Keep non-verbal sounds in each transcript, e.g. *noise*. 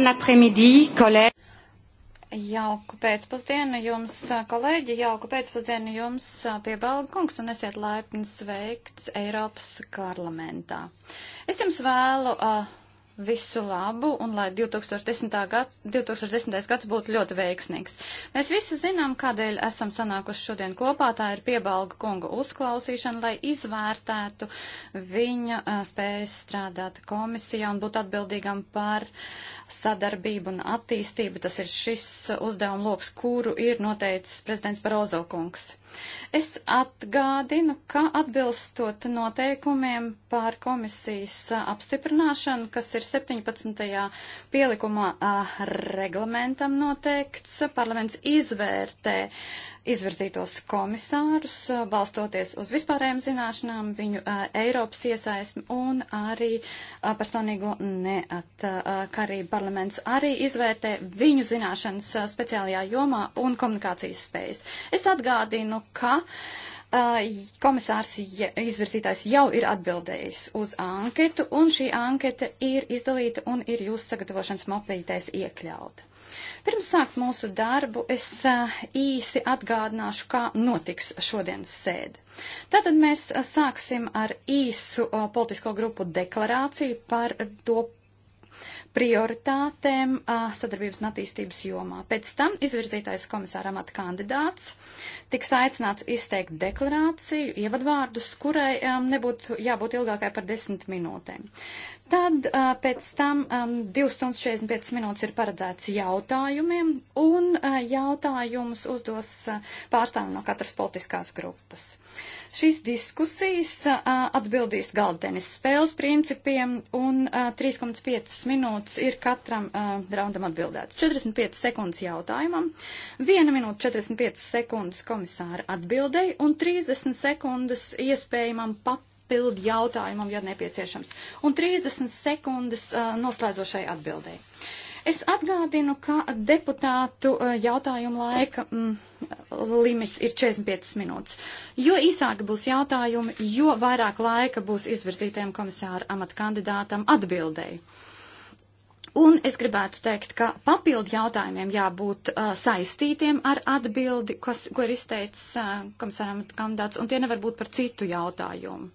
Bon après-midi, collègues. Jauku pēcpusdienu jums, kolēģi, jauku pēcpusdienu jums pie Balga kungs un esiet laipni sveikts Eiropas parlamentā. Es jums vēlu uh, visu labu un lai 2010. Gad, 2010. gads būtu ļoti veiksmīgs. Mēs visi zinām, kādēļ esam sanākuši šodien kopā. Tā ir piebalga kunga uzklausīšana, lai izvērtētu viņa uh, spējas strādāt komisijā un būt atbildīgam par sadarbību un attīstību. Tas ir šis uzdevuma loks, kuru ir noteicis prezidents Barozo kungs. Es atgādinu, ka atbilstot noteikumiem pār komisijas apstiprināšanu, kas ir 17. pielikumā reglamentam noteikts, parlaments izvērtē izvirzītos komisārus, balstoties uz vispārējām zināšanām, viņu Eiropas iesaismi un arī personīgo neatkarību. Parlaments arī izvērtē viņu zināšanas speciālajā jomā un komunikācijas spējas. Es atgādinu, ka komisārs izvirzītājs jau ir atbildējis uz anketu, un šī anketa ir izdalīta un ir jūsu sagatavošanas mapītēs iekļauta. Pirms sākt mūsu darbu, es eh, īsi atgādināšu, kā notiks šodienas sēde. Tātad mēs eh, sāksim ar īsu eh, politisko grupu deklarāciju par to prioritātēm sadarbības un attīstības jomā. Pēc tam izvirzītais komisāra amata kandidāts tiks aicināts izteikt deklarāciju, ievadvārdus, kurai nebūtu jābūt ilgākai par desmit minūtēm. Tad uh, pēc tam um, 2 stundas 45 minūtes ir paredzēts jautājumiem, un uh, jautājumus uzdos uh, pārstāvi no katras politiskās grupas. Šīs diskusijas uh, atbildīs galdenis spēles principiem, un uh, 3,5 minūtes ir katram uh, raundam atbildēts. 45 sekundes jautājumam, 1 minūte 45 sekundes komisāra atbildēji, un 30 sekundes iespējamam papildinājumam papildu jautājumam, ja nepieciešams. Un 30 sekundes uh, noslēdzošai atbildēji. Es atgādinu, ka deputātu uh, jautājumu laika mm, limits ir 45 minūtes. Jo īsāki būs jautājumi, jo vairāk laika būs izvirzītajam komisāra amatkandidātam atbildēji. Un es gribētu teikt, ka papildu jautājumiem jābūt uh, saistītiem ar atbildi, kas, ko ir izteicis uh, komisāram kandidāts, un tie nevar būt par citu jautājumu.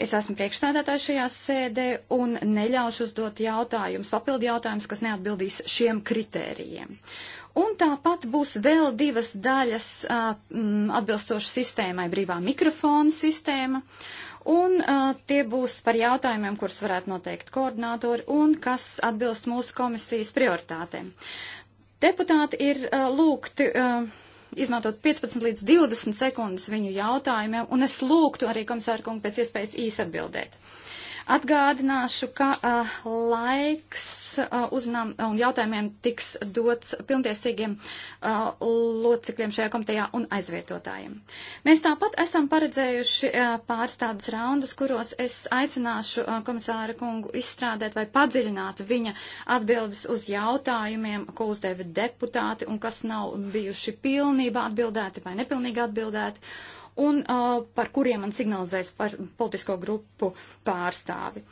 Es esmu priekšstādātājs šajā sēdē un neļaušu uzdot jautājumus, papildu jautājumus, kas neatbildīs šiem kritērijiem. Uh, Un tāpat būs vēl divas daļas atbilstoši sistēmai - brīvā mikrofona sistēma. Un uh, tie būs par jautājumiem, kurus varētu noteikt koordinātori un kas atbilst mūsu komisijas prioritātēm. Deputāti ir uh, lūgti uh, izmantot 15 līdz 20 sekundes viņu jautājumiem, un es lūgtu arī komisāru kungu pēc iespējas īsi atbildēt. Uh, Atgādināšu, ka uh, laiks uh, uzmanām un jautājumiem tiks dots pilntiesīgiem uh, locekļiem šajā komitejā un aizvietotājiem. Mēs tāpat esam paredzējuši uh, pāris tādus raundus, kuros es aicināšu uh, komisāra kungu izstrādēt vai padziļināt viņa atbildes uz jautājumiem, ko uzdeva deputāti un kas nav bijuši pilnībā atbildēti vai nepilnīgi atbildēti. Uh, un uh, par kuriem man signalizēs par politisko grupu pārstāvi.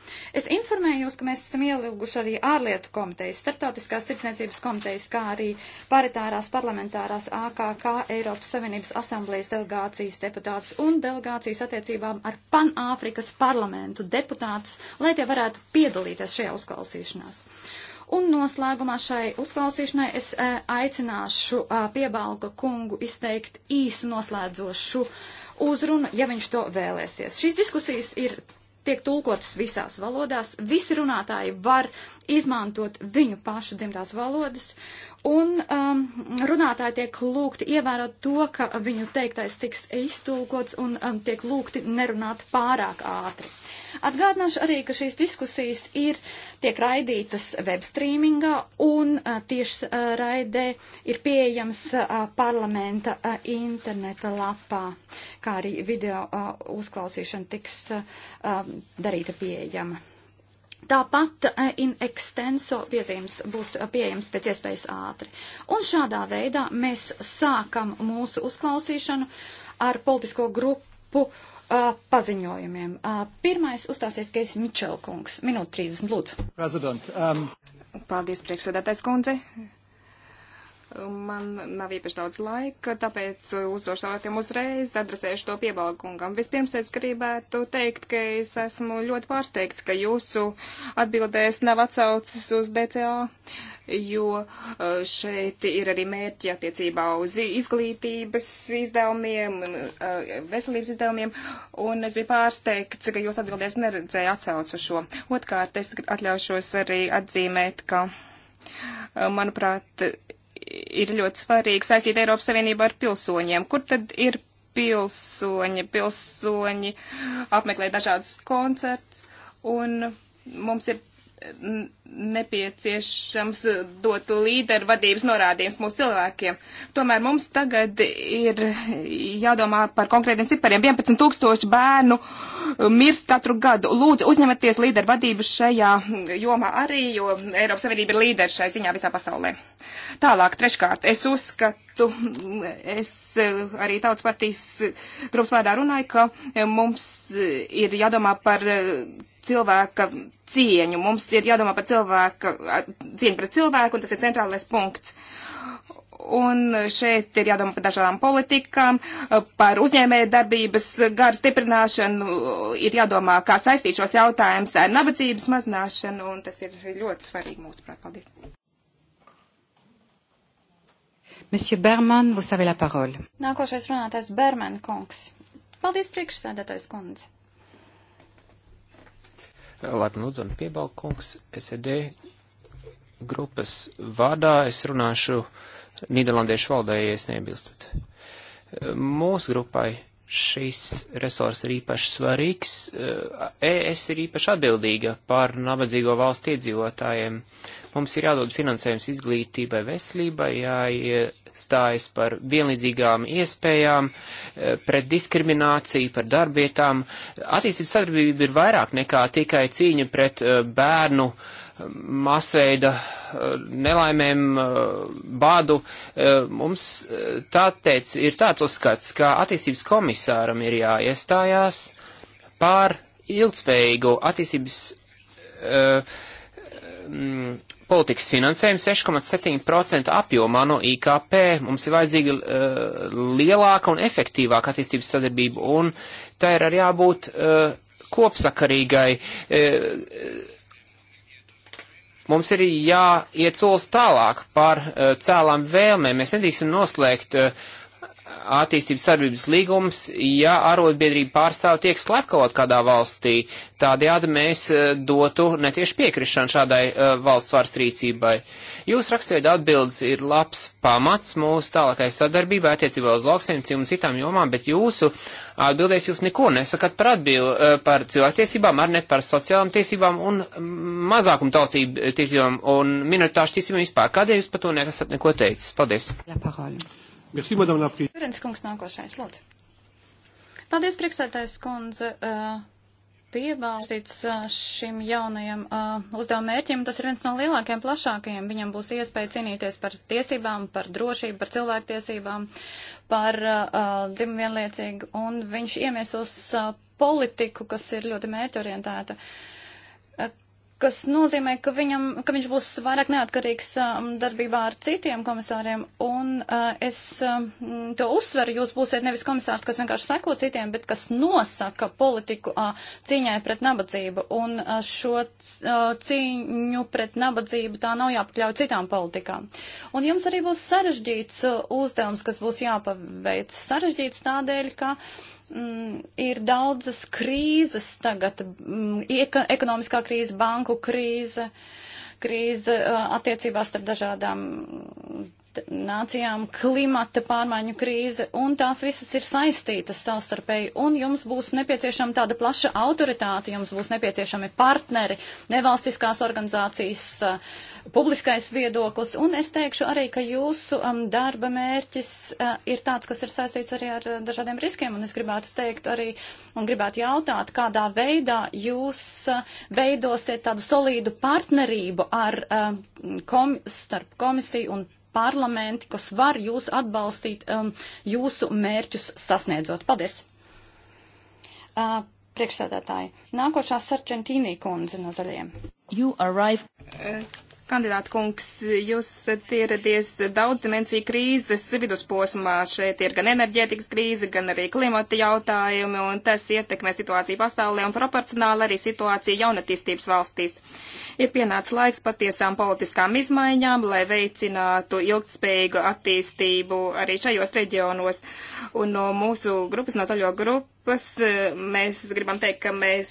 Es informēju jūs, ka mēs esam ielūguši arī ārlietu komitejas, starptautiskās tirdzniecības komitejas, kā arī paritārās parlamentārās AKK Eiropas Savienības asamblējas delegācijas deputātus un delegācijas attiecībām ar Panāfrikas parlamentu deputātus, lai tie varētu piedalīties šajā uzklausīšanās. Uh, Un noslēgumā šai uzklausīšanai es e, aicināšu e, piebalga kungu izteikt īsu noslēdzošu uzrunu, ja viņš to vēlēsies. Šīs diskusijas ir tiek tulkotas visās valodās, visi runātāji var izmantot viņu pašu dzimtās valodas, un um, runātāji tiek lūgti ievērot to, ka viņu teiktais tiks iztulkots un um, tiek lūgti nerunāt pārāk ātri. Atgādināšu arī, ka šīs diskusijas ir tiek raidītas web streamingā un tieši raidē ir pieejams parlamenta interneta lapā, kā arī video uzklausīšana tiks darīta pieejama. Tāpat in extenso piezīmes būs pieejams pēc iespējas ātri. Un šādā veidā mēs sākam mūsu uzklausīšanu ar politisko grupu uh, paziņojumiem. Uh, pirmais uzstāsies Keis Mičelkungs. Minūte 30, lūdzu. President, um... Paldies, priekšsēdētājs kundze. Man nav īpaši daudz laika, tāpēc uzdošu jautājumu uzreiz, adresēšu to piebalkungam. Vispirms es gribētu teikt, ka es esmu ļoti pārsteigts, ka jūsu atbildēs nav atsaucis uz DCA, jo eh, šeit ir arī mērķi attiecībā uz izglītības izdevumiem, eh, veselības izdevumiem, un es biju pārsteigts, ka jūs atbildēs neredzēju atsaucu šo. Otkārt, es atļaušos arī atzīmēt, ka, eh, manuprāt, ir ļoti svarīgi saistīt Eiropas Savienību ar pilsoņiem. Kur tad ir pilsoņi? Pilsoņi apmeklē dažādus koncertus, un mums ir nepieciešams dot līderu vadības norādījums mūsu cilvēkiem. Tomēr mums tagad ir jādomā par konkrētiem cipariem. 11 tūkstoši bērnu mirst katru gadu. Lūdzu, uzņematies līderu vadību šajā jomā arī, jo Eiropas Savienība ir līderi šai ziņā visā pasaulē. Tālāk, treškārt, es uzskatu, es arī Tautas partijas grupas vārdā runāju, ka mums ir jādomā par cilvēka cieņu. Mums ir jādomā par cilvēka, cieņu pret cilvēku, un tas ir centrālais punkts. Un šeit ir jādomā par dažādām politikām, par uzņēmēju darbības garu stiprināšanu, ir jādomā, kā saistīt šos jautājumus ar nabadzības mazināšanu, un tas ir ļoti svarīgi mūsu prāt. Paldies. Monsieur Berman, vous avez la parole. Nākošais runātājs Berman kungs. Paldies priekšsēdētājs kundze. Labi, lūdzu, nu, piebalkungs, SED grupas vārdā es runāšu nīderlandiešu valodā, ja es neiebilstat. Mūsu grupai šis resurs ir īpaši svarīgs. E, ES ir īpaši atbildīga par nabadzīgo valstu iedzīvotājiem. Mums ir jādod finansējums izglītībai, veselībai, jāiestājas par vienlīdzīgām iespējām, e, pret diskrimināciju, par darbietām. Attīstības sadarbība ir vairāk nekā tikai cīņa pret e, bērnu uh, masveida eh, nelaimēm, eh, bādu. Eh, mums tātēc ir tāds uzskats, ka attīstības komisāram ir jāiestājās pār ilgspējīgu attīstības uh, politikas finansējumu 6,7% apjomā no IKP. Mums ir vajadzīga uh, lielāka un efektīvāka attīstības sadarbība, un tā ir arī jābūt uh, kopsakarīgai. Uh, Mums ir jāiet solis tālāk par uh, cēlām vēlmēm. Mēs nedrīkstam noslēgt uh, attīstības sarbības līgums, ja arotbiedrība pārstāv tiek slepkavot kādā valstī. Tādējādi mēs eh, dotu netieši piekrišanu šādai uh, valsts varas rīcībai. Jūs rakstījāt atbildes ir labs pamats mūsu tālākai sadarbībai attiecībā uz lauksaimniecību un citām jomām, bet jūsu atbildēs jūs neko nesakat par atbildu uh, eh, par cilvēktiesībām, ar ne par sociālām tiesībām un mazākumtautību tiesībām un minoritāšu tiesībām vispār. Kādēļ jūs par to nekasat neko teicis? Paldies. La parole. Merci, madame la prīd. Jurens kungs nākošais, lūdzu. Paldies, priekšsētājs kundze. Uh, piebalstīts šim jaunajam uh, uzdevuma mērķim. Tas ir viens no lielākajiem, plašākajiem. Viņam būs iespēja cīnīties par tiesībām, par drošību, par cilvēktiesībām, par uh, dzimumu vienliecīgu, un viņš iemiesos uh, politiku, kas ir ļoti mērķorientēta. Uh, kas nozīmē, ka, viņam, ka viņš būs vairāk neatkarīgs um, darbībā ar citiem komisāriem. Un uh, es um, to uzsveru, jūs būsiet nevis komisārs, kas vienkārši seko citiem, bet kas nosaka politiku uh, cīņai pret nabadzību. Un uh, šo cīņu pret nabadzību tā nav jāpakļauj citām politikām. Un jums arī būs sarežģīts uzdevums, kas būs jāpaveic. Sarežģīts tādēļ, ka. Uh, mm, ir daudzas krīzes tagad, mm, eka, ekonomiskā krīze, banku krīze, krīze uh, attiecībās starp dažādām nācijām klimata pārmaiņu krīze, un tās visas ir saistītas savstarpēji, un jums būs nepieciešama tāda plaša autoritāte, jums būs nepieciešami partneri, nevalstiskās organizācijas, eh, publiskais viedoklis, un es teikšu arī, ka jūsu um, darba mērķis uh, ir tāds, kas ir saistīts arī ar eh, dažādiem riskiem, un es gribētu teikt arī, un gribētu jautāt, kādā veidā jūs uh, veidosiet tādu solīdu partnerību ar, uh, kom starp komisiju un parlamenti, kas var jūs atbalstīt um, jūsu mērķus sasniedzot. Paldies! Uh, Priekšsēdētāji, nākošā Sarčentīnī kundze no zaļiem. Uh, Kandidāta kungs, jūs esat ieradies daudzdimensiju krīzes vidusposmā. Šeit ir gan enerģētikas krīze, gan arī klimata jautājumi, un tas ietekmē situāciju pasaulē un proporcionāli arī situāciju jaunatīstības valstīs. Uh, Ir pienācis laiks patiesām politiskām izmaiņām, lai veicinātu ilgtspējīgu attīstību arī šajos reģionos. Un no mūsu grupas, no zaļo grupas, grupas. Mēs gribam teikt, ka mēs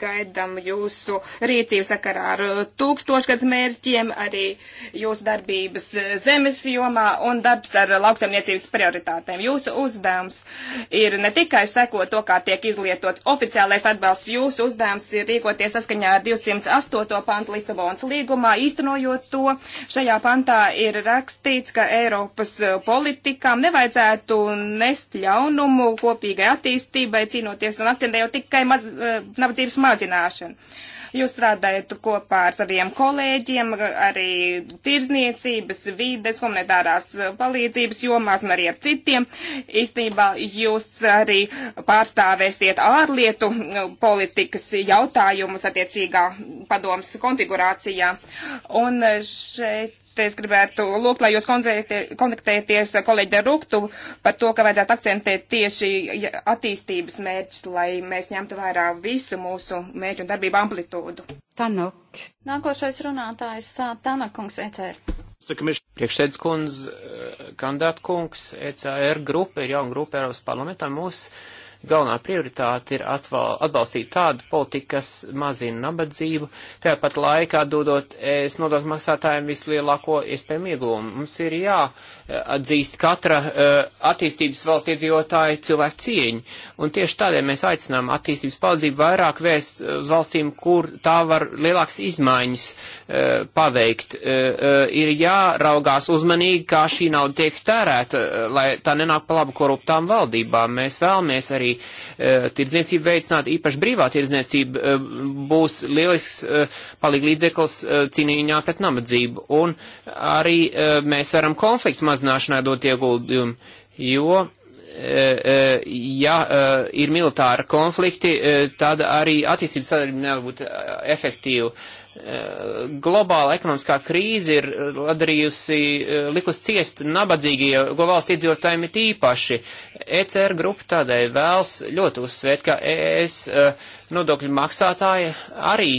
gaidām jūsu rīcību sakarā ar tūkstošgads mērķiem, arī jūsu darbības zemes jomā un darbs ar lauksaimniecības prioritātēm. Jūsu uzdevums ir ne tikai sekot to, kā tiek izlietots oficiālais atbalsts, jūsu uzdevums ir rīkoties saskaņā ar 208. pantu Lisabonas līgumā, īstenojot to. Šajā pantā ir rakstīts, ka Eiropas politikām nevajadzētu nest ļaunumu kopīgai attīstībai kustībai cīnoties un akcentējot tikai maz, eh, nabadzības mazināšanu. Jūs strādājat kopā ar saviem kolēģiem, arī tirzniecības, vides, komunitārās palīdzības jomās un arī ar citiem. Īstenībā jūs arī pārstāvēsiet ārlietu eh, politikas jautājumus attiecīgā padomas konfigurācijā. Un eh, šeit Te es gribētu lūgt, lai jūs kontaktēties kolēģi Ruktu par to, ka vajadzētu akcentēt tieši attīstības mērķus, lai mēs ņemtu vērā visu mūsu mērķu un darbību amplitūdu. Tanok. Nākošais runātājs Tanakungs ECR. Priekšsēdus kundze, kandidāt kungs, ECR grupa ir jauna grupa Eiropas parlamentā. Mūsu galvenā prioritāte ir atval, atbalstīt tādu politiku, kas mazina nabadzību, tāpat laikā dodot es nodot maksātājiem vislielāko iespējumu iegūmu. Mums ir jāatzīst eh, katra eh, attīstības valsts iedzīvotāja cilvēku cieņu, un tieši tādēļ mēs aicinām attīstības palīdzību vairāk vēst uz valstīm, kur tā var lielākas izmaiņas eh, paveikt. Ir jāraugās uzmanīgi, kā šī nauda tiek tērēta, lai tā nenāk pa labu korruptām valdībām. Mēs vēlamies arī uh, tirdzniecību veicināt, īpaši brīvā tirdzniecība uh, būs lielisks uh, eh, palīglīdzeklis uh, cīniņā pret nabadzību. Un arī uh, mēs varam konfliktu mazināšanā dot ieguldījumu, jo ja ir militāri konflikti, tad arī attīstības sadarbība nevar būt efektīva. Eh, globāla ekonomiskā krīze ir padarījusi, eh, eh, likus ciest nabadzīgie valsts iedzīvotājiem it īpaši. ECR grupa tādēļ vēlas ļoti uzsvērt, ka ES nodokļu maksātāji arī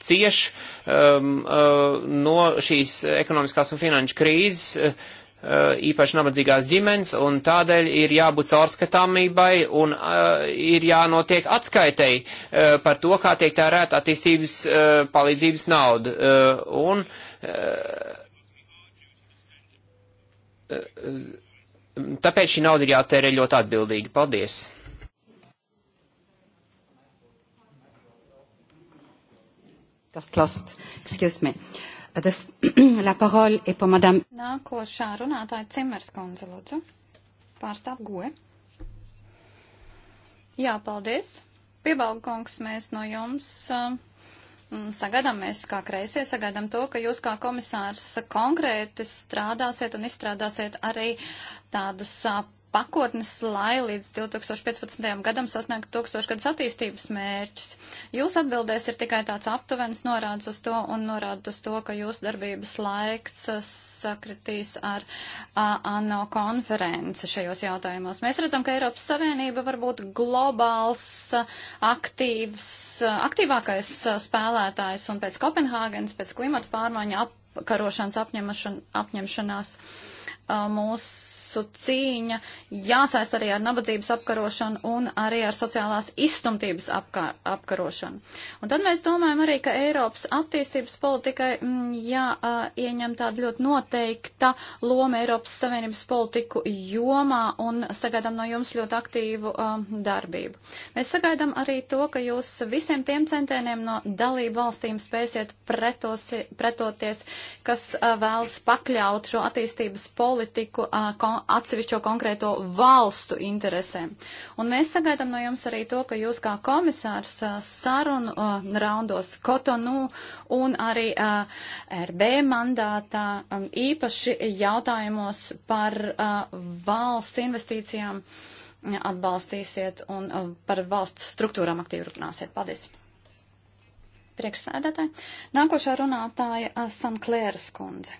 cieš um, no šīs ekonomiskās un finanšu krīzes Eh, īpaši nabadzīgās ģimenes, un tādēļ ir jābūt caurskatāmībai un uh, ir jānotiek atskaitei uh, par to, kā tiek tērēta attīstības uh, palīdzības nauda. Uh, un, uh, tāpēc šī nauda ir jātērē ļoti atbildīgi. Paldies! Just lost. Excuse me. Uh, *clears throat* La parole est pour madame. Nākošā runātāja Cimers kundze, lūdzu. Pārstāv goe. Jā, paldies. Piebalgungs, mēs no jums uh, sagaidām, mēs kā kreisie sagaidām to, ka jūs kā komisārs konkrēti strādāsiet un izstrādāsiet arī tādus uh, pakotnes, lai līdz 2015. gadam sasniegtu tūkstošgadus attīstības mērķus. Jūs atbildēs ir tikai tāds aptuvens norādes uz to un norādes uz to, ka jūsu darbības laiks uh, sakritīs ar a, uh, ANO konferenci šajos jautājumos. Mēs redzam, ka Eiropas Savienība var būt globāls, uh, aktīvs, aktīvākais spēlētājs un pēc Kopenhāgenes, pēc klimata pārmaiņa apkarošanas apņemšanās mūs masu cīņa jāsaist arī ar nabadzības apkarošanu un arī ar sociālās izstumtības apkā, apkarošanu. Un tad mēs domājam arī, ka Eiropas attīstības politikai mm, jāieņem tāda ļoti noteikta loma Eiropas Savienības politiku jomā un sagaidām no jums ļoti aktīvu um, darbību. Mēs sagaidām arī to, ka jūs visiem tiem centieniem no dalību valstīm spēsiet pretosi, pretoties, kas uh, vēlas pakļaut šo attīstības politiku uh, kon atsevišķo konkrēto valstu interesēm. Un mēs sagaidām no jums arī to, ka jūs kā komisārs sarunu raundos Kotonu un arī RB mandātā īpaši jautājumos par valsts investīcijām atbalstīsiet un par valsts struktūrām aktīvi runāsiet. Paldies! priekšsēdētāji. Nākošā runātāja Sanklēras kundze.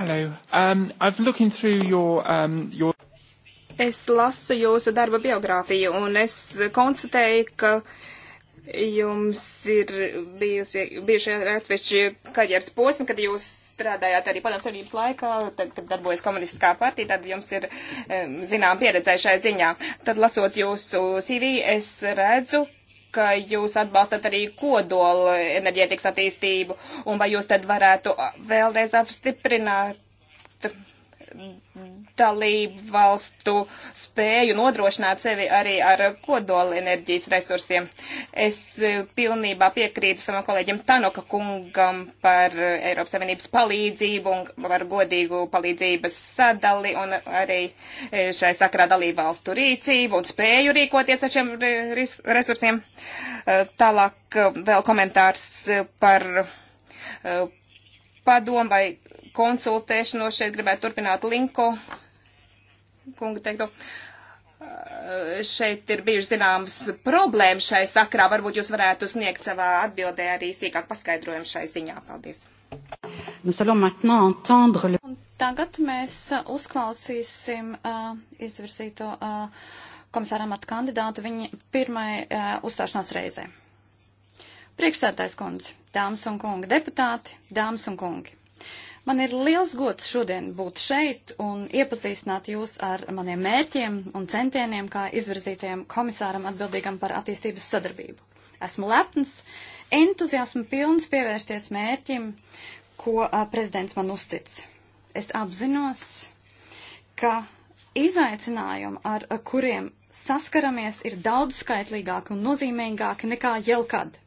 Hello. Um, I've looking through your, um, your... Es lasu jūsu darba biogrāfiju un es konstatēju, ka jums ir bijusi, bijuši atsevišķi karjeras posmi, kad jūs strādājāt arī padomu savienības laikā, tad, kad darbojas komunistiskā partija, tad jums ir, um, zinām, pieredzē šai ziņā. Tad lasot jūsu CV, es redzu, ka jūs atbalstat arī kodola enerģētikas attīstību, un vai jūs tad varētu vēlreiz apstiprināt dalību valstu spēju nodrošināt sevi arī ar kodola enerģijas resursiem. Es eh, pilnībā piekrītu savam kolēģim Tanoka kungam par eh, Eiropas Savienības palīdzību un par godīgu palīdzības sadali un arī eh, šai sakrā dalību valstu rīcību un spēju rīkoties ar šiem resursiem. Tālāk vēl komentārs par padomu vai konsultēšanos šeit gribētu turpināt Linko kunga teikto. Eh, šeit ir bijuši zināmas problēmas šai sakrā. Varbūt jūs varētu sniegt savā atbildē arī sīkāk paskaidrojumu šai ziņā. Paldies. Tagad mēs eh, uzklausīsim uh, izvirzīto uh, komisāra amata kandidātu viņa pirmai uh, uzstāšanās reizē. Priekšsēdētājs kundze, dāmas un kungi deputāti, dāmas un kungi. Man ir liels gods šodien būt šeit un iepazīstināt jūs ar maniem mērķiem un centieniem, kā izvirzītiem komisāram atbildīgam par attīstības sadarbību. Esmu lepns, entuziasma pilns pievērsties mērķim, ko a, prezidents man uztic. Es apzinos, ka izaicinājumi, ar kuriem saskaramies, ir daudz skaitlīgāki un nozīmīgāki nekā jebkad.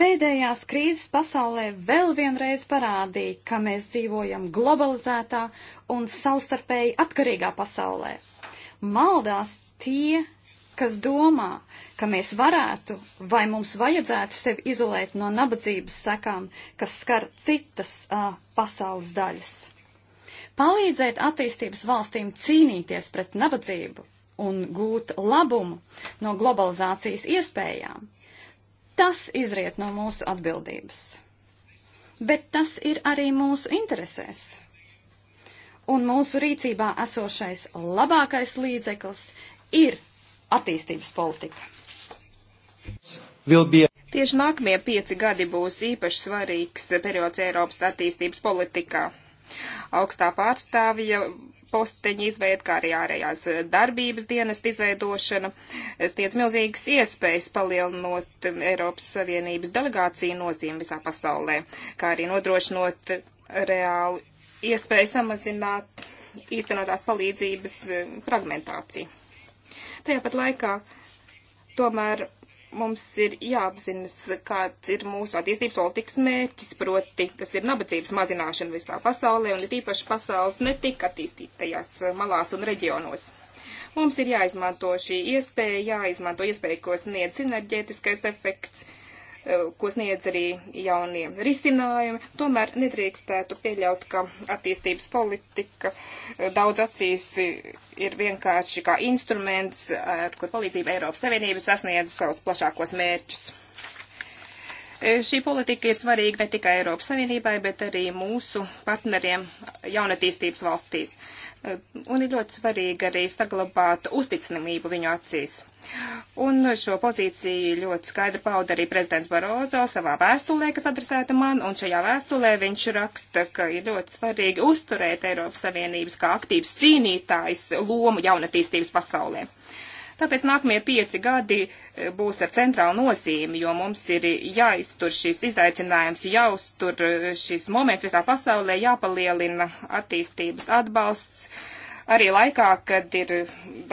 Pēdējās krīzes pasaulē vēl vienreiz parādīja, ka mēs dzīvojam globalizētā un savstarpēji atkarīgā pasaulē. Maldās tie, kas domā, ka mēs varētu vai mums vajadzētu sevi izolēt no nabadzības sekām, kas skar citas uh, pasaules daļas. Palīdzēt attīstības valstīm cīnīties pret nabadzību un gūt labumu no globalizācijas iespējām Tas izriet no mūsu atbildības. Bet tas ir arī mūsu interesēs. Un mūsu rīcībā esošais labākais līdzeklis ir attīstības politika. Vilbie. Tieši nākamie pieci gadi būs īpaši svarīgs periods Eiropas attīstības politikā. Augstā pārstāvja posteņa izveida, kā arī ārējās darbības dienas izveidošana sniedz milzīgas iespējas palielinot Eiropas Savienības delegāciju nozīmi visā pasaulē, kā arī nodrošinot reālu iespēju samazināt īstenotās palīdzības fragmentāciju. Tajāpat laikā tomēr mums ir jāapzinas, kāds ir mūsu attīstības politikas mērķis, proti tas ir nabadzības mazināšana visā pasaulē un ir īpaši pasaules netik attīstītajās malās un reģionos. Mums ir jāizmanto šī iespēja, jāizmanto iespēja, ko sniedz sinerģētiskais efekts Eh, ko sniedz arī jaunie risinājumi. Tomēr nedrīkstētu pieļaut, ka attīstības politika eh, daudz acīs eh, ir vienkārši kā instruments, ar kur palīdzību Eiropas Savienība sasniedz savus plašākos mērķus. Šī politika ir svarīga ne tikai Eiropas Savienībai, bet arī mūsu partneriem jaunatīstības valstīs. Uh, Un ir ļoti svarīgi arī saglabāt uzticamību viņu acīs. Un šo pozīciju ļoti skaidri pauda arī prezidents Barozo savā vēstulē, kas adresēta man, un šajā vēstulē viņš raksta, ka ir ļoti svarīgi uzturēt Eiropas Savienības kā aktīvs cīnītājs lomu jaunatīstības pasaulē. Uh, Tāpēc nākamie pieci gadi e, būs ar centrālu nozīmi, jo mums ir jāiztur šis izaicinājums, jāuztur e, šis moments visā pasaulē, jāpalielina attīstības atbalsts arī laikā, kad ir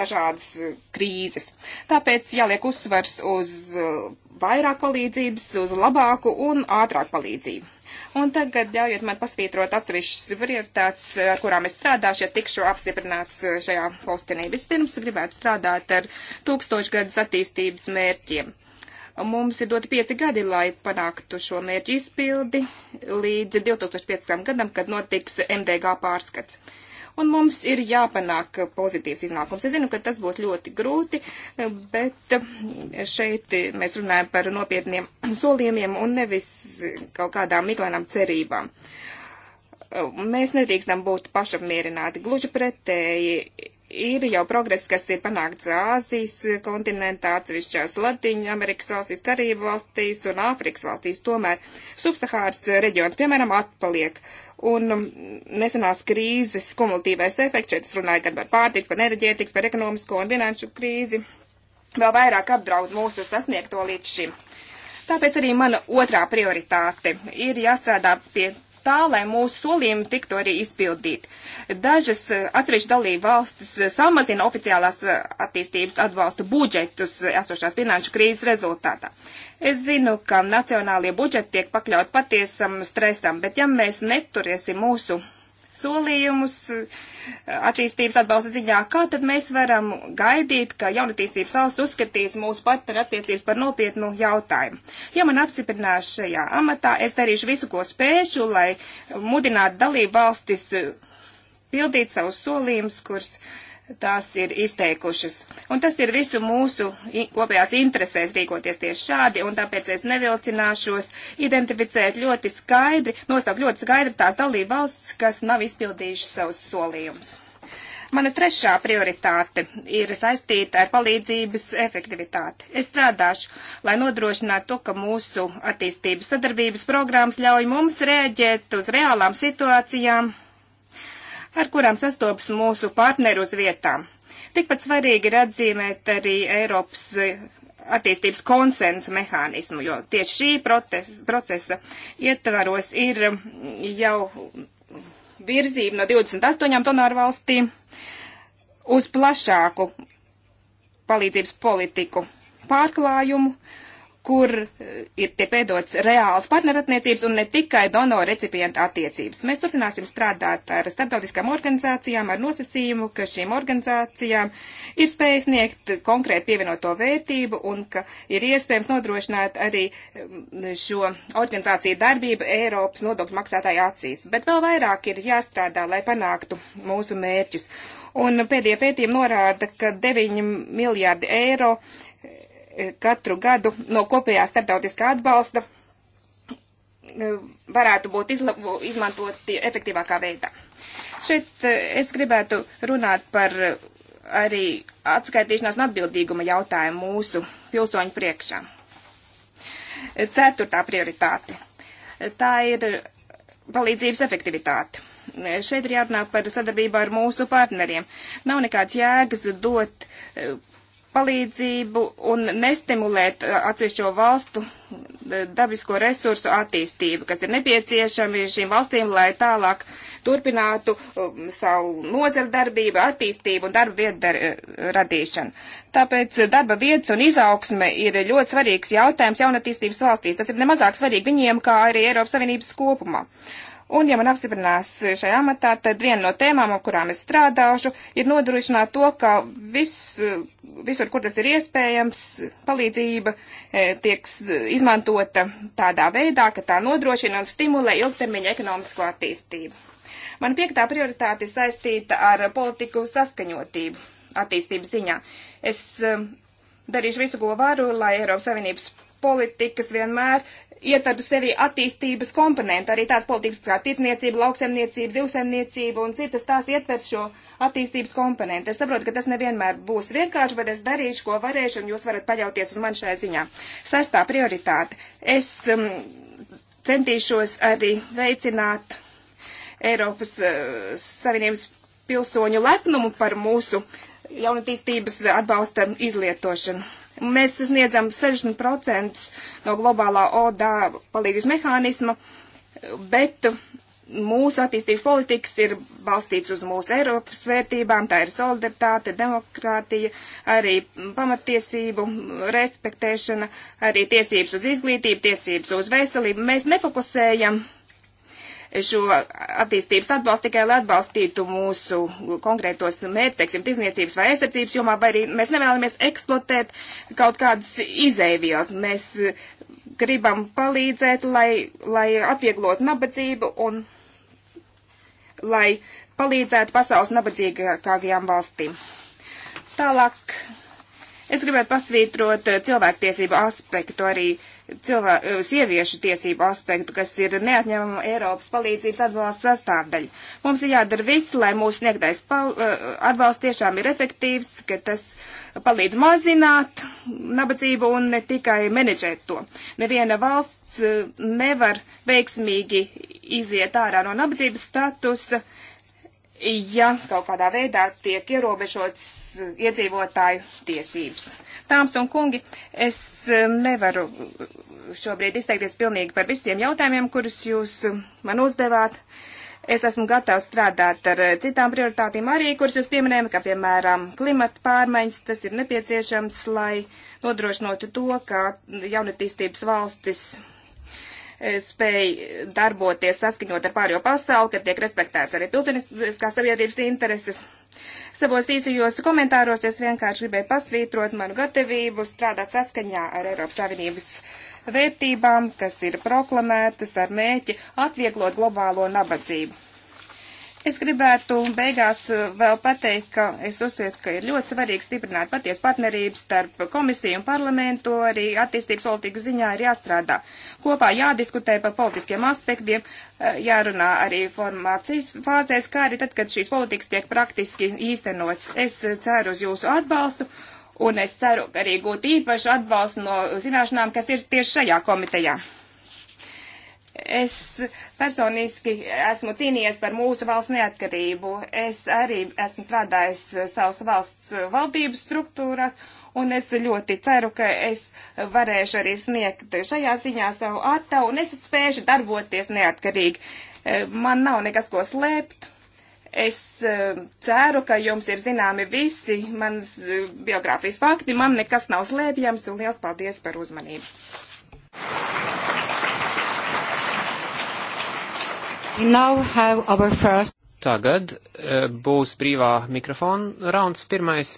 dažādas e, krīzes. Tāpēc jāliek uzsvars uz vairāk palīdzības, uz labāku un ātrāk palīdzību. Un tagad ļaujiet man pasvītrot atsevišķas prioritātes, ar kurām es strādāšu, ja tikšu apstiprināts eh, šajā postenī. Vispirms gribētu strādāt ar tūkstošgadus attīstības mērķiem. Mums ir doti pieci gadi, lai panāktu šo mērķu izpildi līdz 2015. gadam, kad notiks MDG pārskats un mums ir jāpanāk pozitīvs iznākums. Es zinu, ka tas būs ļoti grūti, bet šeit mēs runājam par nopietniem solījumiem un nevis kaut kādām miglēnām cerībām. Mēs nedrīkstam būt pašapmierināti, gluži pretēji ir jau progress, kas ir panākts Āzijas kontinentā, atsevišķās Latīņu Amerikas valstīs, Karību valstīs un Āfrikas valstīs. Tomēr subsahāras reģions, piemēram, atpaliek. Un um, nesenās krīzes kumulatīvais efekts, šeit es runāju gan par pārtiks, par enerģētikas, par ekonomisko un finanšu krīzi, vēl vairāk apdraud mūsu sasniegto līdz šim. Tāpēc arī mana otrā prioritāte ir jāstrādā pie tā, lai mūsu solījumi tiktu arī izpildīti. Dažas eh, atsevišķi dalība valstis eh, samazina oficiālās eh, attīstības atbalsta budžetus esošās finanšu krīzes rezultātā. Es zinu, ka nacionālie budžeti tiek pakļaut patiesam stresam, bet ja mēs neturēsim mūsu solījumus eh, attīstības atbalsta ziņā, kā tad mēs varam gaidīt, ka jaunatīstības valsts uzskatīs mūsu partneru attiecības par nopietnu jautājumu. Ja man apstiprinās šajā amatā, es darīšu visu, ko spēšu, lai mudinātu dalību valstis eh, pildīt savus solījumus, kurus tās ir izteikušas. Un tas ir visu mūsu kopējās interesēs rīkoties tieši šādi, un tāpēc es nevilcināšos identificēt ļoti skaidri, nosaukt ļoti skaidri tās dalību valsts, kas nav izpildījušas savus solījumus. Mana trešā prioritāte ir saistīta ar palīdzības efektivitāti. Es strādāšu, lai nodrošinātu to, ka mūsu attīstības sadarbības programmas ļauj mums rēģēt uz reālām situācijām ar kurām sastopas mūsu partneri uz vietām. Tikpat svarīgi ir atzīmēt arī Eiropas e, attīstības konsensa mehānismu, jo tieši šī protes, procesa ietvaros ir jau virzība no 28 donāru valstīm uz plašāku palīdzības politiku pārklājumu, uh, kur eh, ir tiek veidots reāls partnerattiecības un ne tikai donoru recipienta attiecības. Mēs turpināsim strādāt ar starptautiskām organizācijām ar nosacījumu, ka šīm organizācijām ir spēj sniegt konkrēti pievienoto vērtību un ka ir iespējams nodrošināt arī mm, šo organizāciju darbību Eiropas nodokļu maksātāju acīs. Bet vēl vairāk ir jāstrādā, lai panāktu mūsu mērķus. Un pēdējie pētījumi norāda, ka 9 miljārdi eiro katru gadu no kopējā starptautiskā atbalsta e, varētu būt izlabo, izmantoti efektīvākā veidā. Šeit e, es gribētu runāt par e, arī atskaitīšanās un atbildīguma jautājumu mūsu pilsoņu priekšā. Ceturtā prioritāte. Tā ir palīdzības efektivitāte. Šeit ir jārunā par sadarbību ar mūsu partneriem. Nav nekāds jēgas dot palīdzību un nestimulēt uh, atsevišķo valstu uh, dabisko resursu attīstību, kas ir nepieciešami šīm valstīm, lai tālāk turpinātu um, savu nozaru darbību, attīstību un darba vietu dar uh, radīšanu. Tāpēc darba vietas un izaugsme ir ļoti svarīgs jautājums jaunatīstības valstīs. Tas ir nemazāk svarīgi viņiem, kā arī Eiropas Savienības kopumā. Uh, Un, ja man apstiprinās šajā amatā, tad viena no tēmām, ar kurām es strādāšu, ir nodrošināt to, ka vis, visur, kur tas ir iespējams, palīdzība e, tiek izmantota tādā veidā, ka tā nodrošina un stimulē ilgtermiņa ekonomisko attīstību. Man piektā prioritāte ir saistīta ar politiku saskaņotību attīstības ziņā. Es e, darīšu visu, ko varu, lai Eiropas Savienības politikas vienmēr ietvertu sevi attīstības komponentu, arī tādas politikas kā tirdzniecība, lauksemniecība, zivsemniecība un citas tās ietver šo attīstības komponentu. Es saprotu, ka tas nevienmēr būs vienkārši, bet es darīšu, ko varēšu, un jūs varat paļauties uz mani šajā ziņā. Sestā prioritāte. Es um, centīšos arī veicināt Eiropas uh, Savienības pilsoņu lepnumu par mūsu uh, jaunatīstības atbalsta izlietošanu. Mēs sniedzam 60% no globālā ODA palīdzības mehānisma, bet mūsu attīstības politikas ir balstīts uz mūsu Eiropas vērtībām, tā ir solidaritāte, demokrātija, arī pamatiesību respektēšana, arī tiesības uz izglītību, tiesības uz veselību. Mēs nefokusējam šo attīstības atbalstu tikai, lai atbalstītu mūsu konkrētos mērķus, teiksim, tirzniecības vai aizsardzības jomā, vai arī mēs nevēlamies eksploatēt kaut kādas izēvielas. Mēs gribam palīdzēt, lai, lai atvieglotu nabadzību un lai palīdzētu pasaules nabadzīgākajām valstīm. Tālāk es gribētu pasvītrot eh, cilvēktiesību aspektu arī uh, cilvē, eh, sieviešu tiesību aspektu, kas ir neatņemama Eiropas palīdzības atbalsta sastāvdaļa. Mums ir jādara viss, lai mūsu sniegtais eh, atbalsts tiešām ir efektīvs, ka tas palīdz mazināt nabadzību un ne tikai menedžēt to. Neviena valsts eh, nevar veiksmīgi iziet ārā no nabadzības statusa, ja kaut kādā veidā tiek ierobežots iedzīvotāju tiesības. Tāms un kungi, es eh, nevaru šobrīd izteikties pilnīgi par visiem jautājumiem, kurus jūs eh, man uzdevāt. Es esmu gatavs strādāt ar eh, citām prioritātīm arī, kuras jūs pieminējāt, kā piemēram klimata pārmaiņas. Tas ir nepieciešams, lai nodrošinātu to, ka jaunatīstības valstis spēj darboties saskaņot ar pārējo pasauli, ka tiek respektēts arī pilsoniskās sabiedrības intereses. Savos īsajos komentāros es vienkārši gribēju pasvītrot manu gatavību strādāt saskaņā ar Eiropas Savienības vērtībām, kas ir proklamētas ar mēķi atvieglot globālo nabadzību. Es gribētu beigās eh, vēl pateikt, ka es uzskatu, ka ir ļoti svarīgi stiprināt patiesu partnerību starp komisiju un parlamentu, arī attīstības politikas ziņā ir jāstrādā. Kopā jādiskutē par politiskiem aspektiem, eh, jārunā arī formācijas fāzēs, kā arī tad, kad šīs politikas tiek praktiski īstenots. Es eh, ceru uz jūsu atbalstu un es ceru arī gūt īpašu atbalstu no zināšanām, kas ir tieši šajā komitejā. Es personiski esmu cīnījies par mūsu valsts neatkarību. Es arī esmu strādājis savas valsts valdības struktūrās, un es ļoti ceru, ka es varēšu arī sniegt šajā ziņā savu attavu, un es spēšu darboties neatkarīgi. E, man nav nekas, ko slēpt. Es e, ceru, ka jums ir zināmi visi manas e, biogrāfijas fakti. Man nekas nav slēpjams, un liels paldies par uzmanību. First... Tagad eh, būs brīvā mikrofona rauns pirmais,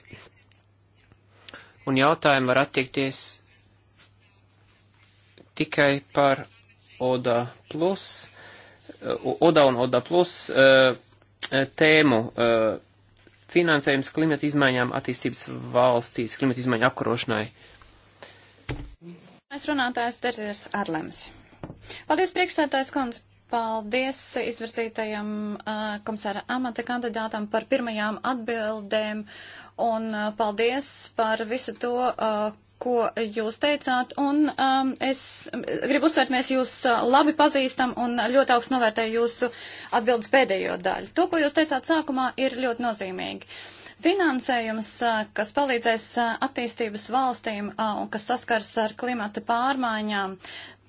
un jautājumi var attiekties tikai par ODA plus, eh, ODA un ODA plus eh, tēmu finansējums klimata izmaiņām attīstības valstīs, klimata izmaiņu apkarošanai. Mēs runātājs Terzers Arlems. Paldies, priekšstādājs kundze. Paldies izvirzītajam komisāra amata kandidātam par pirmajām atbildēm un paldies par visu to, ko jūs teicāt, un um, es gribu uzsvērt, mēs jūs labi pazīstam un ļoti augstu novērtēju jūsu atbildes pēdējo daļu. To, ko jūs teicāt sākumā, ir ļoti nozīmīgi. Finansējums, kas palīdzēs attīstības valstīm un kas saskars ar klimata pārmaiņām,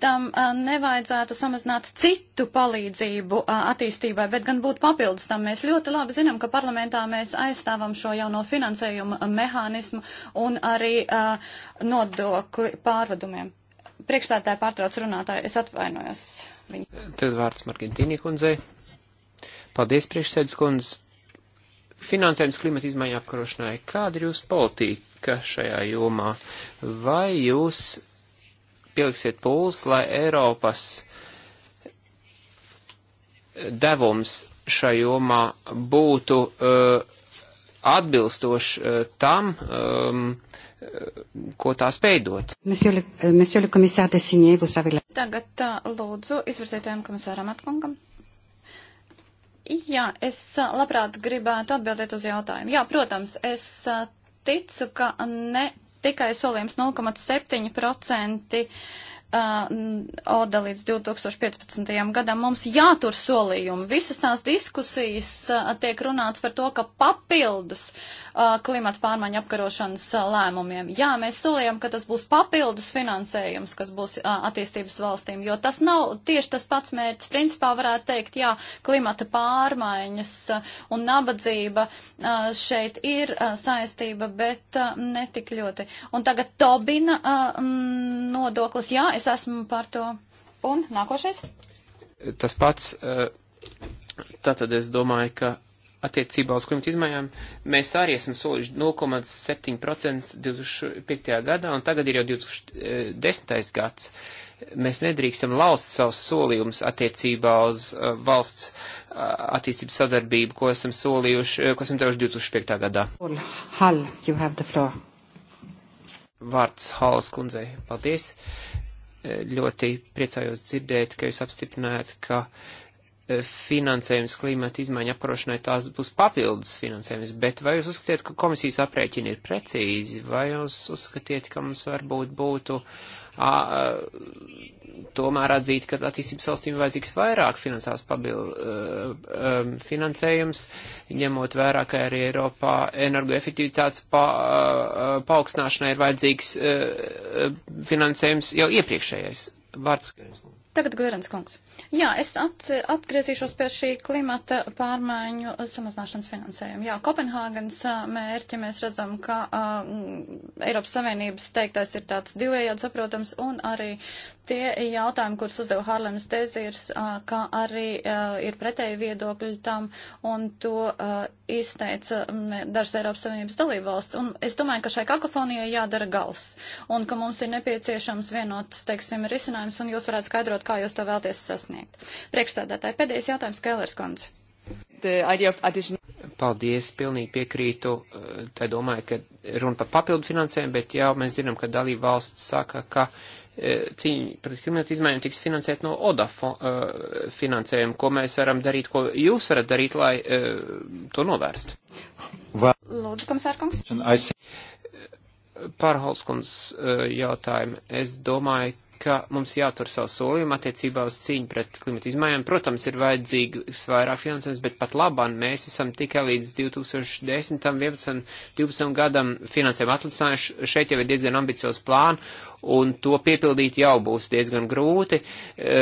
tam a, nevajadzētu samazināt citu palīdzību a, attīstībai, bet gan būt papildus tam. Mēs ļoti labi zinām, ka parlamentā mēs aizstāvam šo jauno finansējumu mehānismu un arī a, nodokli pārvadumiem. Priekšstādātāji pārtrauc runātāju, es atvainojos. Viņu. Tad vārds Margentīnī kundzei. Paldies, priekšsēdus kundze. Finansējums klimata izmaiņu apkarošanai. Kāda ir jūsu politika šajā jomā? Vai jūs pieliksiet pūles, lai Eiropas devums šajā jomā būtu uh, atbilstoši uh, tam, um, uh, ko euh, tā spējdot. Tagad lūdzu izvirzītājiem komisāram atkungam. Jā, es uh, labprāt gribētu atbildēt uz jautājumu. Jā, protams, es uh, ticu, ka ne tikai solījums 0,7% uh, ODA līdz 2015. gadam mums jātur solījumi. Visas tās diskusijas uh, tiek runāts par to, ka papildus uh, klimata pārmaiņu apkarošanas uh, lēmumiem. Jā, mēs solījām, ka tas būs papildus finansējums, kas būs uh, attīstības valstīm, jo tas nav tieši tas pats mērķis. Principā varētu teikt, jā, klimata pārmaiņas uh, un nabadzība uh, šeit ir uh, saistība, bet uh, netik ļoti. Un tagad Tobina uh, nodoklis, jā, Es esmu par to. Un nākošais? Tas pats. Eh, tātad es domāju, ka attiecībā uz klimatu izmaiņām mēs arī esam solījuši 0,7% 2005. gadā, un tagad ir jau 2010. gads. Mēs nedrīkstam laust savus solījumus attiecībā uz uh, valsts uh, attīstības sadarbību, ko esam solījuši, uh, ko esam devuši 2005. gadā. Hall, Vārds Halas kundzei. Paldies. Uh, ļoti priecājos dzirdēt, ka jūs apstiprinājāt, ka e, finansējums klimata izmaiņa apkarošanai tās būs papildus finansējums, bet vai jūs uzskatiet, ka komisijas aprēķini ir precīzi, vai jūs uzskatiet, ka mums varbūt būtu uh, a, e, tomēr atzīt, ka attīstības valstīm vajadzīgs vairāk finansās pabil, uh, um, finansējums, ņemot vērā, ka arī Eiropā energoefektivitātes pa, uh, paaugstināšanai ir vajadzīgs uh, finansējums jau iepriekšējais. Vārds. Tagad Gērens kungs. Jā, es atgriezīšos pie šī klimata pārmaiņu samazināšanas finansējuma. Jā, Kopenhāgenes mērķi mēs redzam, ka uh, Eiropas Savienības teiktais ir tāds divējāds saprotams un arī tie jautājumi, kurus uzdeva Harlems Dezirs, uh, kā arī uh, ir pretēji viedokļi tam un to uh, izteica dažas Eiropas Savienības dalībvalsts. Un es domāju, ka šai kakofonijai jādara gals un ka mums ir nepieciešams vienots, teiksim, risinājums un jūs varētu skaidrot, kā jūs to vēlties sasniegt sasniegt. Priekšstādātāji, pēdējais jautājums Kēlers Kons. Paldies, pilnīgi piekrītu. Tā domāju, ka runa par papildu finansēm, bet jau mēs zinām, ka dalība valsts saka, ka e, cīņa pret klimatu izmaiņām tiks finansēt no ODA e, finansējuma. Ko mēs varam darīt, ko jūs varat darīt, lai e, to novērst? Lūdzu, komisārkungs. Pārholskums jautājumu. Es domāju, ka mums jātur savu solījumu attiecībā uz cīņu pret klimatu izmaiņām. Protams, ir vajadzīgs vairāk finansējums, bet pat labāk mēs esam tikai līdz 2010, 11, 12 gadam finansējumu atlicinājuši. Šeit jau ir diezgan ambiciozs plāns, un to piepildīt jau būs diezgan grūti. E,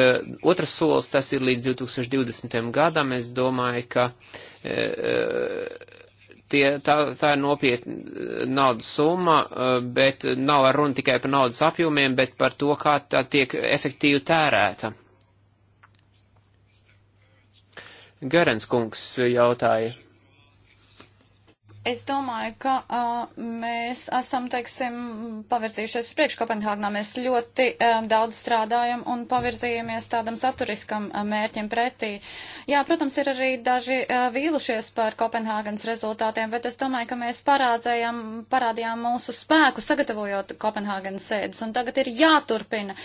otrs solis tas ir līdz 2020. gadam. Es domāju, ka. E, Tie, tā, tā ir nopietna eh, naudas summa, eh, bet nav runa tikai par naudas apjomiem, bet par to, kā tā tiek efektīvi tērēta. Garens kungs jautāja Es domāju, ka uh, mēs esam, teiksim, pavirzījušies uz priekšu Kopenhāgnā. Mēs ļoti uh, daudz strādājam un pavirzījamies tādam saturiskam uh, mērķim pretī. Jā, protams, ir arī daži uh, vīlušies par Kopenhāgnas rezultātiem, bet es domāju, ka mēs parādījām mūsu spēku sagatavojot Kopenhāgnas sēdes. Un tagad ir jāturpina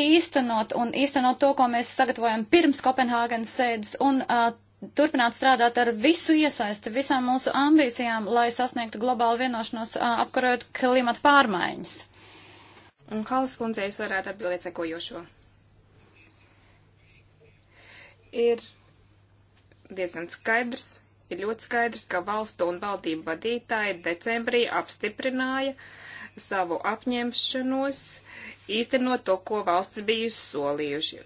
īstenot un īstenot to, ko mēs sagatavojam pirms Kopenhāgnas sēdes. Un, uh, turpināt strādāt ar visu iesaisti, visām mūsu ambīcijām, lai sasniegtu globālu vienošanos apkarojot klimata pārmaiņas. Un Kalas kundzei es varētu atbildēt sekojošo. Ir diezgan skaidrs, ir ļoti skaidrs, ka valstu un valdību vadītāji decembrī apstiprināja savu apņemšanos īstenot to, ko valsts bija solījuši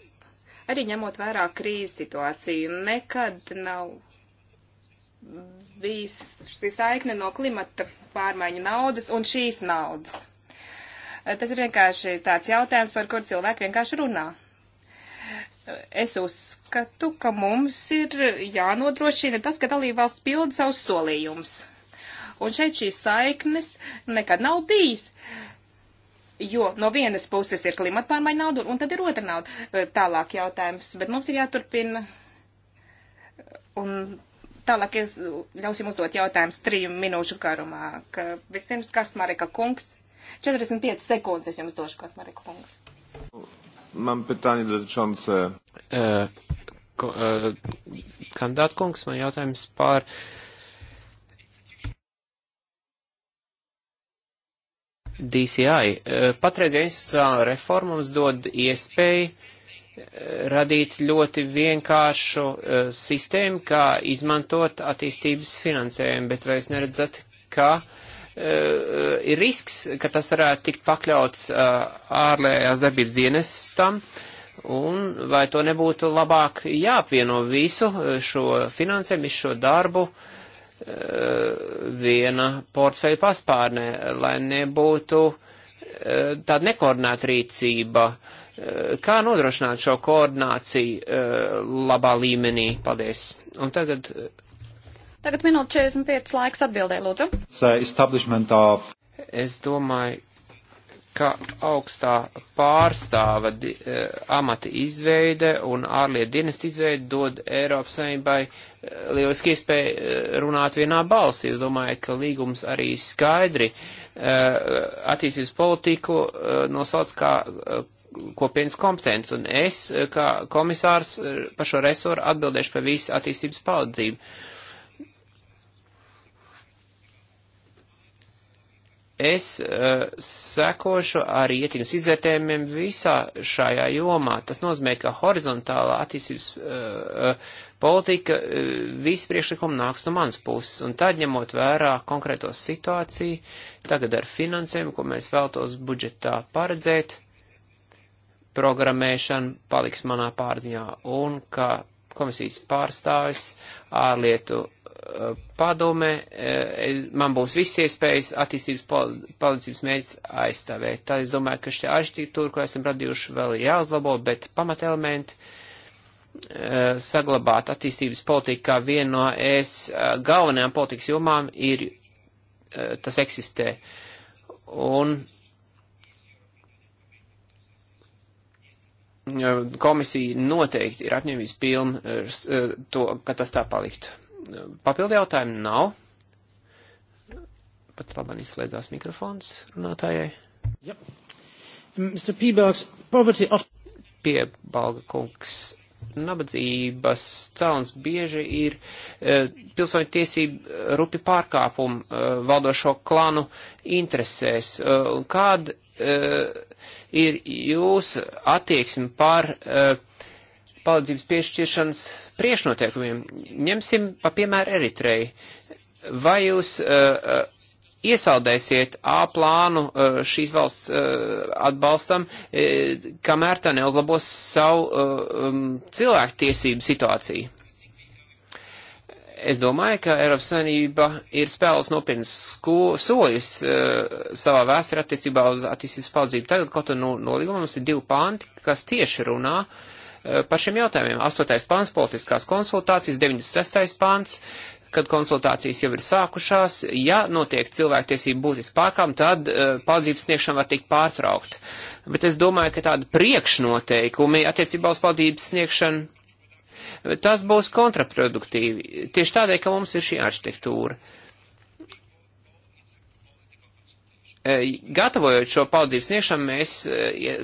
arī ņemot vērā krīzes situāciju. Nekad nav bijis šī saikne no klimata pārmaiņu naudas un šīs naudas. Tas ir vienkārši tāds jautājums, par kur cilvēki vienkārši runā. Es uzskatu, ka mums ir jānodrošina tas, ka dalībvalsts pilda savus solījumus. Un šeit šīs saiknes nekad nav bijis. Uh, Jo no vienas puses ir klimata pārmaiņa nauda, un tad ir otra nauda e, tālāk jautājums. Bet mums ir jāturpina. Un tālāk ļausim uzdot jautājumus trim minūšu garumā. Ka vispirms Kasmarika kungs. 45 sekundes es jums došu, Kasmarika kungs. Man pitāņi dotyczące. Uh, e, uh, e, Kandāt kungs, man jautājums par. Uh, DCI. Eh, Patreizējā institucionāla reforma mums dod iespēju eh, radīt ļoti vienkāršu uh, sistēmu, kā izmantot attīstības finansējumu, bet vai jūs neredzat, ka uh, ir risks, ka tas varētu tikt pakļauts uh, ārlējās darbības dienestam, un vai to nebūtu labāk jāapvieno visu šo finansējumu, visu šo darbu, uh, Uh, viena portfeļa paspārnē, lai nebūtu uh, tāda nekoordinēta rīcība. Uh, kā nodrošināt šo koordināciju labā līmenī? Paldies. Un tagad. Tagad minūte 45 laiks atbildē, lūdzu. Of... Es domāju, ka augstā pārstāva di, eh, amata izveide un ārlietu dienestu izveide dod Eiropas saimbai eh, lieliski iespēju eh, runāt vienā balsī. Es domāju, ka līgums arī skaidri attīstības politiku nosauc kā kopienas kompetences, un es, kā komisārs par šo resoru, atbildēšu par visu attīstības palīdzību. Uh, Es uh, sekošu ar ietekmes izvērtējumiem visā šajā jomā. Tas nozīmē, ka horizontālā attīstības uh, politika uh, visi priekšlikumi nāks no manas puses. Un tad, ņemot vērā konkrēto situāciju, tagad ar finansēm, ko mēs vēltos budžetā paredzēt, programmēšana paliks manā pārziņā. Un kā komisijas pārstāvis ārlietu padome, eh, man būs viss iespējas attīstības palīdzības mērķis aizstāvēt. Tā es domāju, ka šī arhitektūra, ko esam radījuši, vēl ir jāuzlabo, bet pamatelementi eh, saglabāt attīstības politiku kā vienu no es eh, galvenajām politikas jomām ir, tas eksistē. Un komisija noteikti ir apņēmības pilna to, ka tas tā paliktu. Papildu jautājumu nav. Pat labāk izslēdzās mikrofons runātājai. Yep. Mr. Piebalgs, poverty of... Piebalga kungs, nabadzības cēlons bieži ir e, pilsoņu tiesību e, rupi pārkāpumu e, valdošo klanu interesēs. E, kāda e, ir jūsu attieksme par e, palīdzības piešķiršanas priešnoteikumiem. Ņemsim pa piemēru Eritreju. Vai jūs uh, uh, iesaldēsiet A plānu uh, šīs valsts uh, atbalstam, uh, kamēr tā neuzlabos savu uh, um, cilvēktiesību situāciju? Es domāju, ka Eiropas Savienība ir spēles nopietnas soļus uh, savā vēsturē attiecībā uz attīstības palīdzību. Tagad, kaut arī nu, no, no līguma mums ir divi panti, kas tieši runā uh, Eh, par šiem jautājumiem. 8. pāns - politiskās konsultācijas, 96. pāns kad konsultācijas jau ir sākušās, ja notiek cilvēktiesību būtiski pārkām, tad uh, palīdzības sniegšana var tikt pārtraukt. Bet es domāju, ka tādi priekšnoteikumi attiecībā uz palīdzības sniegšanu, tas būs kontraproduktīvi. Tieši tādēļ, ka mums ir šī arhitektūra. Uh, E, gatavojot šo palīdzību sniegšanu, mēs e,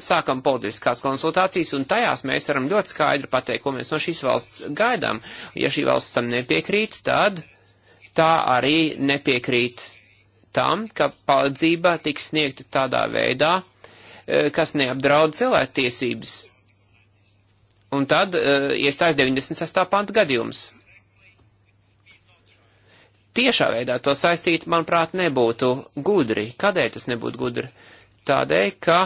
sākam politiskās konsultācijas, un tajās mēs varam ļoti skaidri pateikt, ko mēs no šīs valsts gaidām. Ja šī valsts tam nepiekrīt, tad tā arī nepiekrīt tam, ka palīdzība tiks sniegta tādā veidā, e, kas neapdraud cilvēktiesības. Un tad uh, iestājas 96. panta gadījums tiešā veidā to saistīt, manuprāt, nebūtu gudri. Kādēļ tas nebūtu gudri? Tādēļ, ka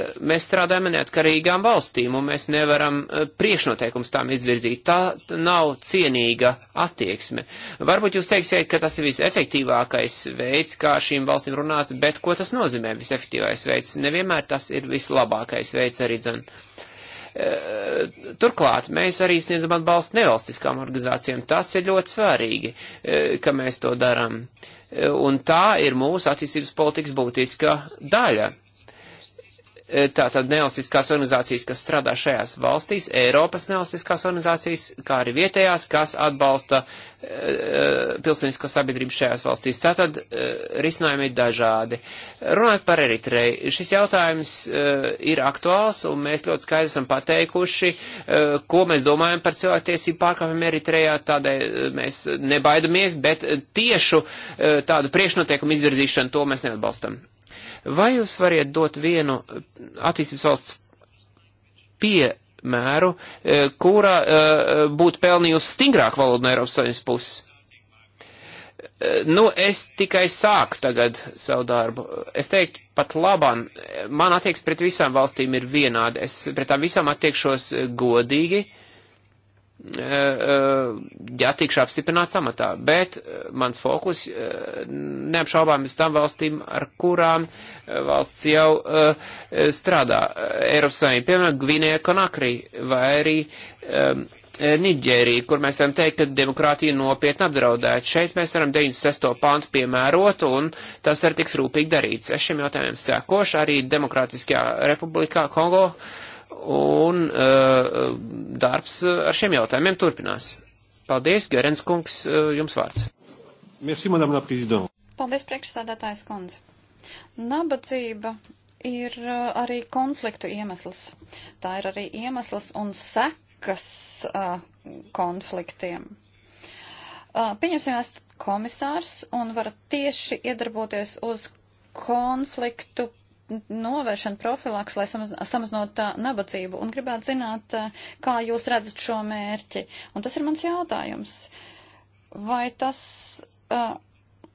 e, mēs strādājam neatkarīgām valstīm un mēs nevaram e, priekšnoteikums tām izvirzīt. Tā nav cienīga attieksme. Varbūt jūs teiksiet, ka tas ir visefektīvākais veids, kā šīm valstīm runāt, bet ko tas nozīmē visefektīvākais veids? Nevienmēr tas ir vislabākais veids arī dzene. Eh, turklāt mēs arī sniedzam atbalstu nevalstiskām organizācijām. Tas ir ļoti svarīgi, eh, ka mēs to darām. Eh, un tā ir mūsu attīstības politikas būtiska daļa. E, tātad nevalstiskās organizācijas, kas strādā šajās valstīs, Eiropas nevalstiskās organizācijas, kā arī vietējās, kas atbalsta e, e, pilsonisko sabiedrību šajās valstīs. Tātad e, risinājumi ir dažādi. Runājot par Eritreju, šis jautājums e, ir aktuāls, un mēs ļoti skaidri esam pateikuši, e, ko mēs domājam par cilvēktiesību pārkāpumiem Eritrejā, tādēļ e, mēs nebaidamies, bet tiešu e, tādu priekšnotiekumu izvirzīšanu to mēs neatbalstam. Vai jūs variet dot vienu eh, attīstības valsts piemēru, eh, kurā eh, būtu pelnījusi stingrāku valodu no Eiropas Savienības puses? Nu, es tikai sāku tagad savu darbu. Es teiktu, pat labam, man attieksme pret visām valstīm ir vienāda. Es pret tām visām attiekšos godīgi. Uh, ja tikšu apstiprināts amatā, bet mans fokus neapšaubām uz tām valstīm, ar kurām valsts jau strādā Eiropas Savienība, piemēram, Gvinēja Konakri vai arī Nigērija, kur mēs varam teikt, ka demokrātija nopietni apdraudēta. Šeit mēs varam 96. pantu piemērot, un tas arī tiks rūpīgi darīts. Es šiem jautājumiem sekošu arī Demokrātiskajā republikā Kongo. Uh, un uh, darbs eh, ar šiem jautājumiem turpinās. Paldies, Gerens kungs, eh, jums vārds. Merci, madame la présidente. Paldies, priekšsādātājs kundze. Nabadzība ir arī konfliktu iemesls. Tā ir arī iemesls un sekas uh, konfliktiem. Uh, pieņemsim, esat komisārs un varat tieši iedarboties uz konfliktu novēršana, profilaks, lai samazinātu nabadzību. Un gribētu zināt, eh, kā jūs redzat šo mērķi. Un tas ir mans jautājums. Vai tas, eh,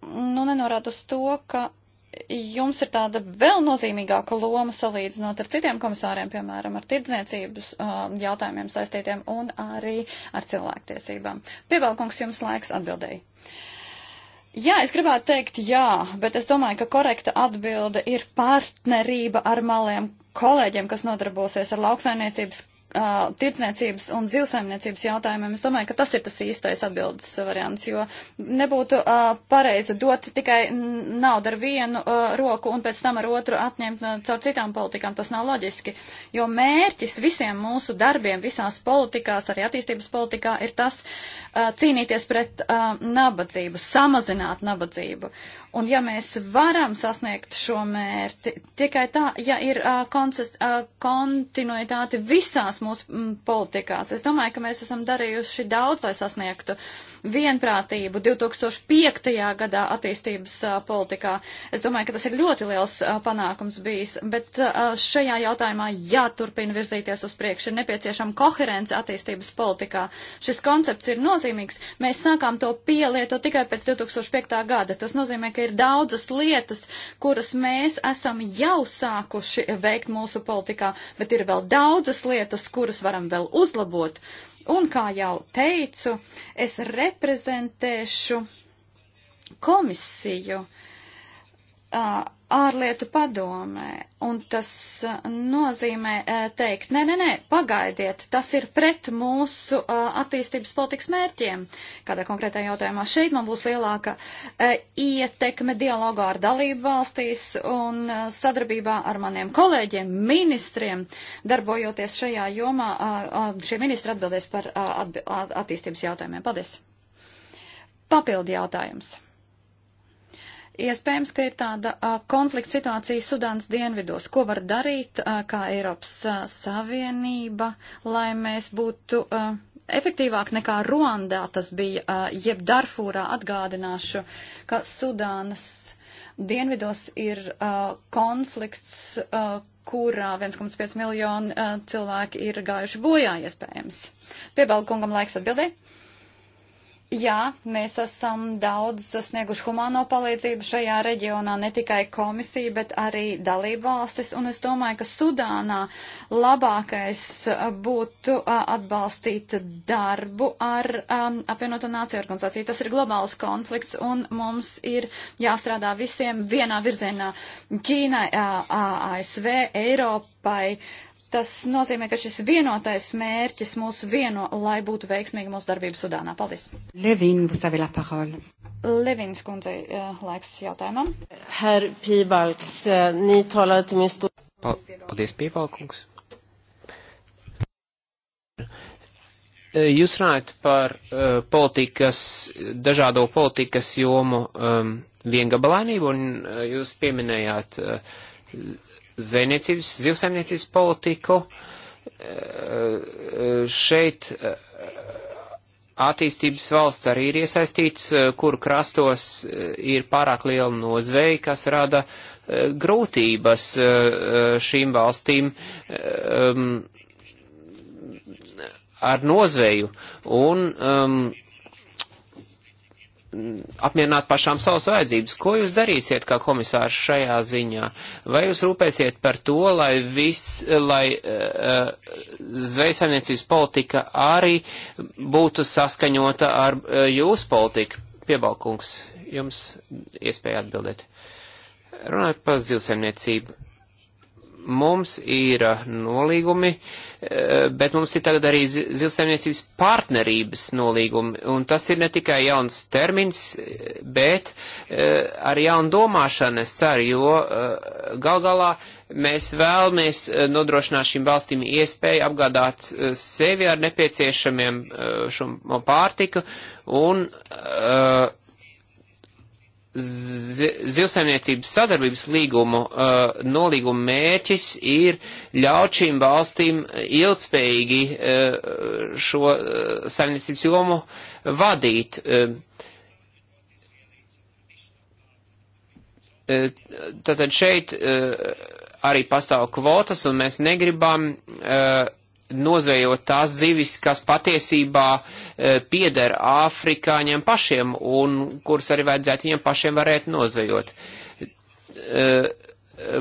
nu, nenorāda uz to, ka jums ir tāda vēl nozīmīgāka loma salīdzinot ar citiem komisāriem, piemēram, ar tirdzniecības eh, jautājumiem saistītiem un arī ar cilvēktiesībām. Piebalkungs, jums laiks atbildēji. Uh, Jā, es gribētu teikt jā, bet es domāju, ka korekta atbilde ir partnerība ar maliem kolēģiem, kas nodarbosies ar lauksainiecības uh, tirdzniecības un zivsaimniecības jautājumiem, es domāju, ka tas ir tas īstais atbildes variants, jo nebūtu uh, pareizi dot tikai naudu ar vienu uh, roku un pēc tam ar otru atņemt uh, caur citām politikām. Tas nav loģiski, jo mērķis visiem mūsu darbiem, visās politikās, arī attīstības politikā, ir tas uh, cīnīties pret uh, nabadzību, samazināt nabadzību. Un ja mēs varam sasniegt šo mērķi, tikai tā, ja ir uh, konsist, uh, kontinuitāte visās mūsu m, politikās, es domāju, ka mēs esam darījuši daudz, lai sasniegtu uh, vienprātību 2005. gadā attīstības uh, politikā. Es domāju, ka tas ir ļoti liels uh, panākums bijis, bet uh, šajā jautājumā jāturpina virzīties uz priekšu. Ir nepieciešama koherence attīstības politikā. Šis koncepts ir nozīmīgs. Mēs sākām to pielietot tikai pēc 2005. gada. Tas nozīmē, ka ir daudzas lietas, kuras mēs esam jau sākuši veikt mūsu politikā, bet ir vēl daudzas lietas, kuras varam vēl uzlabot. Uh, Un, kā jau teicu, es reprezentēšu komisiju. Uh, ārlietu padomē, un tas uh, nozīmē uh, teikt, nē, nē, nē, pagaidiet, tas ir pret mūsu uh, attīstības politikas mērķiem. Kādā konkrētā jautājumā šeit man būs lielāka ietekme dialogā ar dalību valstīs un sadarbībā ar maniem kolēģiem, ministriem, darbojoties šajā jomā. Šie ministri atbildēs par attīstības jautājumiem. Paldies! Papildi jautājums. Iespējams, ka ir tāda konflikta situācija Sudānas dienvidos. Ko var darīt a, kā Eiropas a, Savienība, lai mēs būtu a, efektīvāk nekā Ruandā tas bija, jeb Darfūrā atgādināšu, ka Sudānas dienvidos ir konflikts, kurā 1,5 miljoni cilvēki ir gājuši bojā iespējams. Piebalgu kungam laiks atbildēja. Jā, mēs esam daudz sasnieguši humāno palīdzību šajā reģionā, ne tikai komisija, bet arī dalību valstis, un es domāju, ka Sudānā labākais būtu atbalstīt darbu ar um, apvienoto nāciju organizāciju. Tas ir globāls konflikts, un mums ir jāstrādā visiem vienā virzienā - Ķīnai, ASV, Eiropai, Tas nozīmē, ka šis vienotais mērķis mūs vieno, lai būtu veiksmīga mūsu darbība Sudānā. Paldies. Levin, vous avez la parole. Levins kundze, eh, laiks jautājumam. Herr Pībalks, eh, nī tolāt mistu. Paldies, Pībalkungs. Eh, jūs runājat par uh, politikas, dažādo politikas jomu um, viengabalainību, un uh, jūs pieminējāt uh, zvejniecības, zivsaimniecības politiku. E, e, šeit e, attīstības valsts arī ir iesaistīts, kur krastos ir pārāk liela nozveja, kas rada grūtības šīm valstīm ar nozveju. Un, um, apmierināt pašām savas vajadzības. Ko jūs darīsiet kā komisārs šajā ziņā? Vai jūs rūpēsiet par to, lai, vis, lai uh, zvejsaimniecības politika arī būtu saskaņota ar uh, jūsu politiku? Piebalkungs, jums iespēja atbildēt. Runājot par zivsaimniecību. Mums ir eh, nolīgumi, eh, bet mums ir tagad arī zilstēmniecības partnerības nolīgumi, un tas ir ne tikai jauns termins, eh, bet ar jaunu domāšanu, es ceru, jo gal galā mēs vēlamies nodrošināt šīm valstīm iespēju apgādāt sevi ar nepieciešamiem šo pārtiku, un uh, zivsaimniecības sadarbības līgumu, uh, nolīgumu mērķis ir ļaut šīm valstīm ilgspējīgi uh, šo uh, saimniecības jomu vadīt. Uh, uh, tātad šeit uh, arī pastāv kvotas, un mēs negribam uh, nozvejot tās zivis, kas patiesībā e, pieder Āfrikāņiem pašiem un kuras arī vajadzētu viņiem pašiem varēt nozvejot. E, e,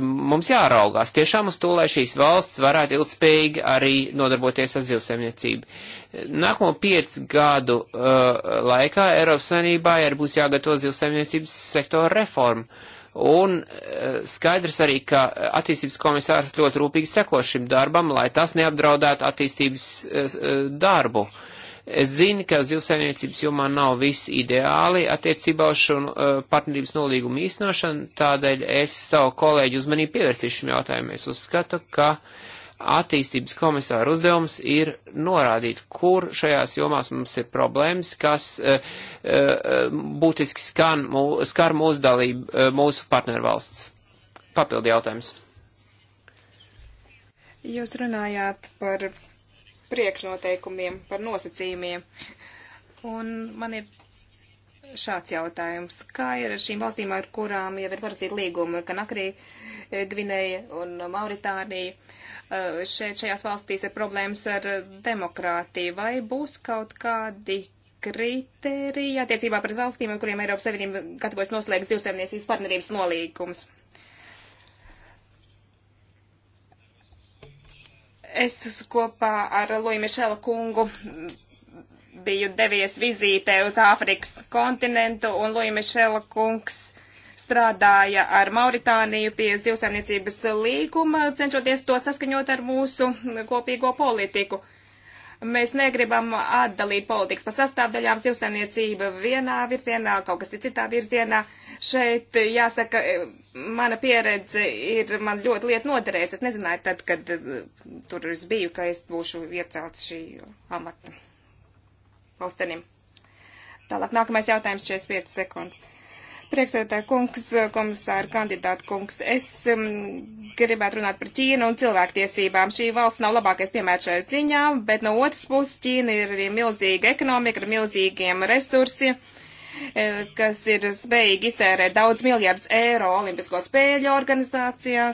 mums jāraugās tiešām uz to, lai šīs valsts varētu ilgspējīgi arī nodarboties ar zivsēmniecību. Nākamo piecu gadu uh, laikā Eiropas Savienībā arī būs jāgatavo zivsēmniecības sektora reforma. Uh, Un e, skaidrs arī, ka attīstības komisārs ļoti rūpīgi seko šim darbam, lai tas neapdraudētu attīstības e, e, darbu. Es zinu, ka zilsainiecības jomā nav viss ideāli attiecībā uz šo partnerības nolīgumu īstenošanu, tādēļ es savu kolēģu uzmanību pievērsīšu šim jautājumam. Es uzskatu, ka uh, attīstības komisāra uzdevums ir norādīt, kur šajās jomās mums ir problēmas, kas uh, uh, būtiski skan, mū, skar mūsu dalību, uh, mūsu partnervalsts. Papildi jautājums. Jūs runājāt par priekšnoteikumiem, par nosacījumiem. Un man ir šāds jautājums. Kā ir ar šīm valstīm, ar kurām jau ir parakstīta līguma, Kanakrī, Gvineja un Mauritānija? Uh, šeit šajās valstīs ir problēmas ar demokrātiju. Vai būs kaut kādi kriteriji attiecībā pret valstīm, ar kuriem Eiropas Savienība gatavojas noslēgt zivsaimniecības partnerības nolīgums? Es kopā ar Loju Mišela kungu biju devies vizītē uz Āfrikas kontinentu, un Luja Mišela kungs strādāja ar Mauritāniju pie zivsaimniecības līguma, cenšoties to saskaņot ar mūsu kopīgo politiku. Mēs negribam atdalīt politikas pa sastāvdaļām, zivsaimniecība vienā virzienā, kaut kas ir citā virzienā. Šeit jāsaka, mana pieredze ir man ļoti lieta noderējusi. Es nezināju tad, kad eh, tur es biju, ka es būšu iecelts šī amata. Austenim. Tālāk nākamais jautājums 45 sekundes. Priekšsēdētāj kungs, komisāra kandidāta kungs, es um, gribētu runāt par Ķīnu un cilvēktiesībām. Šī valsts nav labākais piemērs šajā ziņā, bet no otras puses Ķīna ir arī milzīga ekonomika ar milzīgiem resursiem. Uh, Eh, kas ir spējīgi iztērēt daudz miljardus eiro Olimpisko spēļu organizācijā.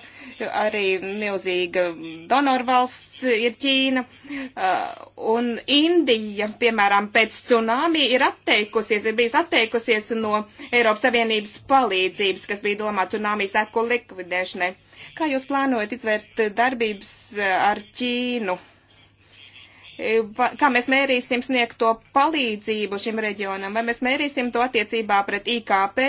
Arī milzīga donorvalsts ir Ķīna. Eh, un Indija, piemēram, pēc tsunami ir atteikusies, ir bijis atteikusies no Eiropas Savienības palīdzības, kas bija domāta tsunami seku likvidēšanai. Kā jūs plānojat izvērst darbības eh, ar Ķīnu? kā mēs mērīsim sniegto palīdzību šim reģionam, vai mēs mērīsim to attiecībā pret IKP.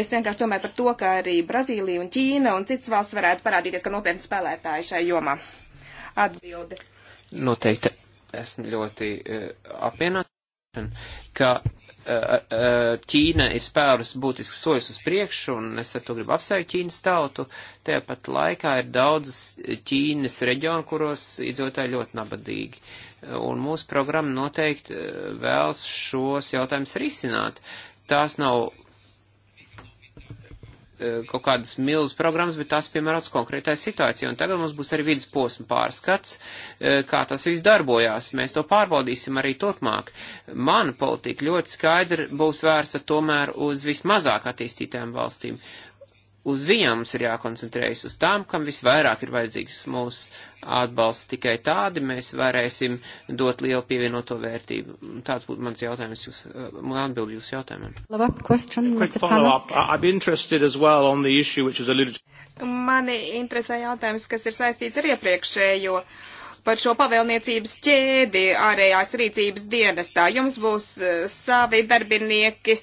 Es vienkārši domāju par to, ka arī Brazīlija un Ķīna un citas valsts varētu parādīties, ka nopietni spēlētāji šai jomā. Atbildi. Noteikti esmu ļoti uh, eh, apvienot, ka Eh, eh, Ķīna ir spērus būtisks soļus uz priekšu, un es ar to gribu apsveikt Ķīnas tautu. Tāpat laikā ir daudz Ķīnas reģionu, kuros iedzīvotāji ļoti nabadīgi. Un mūsu programma noteikti eh, vēlas šos jautājumus risināt. Tās nav Eh, kaut kādas milz programmas, bet tās piemērots konkrētai situācijai. Un tagad mums būs arī vidus posma pārskats, eh, kā tas viss darbojās. Mēs to pārbaudīsim arī turpmāk. Mana politika ļoti skaidri būs vērsta tomēr uz vismazāk attīstītām valstīm uz viņām mums ir jākoncentrējas, uz tām, kam visvairāk ir vajadzīgs mūsu atbalsts. Tikai tādi mēs varēsim dot lielu pievienoto vērtību. Tāds būtu mans jautājums, jūs, eh, man atbild jūsu jautājumam. Labāk, question, Mr. Tanak. Mani interesē jautājums, kas ir saistīts ar iepriekšējo. Uh, par šo pavēlniecības ķēdi ārējās rīcības dienestā. Jums būs eh, savi darbinieki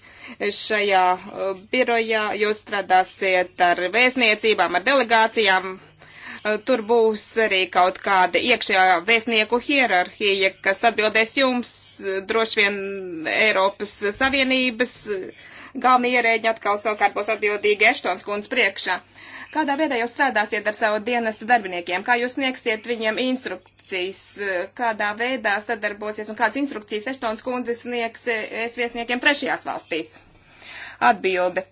šajā eh, birojā, jūs strādāsiet ar vēstniecībām, ar delegācijām. Eh, tur būs arī kaut kāda iekšējā vēstnieku hierarhija, kas atbildēs jums droši vien Eiropas Savienības galvenie ierēģi atkal savukārt būs atbildīgi Eštons kundas priekšā. Kādā veidā jūs strādāsiet ar savu dienestu darbiniekiem? Kā jūs sniegsiet viņiem instrukcijas? Kādā veidā sadarbosies un kādas instrukcijas Eštons kundzes sniegs es viesniekiem trešajās valstīs? Atbilde.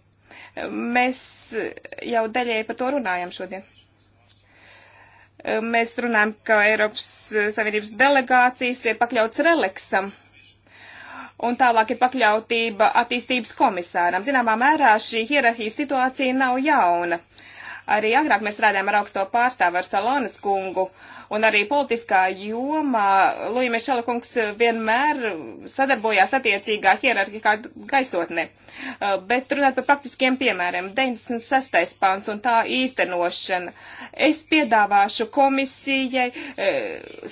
Mēs jau daļēji par to runājam šodien mēs runājam, ka Eiropas Savienības delegācijas ir pakļauts reliksam. Un tālāk ir pakļautība attīstības komisāram. Zināmā mērā šī hierarhijas situācija nav jauna. Uh, Arī agrāk mēs strādājām ar augsto pārstāvu, ar Salonas kungu, un arī politiskā jomā Luja Mešela kungs vienmēr sadarbojās attiecīgā hierarhikā gaisotne. Uh, bet runāt par praktiskiem piemēriem, 96. pāns un tā īstenošana. Es piedāvāšu komisijai uh,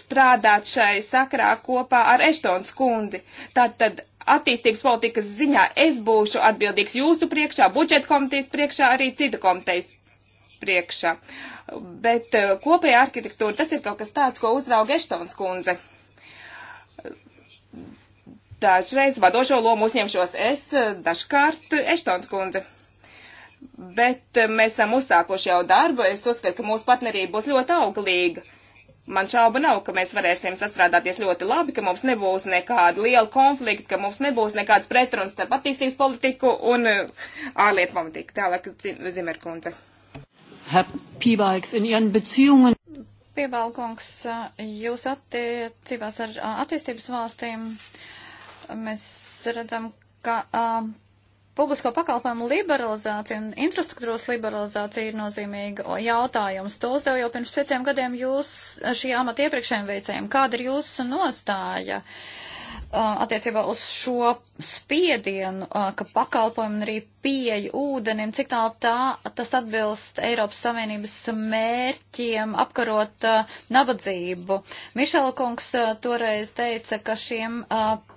strādāt šai sakrā kopā ar Eštons kundi. Tātad attīstības politikas ziņā es būšu atbildīgs jūsu priekšā, budžeta komitejas priekšā, arī citu komitejas priekšā. Bet eh, kopējā arhitektūra tas ir kaut kas tāds, ko uzrauga Eštons kundze. Dažreiz vadošo lomu uzņemšos es, eh, dažkārt Eštons kundze. Bet eh, mēs esam uzsākuši jau darbu, es uzskatu, ka mūsu partnerība būs ļoti auglīga. Man šauba nav, ka mēs varēsim sastrādāties ļoti labi, ka mums nebūs nekāda liela konflikta, ka mums nebūs nekāds pretruns starp attīstības politiku un ārlietu politiku. Tālāk Zimerkundze. Herr Piebalgs, in Ihren Beziehungen. Piebalkungs, jūs attiecībās ar attīstības valstīm mēs redzam, ka uh, publisko pakalpojumu liberalizācija un infrastruktūras liberalizācija ir nozīmīga jautājums. To uzdevu jau pirms pieciem gadiem jūs šī amata iepriekšējiem veicējiem. Kāda ir jūsu nostāja? Uh, attiecībā uz šo spiedienu, ka pakalpojumi arī pieeja ūdenim, cik tālu tā, tas atbilst Eiropas Savienības mērķiem apkarot nabadzību. Mišela kungs toreiz teica, ka šiem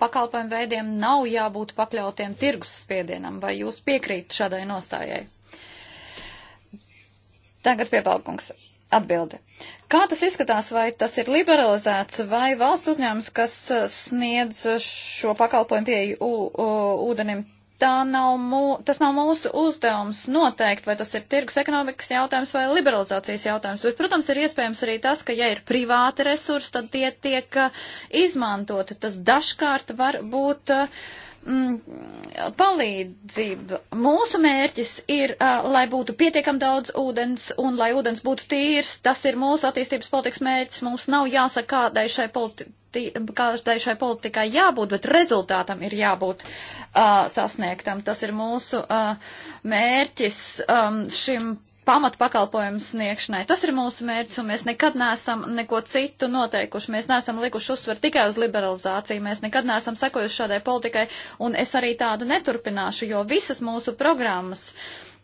pakalpojumu veidiem nav jābūt pakļautiem tirgus spiedienam. Vai jūs piekrīt šādai nostājai? Tagad piepalkums. Atbilde. Kā tas izskatās, vai tas ir liberalizēts, vai valsts uzņēmums, kas uh, sniedz šo pakalpojumu pieeju ūdenim, tā nav mū, tas nav mūsu uzdevums noteikt, vai tas ir tirgus ekonomikas jautājums vai liberalizācijas jautājums. Bet, protams, ir iespējams arī tas, ka, ja ir privāti resursi, tad tie tiek uh, izmantoti. Tas dažkārt var būt. Uh, mm, palīdzība. Mūsu mērķis ir, uh, lai būtu pietiekam daudz ūdens un lai ūdens būtu tīrs. Tas ir mūsu attīstības politikas mērķis. Mums nav jāsaka, kādai šai, politi kādai šai politikai jābūt, bet rezultātam ir jābūt uh, sasniegtam. Tas ir mūsu uh, mērķis um, šim pamatpakalpojumu sniegšanai. Tas ir mūsu mērķis, un mēs nekad neesam neko citu noteikuši. Mēs neesam likuši uzsver tikai uz liberalizāciju, mēs nekad neesam sekojuši šādai politikai, un es arī tādu neturpināšu, jo visas mūsu programmas.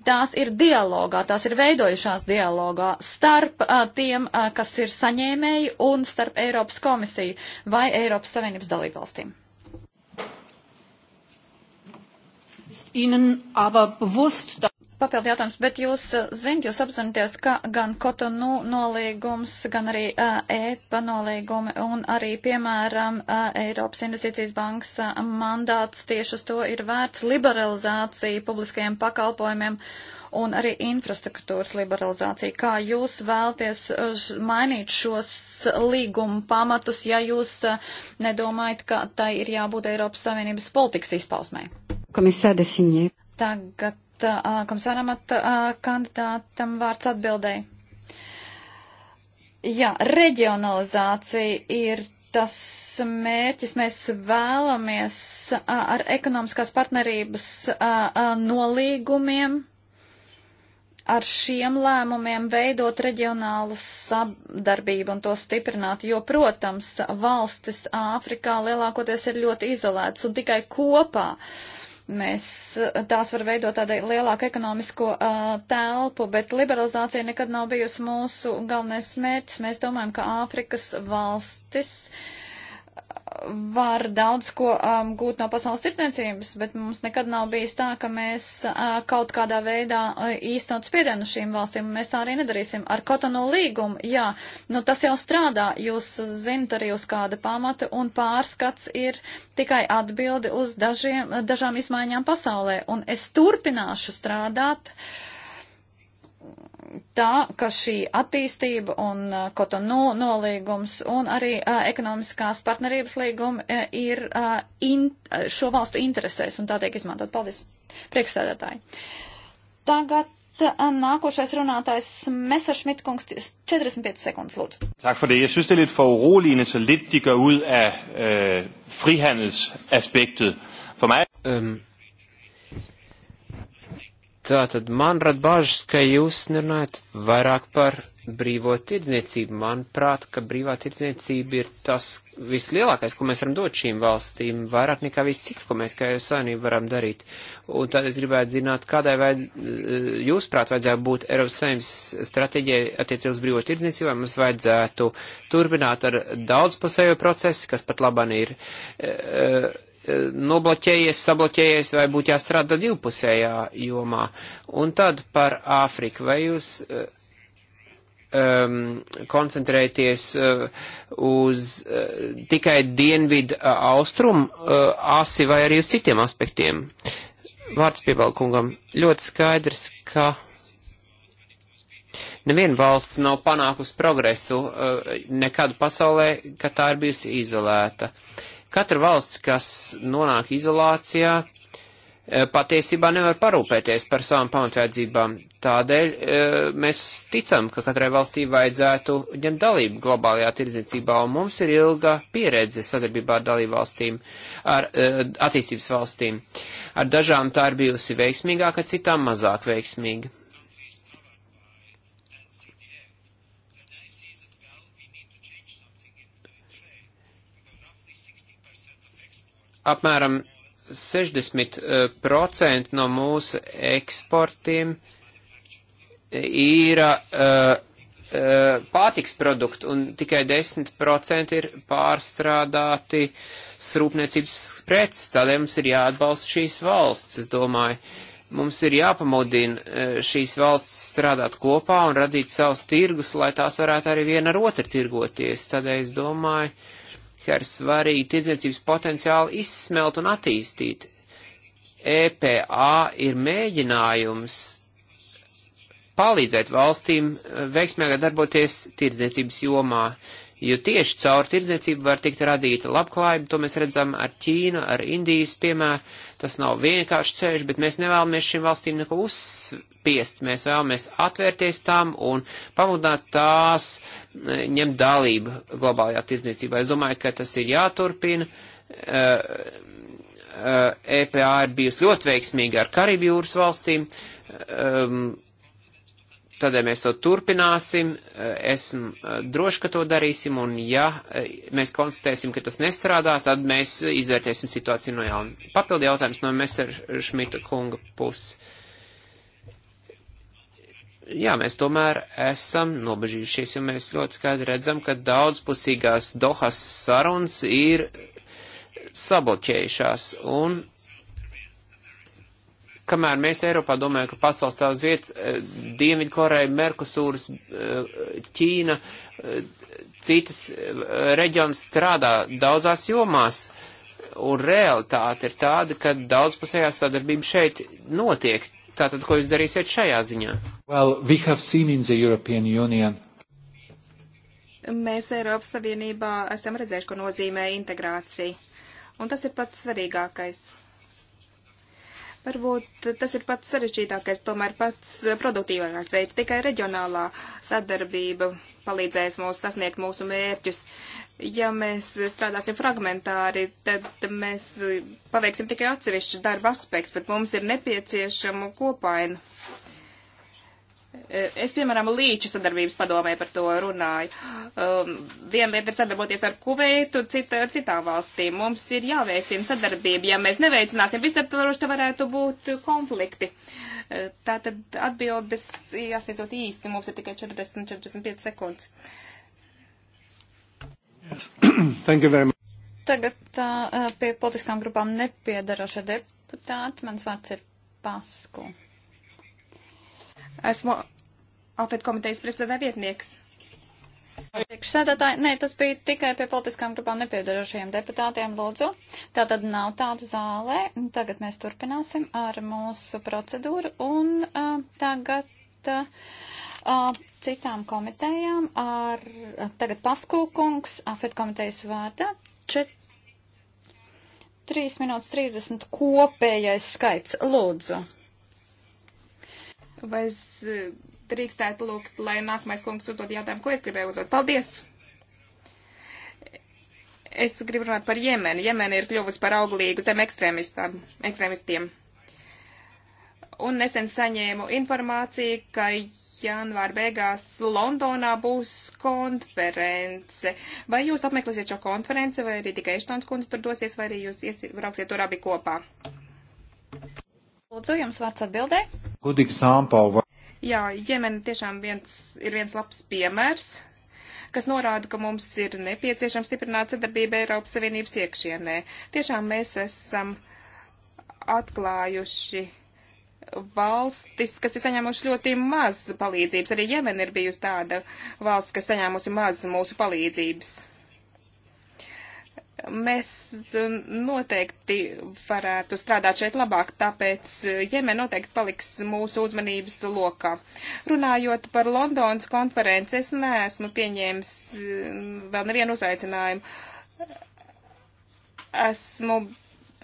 Tās ir dialogā, tās ir veidojušās dialogā starp a, tiem, a, kas ir saņēmēji un starp Eiropas komisiju vai Eiropas Savienības dalībvalstīm. Ihnen aber bewusst, Papildu jautājums, bet jūs eh, zinat, jūs apzināties, ka gan Kotonu nolīgums, gan arī uh, eh, EPA nolīgumi un arī, piemēram, uh, Eiropas investīcijas bankas uh, mandāts tieši uz to ir vērts liberalizācija publiskajiem pakalpojumiem un arī infrastruktūras liberalizācija. Kā jūs vēlties mainīt šos līgumu pamatus, ja jūs uh, nedomājat, ka tai ir jābūt Eiropas Savienības politikas izpausmē? Komisāra Desiņie. Tagad komisāram at kandidātam vārds atbildēja. Jā, reģionalizācija ir tas mērķis. Mēs vēlamies ar ekonomiskās partnerības nolīgumiem, ar šiem lēmumiem veidot reģionālu sadarbību un to stiprināt, jo, protams, valstis Āfrikā lielākoties ir ļoti izolētas un tikai kopā. Uh, Mēs eh, tās var veidot tādai lielāku ekonomisko uh, telpu, bet liberalizācija nekad nav bijusi mūsu galvenais mērķis. Mēs domājam, ka Āfrikas valstis uh, var daudz ko um, gūt no pasaules tirdzniecības, bet mums nekad nav bijis tā, ka mēs uh, kaut kādā veidā uh, īstenot spiedienu šīm valstīm, un mēs tā arī nedarīsim. Ar Kotonu līgumu, jā, nu tas jau strādā, jūs zinat arī uz kāda pamata, un pārskats ir tikai atbildi uz dažiem, dažām izmaiņām pasaulē, un es turpināšu strādāt. Uh, tā, ka šī attīstība un uh, kotonu nolīgums un arī uh, ekonomiskās partnerības līgumi uh, ir uh, in, uh, šo valstu interesēs un tā tiek izmantot. Paldies, priekšsēdētāji. Tagad uh, nākošais runātājs Messerschmidt kungs, 45 sekundes, lūdzu. Tak for det. Jeg synes, det er lidt for uroligende, så lidt de gør ud af øh, frihandelsaspektet. For mig... Um. Tā tad man rad bažas, ka jūs nerunājat vairāk par brīvo tirdzniecību. Manuprāt, ka brīvā tirdzniecība ir tas vislielākais, ko mēs varam dot šīm valstīm, vairāk nekā viss cits, ko mēs kā jau savienība varam darīt. Un tad es gribētu zināt, kādai vajadz, jūs prāt vajadzētu būt Eiropas saimnes stratēģijai attiecībā uz brīvo tirdzniecību, vai mums vajadzētu turpināt ar daudzpusējo procesu, kas pat labāk ir. Uh, nobloķējies, sabloķējies vai būtu jāstrādā divpusējā jomā. Un tad par Āfriku. Vai jūs um, koncentrēties uh, uz uh, tikai dienvidu uh, austrumu uh, asi vai arī uz citiem aspektiem? Vārds piebalkungam. Ļoti skaidrs, ka. Neviena valsts nav panākusi progresu uh, nekad pasaulē, ka tā ir bijusi izolēta. Uh, Katra valsts, kas nonāk izolācijā, eh, patiesībā nevar parūpēties par savām pamatvērdzībām. Tādēļ eh, mēs ticam, ka katrai valstī vajadzētu ņemt dalību globālajā tirdzniecībā, un mums ir ilga pieredze sadarbībā ar dalību valstīm, ar eh, attīstības valstīm. Ar dažām tā ir bijusi veiksmīgāka, citām mazāk veiksmīga. apmēram 60% eh, no mūsu eksportiem ir uh, pārtiks produktu un tikai 10% ir pārstrādāti srūpniecības preces. Tādēļ mums ir jāatbalsta šīs valsts, es domāju. Mums ir jāpamudina šīs valsts strādāt kopā un radīt savus tirgus, lai tās varētu arī viena ar otru tirgoties. Tādēļ es domāju, ka ir svarīgi tirdzniecības potenciāli izsmelt un attīstīt. EPA ir mēģinājums palīdzēt valstīm eh, veiksmīgāk darboties tirdzniecības jomā, jo tieši caur tirdzniecību var tikt radīta labklājība, to mēs redzam ar Ķīnu, ar Indijas piemēru. Tas nav vienkārši ceļš, bet mēs nevēlamies šīm valstīm neko uz, spiest. Mēs vēlamies atvērties tām un pamudināt tās e, ņemt dalību globālajā tirdzniecībā. Es domāju, ka tas ir jāturpina. EPA e, e ir bijusi ļoti veiksmīga ar Karību jūras valstīm. Ehm, tādēļ mēs to turpināsim, esmu droši, ka to darīsim, un ja mēs konstatēsim, ka tas nestrādā, tad mēs izvērtēsim situāciju no jauna. Papildi jautājums no Messer Šmita kunga puses jā, mēs tomēr esam nobežījušies, jo mēs ļoti skaidri redzam, ka daudzpusīgās Dohas sarunas ir sabloķējušās. Un kamēr mēs Eiropā domājam, ka pasaules tās vietas, eh, Dienvidkoreja, Merkusūras, eh, Ķīna, eh, citas reģions strādā daudzās jomās. Un realitāte ir tāda, ka daudzpusējā sadarbība šeit notiek Tātad, ko jūs darīsiet šajā ziņā? Well, we Mēs Eiropas Savienībā esam redzējuši, ko nozīmē integrācija. Un tas ir pats svarīgākais. Varbūt tas ir pats sarežģītākais, tomēr pats produktīvākais veids. Tikai reģionālā sadarbība palīdzēs mums sasniegt mūsu mērķus ja mēs strādāsim fragmentāri, tad mēs paveiksim tikai atsevišķus darba aspekts, bet mums ir nepieciešama kopaina. Es, piemēram, līča sadarbības padomē par to runāju. Um, viena lieta ir sadarboties ar Kuveitu, cita ar citām valstīm. Mums ir jāveicina sadarbība. Ja mēs neveicināsim visaptvaroši, tad varētu būt konflikti. Uh, tātad atbildes, jāsniedzot īsti, mums ir tikai 40-45 sekundes. Uh, Yes. *clears throat* Thank you very much. Tagad tā, eh, pie politiskām grupām nepiedaroša deputāta. Mans vārds ir Pasku. Esmu Alfred komitejas priekšsēdētāja vietnieks. Priekšsēdētāji, nē, tas bija tikai pie politiskām grupām nepiedarošajiem deputātiem, lūdzu. Tā tad nav tādu zālē. Tagad mēs turpināsim ar mūsu procedūru un uh, tagad. Uh, citām komitejām ar tagad Paskūkungs, AFET komitejas vārdā. Čet... 3 minūtes 30 kopējais skaits. Lūdzu. Vai es eh, drīkstētu lūgt, lai nākamais kungs uzdod jautājumu, ko es gribēju uzdot? Paldies! Es gribu runāt par Jemenu. Jemena ir kļuvusi par auglīgu zem ekstrēmistiem. Un nesen saņēmu informāciju, ka janvāra beigās Londonā būs konference. Vai jūs apmeklēsiet šo konferenci, vai arī tikai Eštons kundze tur dosies, vai arī jūs iesi, brauksiet tur abi kopā? Lūdzu, jums vārds atbildē. Gudīgi sāmpau. Jā, Jemena tiešām viens, ir viens labs piemērs kas norāda, ka mums ir nepieciešams stiprināt sadarbību Eiropas Savienības iekšienē. Tiešām mēs esam atklājuši uh, valstis, kas ir saņēmuši ļoti maz palīdzības. Arī Jemen ir bijusi tāda valsts, kas saņēmusi maz mūsu palīdzības. Mēs um, noteikti varētu strādāt šeit labāk, tāpēc uh, Jemen noteikti paliks mūsu uzmanības lokā. Runājot par Londonas konferenci, es neesmu pieņēmis uh, vēl nevienu uzaicinājumu. Esmu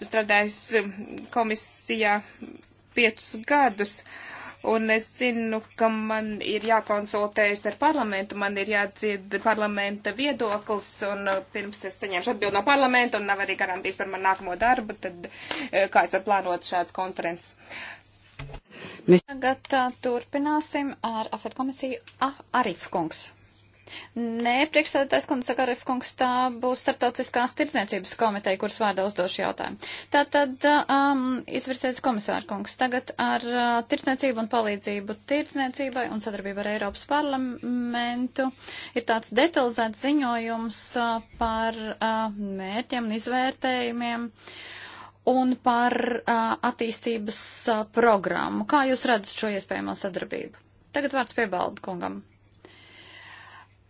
strādājis um, komisijā piecus gadus. Un es zinu, ka man ir jākonsultējas ar parlamentu, man ir jādzird parlamenta viedoklis, un uh, pirms es saņemšu atbildi no parlamenta un nav arī garantijas par manu nākamo darbu, tad uh, kā es varu plānot šāds konferences. Mēs tagad uh, turpināsim ar Afet komisiju ah, Arif kungs. Nē, priekšsēdētājs kundze Zagaref kungs, tā būs starptautiskās tirdzniecības komiteja, kuras vārdā uzdošu jautājumu. Tātad um, izvirsēts komisāra kungs tagad ar uh, tirdzniecību un palīdzību tirdzniecībai un sadarbību ar Eiropas parlamentu ir tāds detalizēts ziņojums uh, par uh, mērķiem un izvērtējumiem. Un par uh, attīstības uh, programmu. Kā jūs redzat šo iespējamo sadarbību? Tagad vārds piebalda kungam.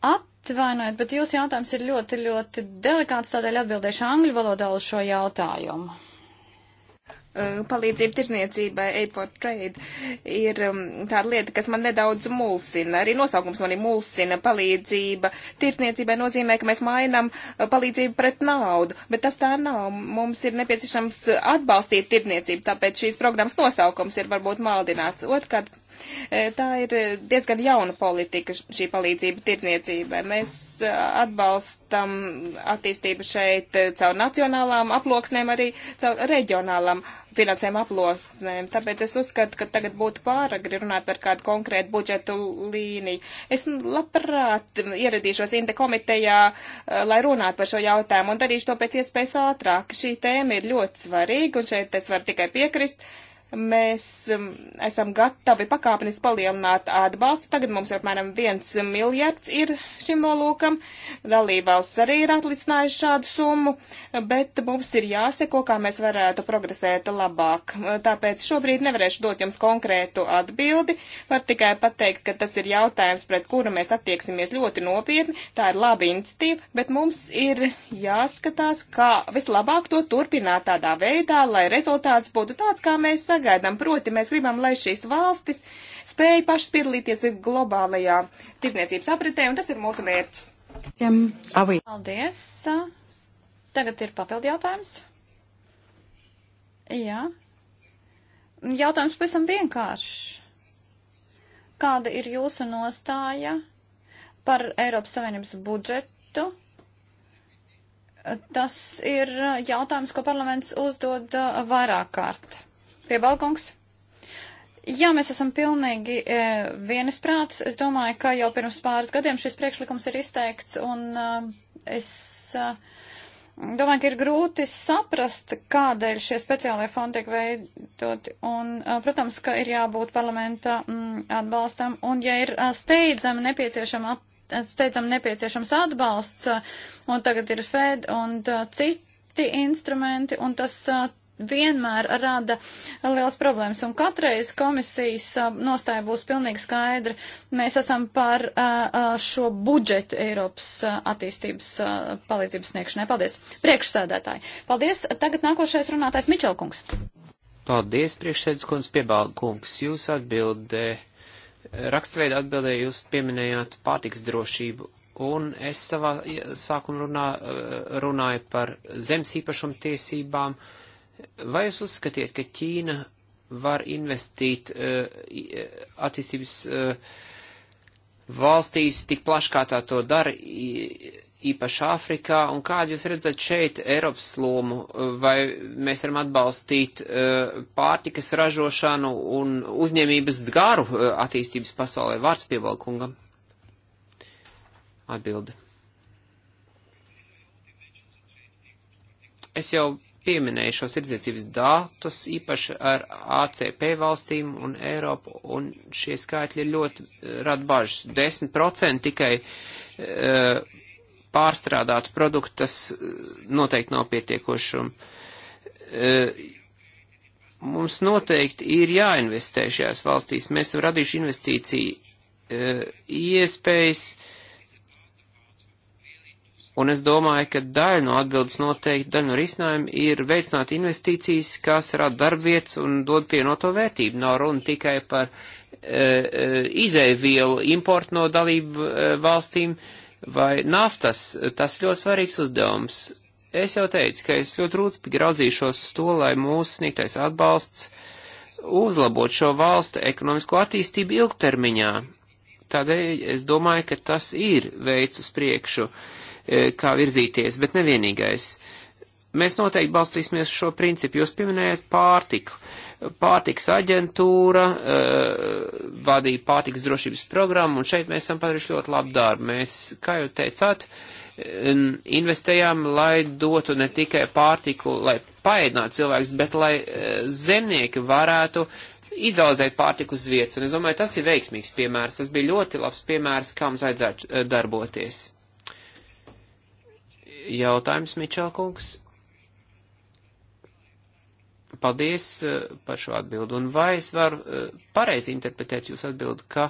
Atvainojiet, bet jūsu jautājums ir ļoti, ļoti delikāts, tādēļ atbildēšu angļu valodā uz šo jautājumu palīdzība tirzniecībai, aid for trade, ir um, tāda lieta, kas man nedaudz mulsina. Arī nosaukums mani mulsina. Palīdzība tirzniecībai nozīmē, ka mēs mainām uh, palīdzību pret naudu, bet tas tā nav. Mums ir nepieciešams atbalstīt tirzniecību, tāpēc šīs programmas nosaukums ir varbūt maldināts. Otkārt, E, tā ir e, diezgan jauna politika, šī palīdzība tirniecībai. Mēs e, atbalstam attīstību šeit caur nacionālām aploksnēm, arī caur reģionālām finansējuma aploksnēm. Tāpēc es uzskatu, ka tagad būtu pāragri runāt par kādu konkrētu budžetu līniju. Es labprāt ieradīšos Inte komitejā, lai runātu par šo jautājumu un darīšu to pēc iespējas ātrāk. Šī tēma ir ļoti svarīga un šeit es varu tikai piekrist. Uh, Mēs um, esam gatavi pakāpeniski palielināt atbalstu. Tagad mums ir apmēram viens miljards ir šim nolūkam. Dalībvalsts arī ir atlicinājuši šādu summu, bet mums ir jāseko, kā mēs varētu progresēt labāk. Tāpēc šobrīd nevarēšu dot jums konkrētu atbildi. Var tikai pateikt, ka tas ir jautājums, pret kuru mēs attieksimies ļoti nopietni. Tā ir laba iniciatīva, bet mums ir jāskatās, kā vislabāk to turpināt tādā veidā, lai rezultāts būtu tāds, kā mēs sagaidām sagaidām. Proti, mēs gribam, lai šīs valstis spēj pašas piedalīties globālajā tirdzniecības apritē, un tas ir mūsu mērķis. Paldies. Tagad ir papildi jautājums. Jā. Jautājums pēc tam vienkāršs. Kāda ir jūsu nostāja par Eiropas Savienības budžetu? Tas ir jautājums, ko parlaments uzdod uh, vairāk kārt. Piebalgungs. Jā, mēs esam pilnīgi e, vienisprāts. Es domāju, ka jau pirms pāris gadiem šis priekšlikums ir izteikts, un e, es e, domāju, ka ir grūti saprast, kādēļ šie speciālie fondi tiek veidoti. Un, e, protams, ka ir jābūt parlamenta m, atbalstam, un ja ir e, steidzami nepieciešama, e, steidzam nepieciešams atbalsts, e, un tagad ir Fed un e, citi instrumenti, un tas vienmēr rada liels problēmas. Un katreiz komisijas nostāja būs pilnīgi skaidra. Mēs esam par šo budžetu Eiropas attīstības palīdzības sniegšanai. Paldies, priekšsēdētāji. Paldies. Tagad nākošais runātājs Mičelkungs. Paldies, priekšsēdētājs Piebalkungs. Jūs atbildē, raksturveidā atbildē, jūs pieminējāt pārtiks drošību un es savā sākuma runā runāju par zemes īpašuma tiesībām. Uh, Vai jūs uzskatiet, ka Ķīna var investīt uh, attīstības uh, valstīs tik plaši, kā tā to dara, īpaši Āfrikā, un kādu jūs redzat šeit Eiropas lomu, vai mēs varam atbalstīt uh, pārtikas ražošanu un uzņēmības garu attīstības pasaulē vārds pievalkungam? Atbildi. Es jau pieminēju šos tirdzniecības datus, īpaši ar ACP valstīm un Eiropu, un šie skaitļi ļoti rada bažas. 10% tikai uh, pārstrādātu produktu, tas e, noteikti nav pietiekoši. Uh, mums noteikti ir jāinvestē šajās valstīs. Mēs esam radījuši investīciju uh, iespējas. Uh, Un es domāju, ka daļa no atbildes noteikti, daļa no risinājuma ir veicināt investīcijas, kas rada darbvietas un dod pienoto vērtību. Nav runa tikai par e, e, izēvielu importu no dalību e, valstīm vai naftas. Tas ļoti svarīgs uzdevums. Es jau teicu, ka es ļoti rūpīgi raudzīšos uz to, lai mūsu sniegtais atbalsts uzlabot šo valstu ekonomisko attīstību ilgtermiņā. Tādēļ es domāju, ka tas ir veids uz priekšu. Uh, E, kā virzīties, bet nevienīgais. Mēs noteikti balstīsimies šo principu. Jūs pieminējat pārtiku. Pārtiks aģentūra e, vadīja pārtiks drošības programmu, un šeit mēs esam padarījuši ļoti labu darbu. Mēs, kā jau teicāt, e, investējām, lai dotu ne tikai pārtiku, lai paēdinātu cilvēkus, bet lai zemnieki varētu izaudzēt pārtiku uz vietas. Un es domāju, tas ir veiksmīgs piemērs. Tas bija ļoti labs piemērs, kā mums vajadzētu darboties jautājums, Mičelkungs. Paldies eh, par šo atbildu. Un vai es varu eh, pareizi interpretēt jūsu atbildu, ka,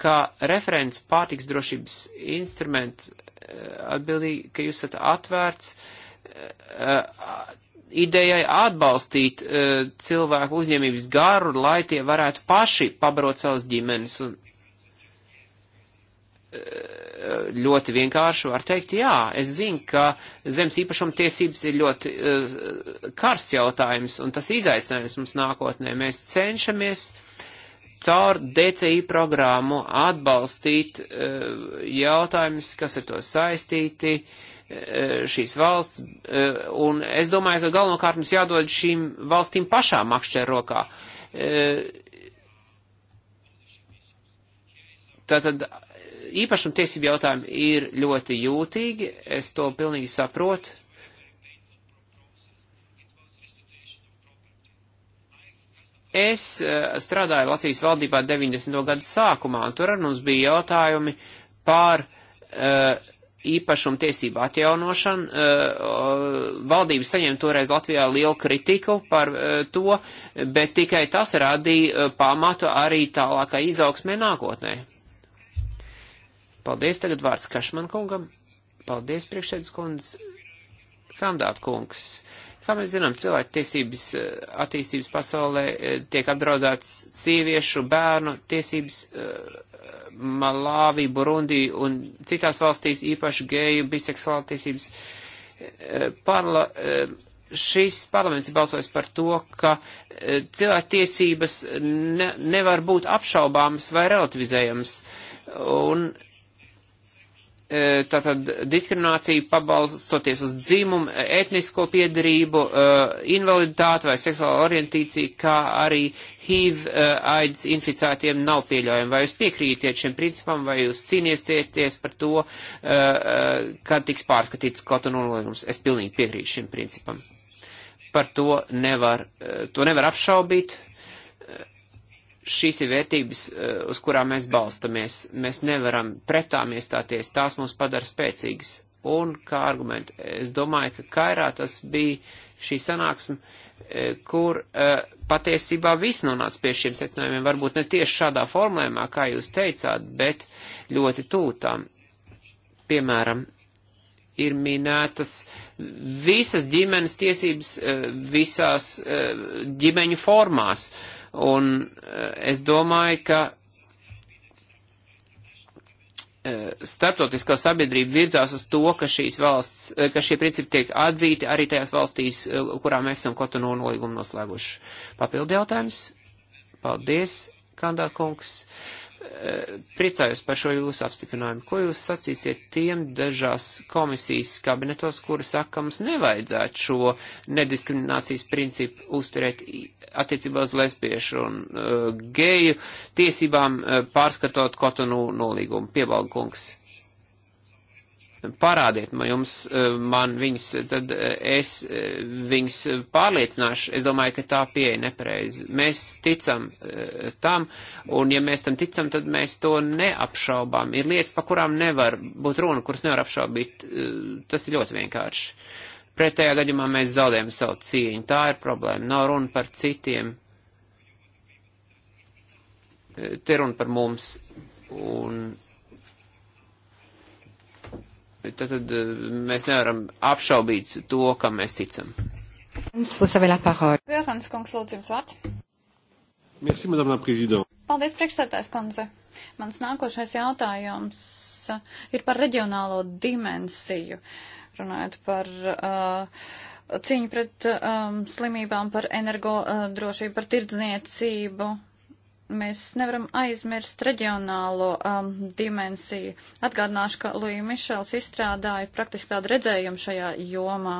ka referents pārtiks drošības instrumentu eh, atbildīgi, ka jūs esat atvērts idejai atbalstīt cilvēku uzņēmības garu, lai tie varētu paši pabarot savas ģimenes un Eh, ļoti vienkārši var teikt, jā, es zinu, ka zemes īpašuma tiesības ir ļoti uh, kars jautājums, un tas izaicinājums mums nākotnē. Mēs cenšamies caur DCI programmu atbalstīt uh, jautājumus, kas ar to saistīti, uh, šīs valsts, un es domāju, ka galvenokārt mums jādod šīm valstīm pašām akšķē rokā. Tātad īpašuma tiesību jautājumi ir ļoti jūtīgi, es to pilnīgi saprotu. Es eh, strādāju Latvijas valdībā 90. gadu sākumā, un tur arī mums bija jautājumi par uh, eh, īpašumu tiesību atjaunošanu. Uh, valdība saņēma toreiz Latvijā lielu kritiku par uh, to, bet tikai tas radīja uh, pamatu arī tālākai izaugsmē nākotnē. Paldies, tagad vārds Kašman kungam. Paldies, priekšsēdus kundz, kandātu kungs. Kā mēs zinām, cilvēku tiesības eh, attīstības pasaulē eh, tiek apdraudēts sieviešu, bērnu tiesības eh, Malāvi, Burundi un citās valstīs, īpaši geju, biseksuālu tiesības. Parla, šis parlaments ir balsojis par to, ka cilvēktiesības ne, nevar būt apšaubāmas vai relativizējamas. Un E, tātad diskriminācija pabalstoties uz dzimumu, e, etnisko piedarību, e, invaliditāti vai seksuālo orientīciju, kā arī HIV aids inficētiem nav pieļaujama. Vai jūs piekrītiet šiem principam, vai jūs cīniesieties par to, kad tiks pārskatīts kaut un nolīgums? Es pilnīgi piekrītu šim principam. Par to nevar, to nevar apšaubīt, Šīs ir vērtības, eh, uz kurām mēs balstamies. Mēs nevaram pretām iestāties, tās mūs padara spēcīgas. Un kā argumentu, es domāju, ka Kairā tas bija šī sanāksme, eh, kur eh, patiesībā viss nonāca pie šiem secinājumiem, varbūt ne tieši šādā formulējumā, kā jūs teicāt, bet ļoti tūtām. Piemēram, ir minētas visas ģimenes tiesības visās ģimeņu formās. Uh, Un eh, es domāju, ka eh, starptautiskā sabiedrība virzās uz to, ka, valsts, eh, ka šie principi tiek atzīti arī tajās valstīs, kurā mēs esam kotonu nolīgumu noslēguši. Papildi jautājums? Paldies, kandāt kungs. Uh, priecājos par šo jūsu apstiprinājumu. Ko jūs sacīsiet tiem dažās komisijas kabinetos, kuri saka, mums nevajadzētu šo nediskriminācijas principu uzturēt attiecībā uz lesbiešu un uh, geju tiesībām uh, pārskatot kotonu nolīgumu? Piebalgungs parādiet man jums, e, man viņas, tad e, es e, viņas pārliecināšu. Es domāju, ka tā pieeja nepareizi. Mēs ticam tam, un ja mēs tam ticam, tad mēs to neapšaubām. Ir lietas, pa kurām nevar būt runa, kuras nevar apšaubīt. Tas ir ļoti vienkārši. Pretējā gadījumā mēs zaudējam savu cieņu. Tā ir problēma. Nav runa par citiem. Te runa par mums. Un tad, tad eh, mēs nevaram apšaubīt to, kam mēs ticam. Gērans kungs, lūdzu, jums vārds. Merci, madame la présidente. Paldies, priekšstādājs kundze. Mans nākošais jautājums eh, ir par reģionālo dimensiju, runājot par uh, cīņu pret um, slimībām, par energo uh, drošību, par tirdzniecību. Uh, mēs nevaram aizmirst reģionālo um, dimensiju. Atgādināšu, ka Lūija Mišels izstrādāja praktiski tādu redzējumu šajā jomā.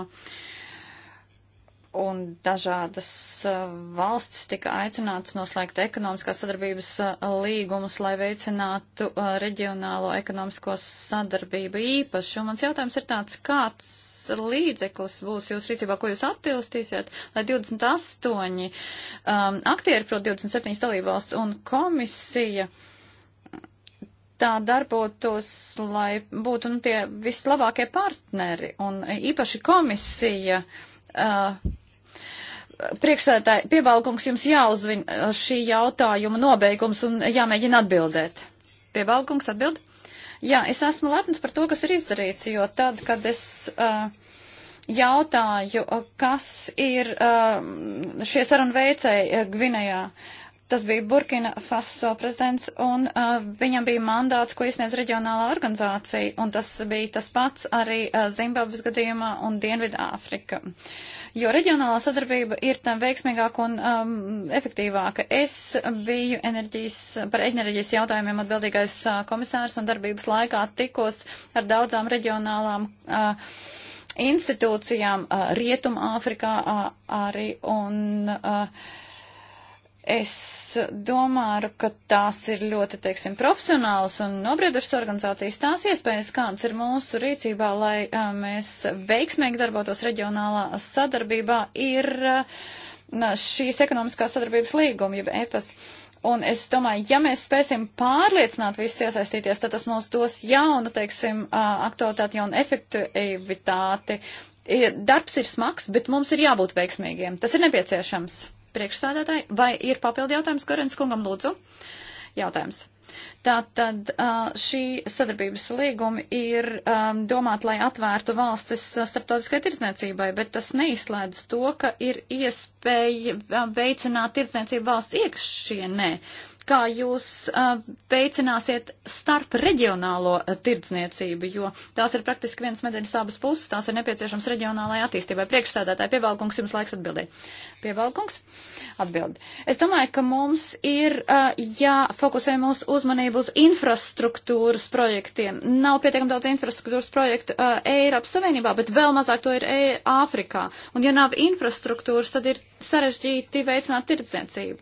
Un dažādas uh, valstis tika aicinātas noslēgt ekonomiskās sadarbības uh, līgumus, lai veicinātu uh, reģionālo ekonomisko sadarbību īpaši. Un mans jautājums ir tāds, kāds līdzeklis būs jūs rīcībā, ko jūs attilstīsiet, lai 28 um, aktieri, prot 27 dalībvalsts un komisija tā darbotos, lai būtu nu, tie vislabākie partneri un īpaši komisija. Uh, priekšsētāji, piebalgums jums jāuzvin uh, šī jautājuma nobeigums un jāmēģina atbildēt. Piebalgums atbild? Jā, es esmu lepns par to, kas ir izdarīts, jo tad, kad es. Uh, jautāju, uh, kas ir uh, šie sarunveicēji uh, Gvinējā. Tas bija Burkina Faso prezidents, un uh, viņam bija mandāts, ko iesniedz reģionālā organizācija, un tas bija tas pats arī uh, Zimbabves gadījumā un Dienvidā Āfrika. Uh, jo reģionālā sadarbība ir tam veiksmīgāka un um, efektīvāka. Es biju enerģijas, par enerģijas jautājumiem atbildīgais uh, komisārs un darbības laikā tikos ar daudzām reģionālām uh, institūcijām uh, Rietumāfrikā uh, arī un. Uh, Es domāju, ka tās ir ļoti, teiksim, profesionālas un nobriedušas organizācijas. Tās iespējas, kāds ir mūsu rīcībā, lai a, mēs veiksmīgi darbotos reģionālā sadarbībā, ir a, šīs ekonomiskās sadarbības līguma, jeb EPAS. Un es domāju, ja mēs spēsim pārliecināt visus iesaistīties, tad tas mums dos jaunu, teiksim, aktualitāti, jaunu efektivitāti. Darbs ir smags, bet mums ir jābūt veiksmīgiem. Tas ir nepieciešams priekšsādātāji, vai ir papildi jautājums Gorens kungam lūdzu? Jautājums. Tātad šī sadarbības līguma ir domāta, lai atvērtu valstis starptautiskai tirdzniecībai, bet tas neizslēdz to, ka ir iespēja veicināt tirdzniecību valsts iekšienē. Ja kā jūs veicināsiet starp reģionālo tirdzniecību, jo tās ir praktiski viens medaļas abas puses, tās ir nepieciešams reģionālajai attīstībai. Priekšsēdētāji pievalkungs, jums laiks atbildēt. Pievalkungs, atbild. Es domāju, ka mums ir jāfokusē ja mūsu uzmanību uz infrastruktūras projektiem. Nav pietiekam daudz infrastruktūras projektu Eiropas Savienībā, bet vēl mazāk to ir Āfrikā. Un ja nav infrastruktūras, tad ir sarežģīti veicināt tirdzniecību.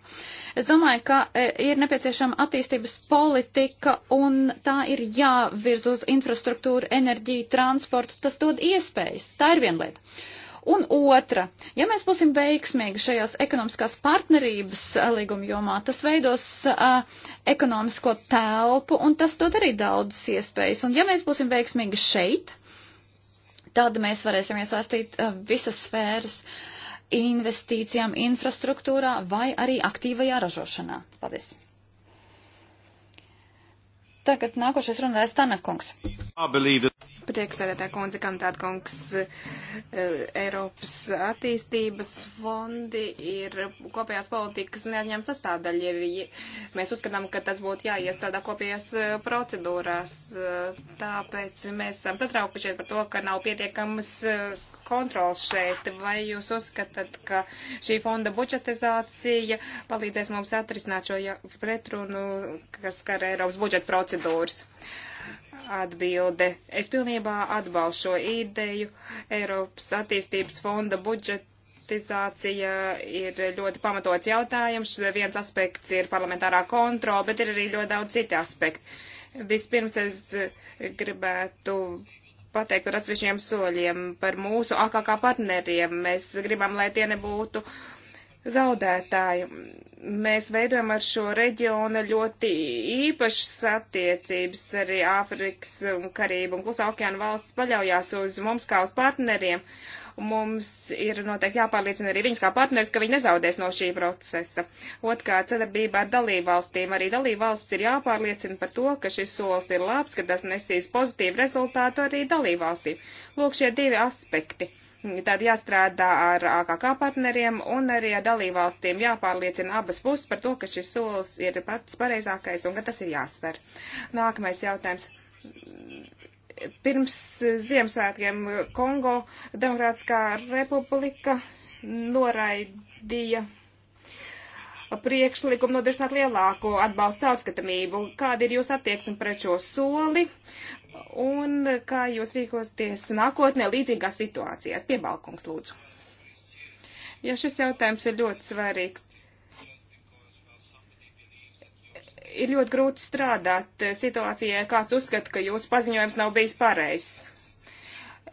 Es domāju, ka ir ir nepieciešama attīstības politika un tā ir jāvirz uz infrastruktūru, enerģiju, transportu. Tas dod iespējas. Tā ir viena lieta. Un otra, ja mēs būsim veiksmīgi šajās ekonomiskās partnerības eh, līguma jomā, tas veidos uh, ekonomisko telpu un tas dod arī daudzas iespējas. Un ja mēs būsim veiksmīgi šeit, tad mēs varēsim iesaistīt uh, visas sfēras uh, investīcijām infrastruktūrā vai arī aktīvajā ražošanā. Paldies! Tagad nākošais runājas Tanakungs. That... Priekšsēdētā kundze, kandidāta kungs, eh, Eiropas attīstības fondi ir kopējās politikas neatņem sastāvdaļa. Mēs uzskatām, ka tas būtu jāiestrādā kopējās eh, procedūrās. Eh, tāpēc mēs esam satraukušies par to, ka nav pietiekamas kontrols šeit. Vai jūs uzskatāt, ka šī fonda budžetizācija palīdzēs mums atrisināt šo pretrunu, kas skar Eiropas budžeta procedūras? Uh, atbilde. Es pilnībā atbalstu šo ideju. Eiropas attīstības fonda budžetizācija ir ļoti pamatots jautājums. Viens aspekts ir parlamentārā kontrola, bet ir arī ļoti daudz citi aspekti. Vispirms es gribētu pateikt par atsevišķiem soļiem, par mūsu AKK partneriem. Mēs gribam, lai tie nebūtu uh, zaudētāju. Mēs veidojam ar šo reģionu ļoti īpašas attiecības, arī Āfrikas un Karību un Klusā okeāna valsts paļaujās uz mums kā uz partneriem. Mums ir noteikti jāpārliecina arī viņus kā partneris, ka viņi nezaudēs no šī procesa. Otkārt, sadarbība ar dalībvalstīm. Arī dalībvalsts ir jāpārliecina par to, ka šis solis ir labs, ka tas nesīs pozitīvu rezultātu arī dalībvalstīm. Lūk, šie divi aspekti Tad jāstrādā ar AKK partneriem un arī ar dalībvalstīm jāpārliecina abas puses par to, ka šis solis ir pats pareizākais un ka tas ir jāsver. Nākamais jautājums. Pirms Ziemassvētkiem Kongo Demokrātiskā republika noraidīja priekšlikumu nodrošināt lielāko atbalstu caurskatamību. Kāda ir jūsu attieksme pret šo soli? un kā jūs rīkosties nākotnē līdzīgās situācijās. Piebalkungs, lūdzu. Ja šis jautājums ir ļoti svarīgs, ir ļoti grūti strādāt situācijā, kāds uzskata, ka jūsu paziņojums nav bijis pareizs.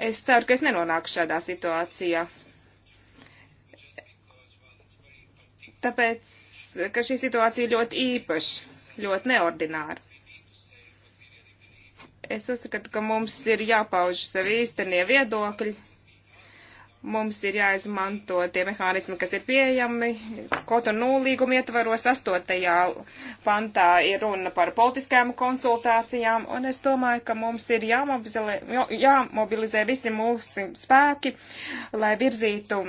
Es ceru, ka es nenonāku šādā situācijā. Tāpēc, ka šī situācija ļoti īpaša, ļoti neordināra Es uzskatu, ka mums ir jāpauž sevi īstenie viedokļi. Mums ir jāizmanto tie mehānismi, kas ir pieejami. Kaut un nulīguma ietvaros astotajā pantā ir runa par politiskajām konsultācijām, un es domāju, ka mums ir jāmobilizē, jāmobilizē visi mūsu spēki, lai virzītu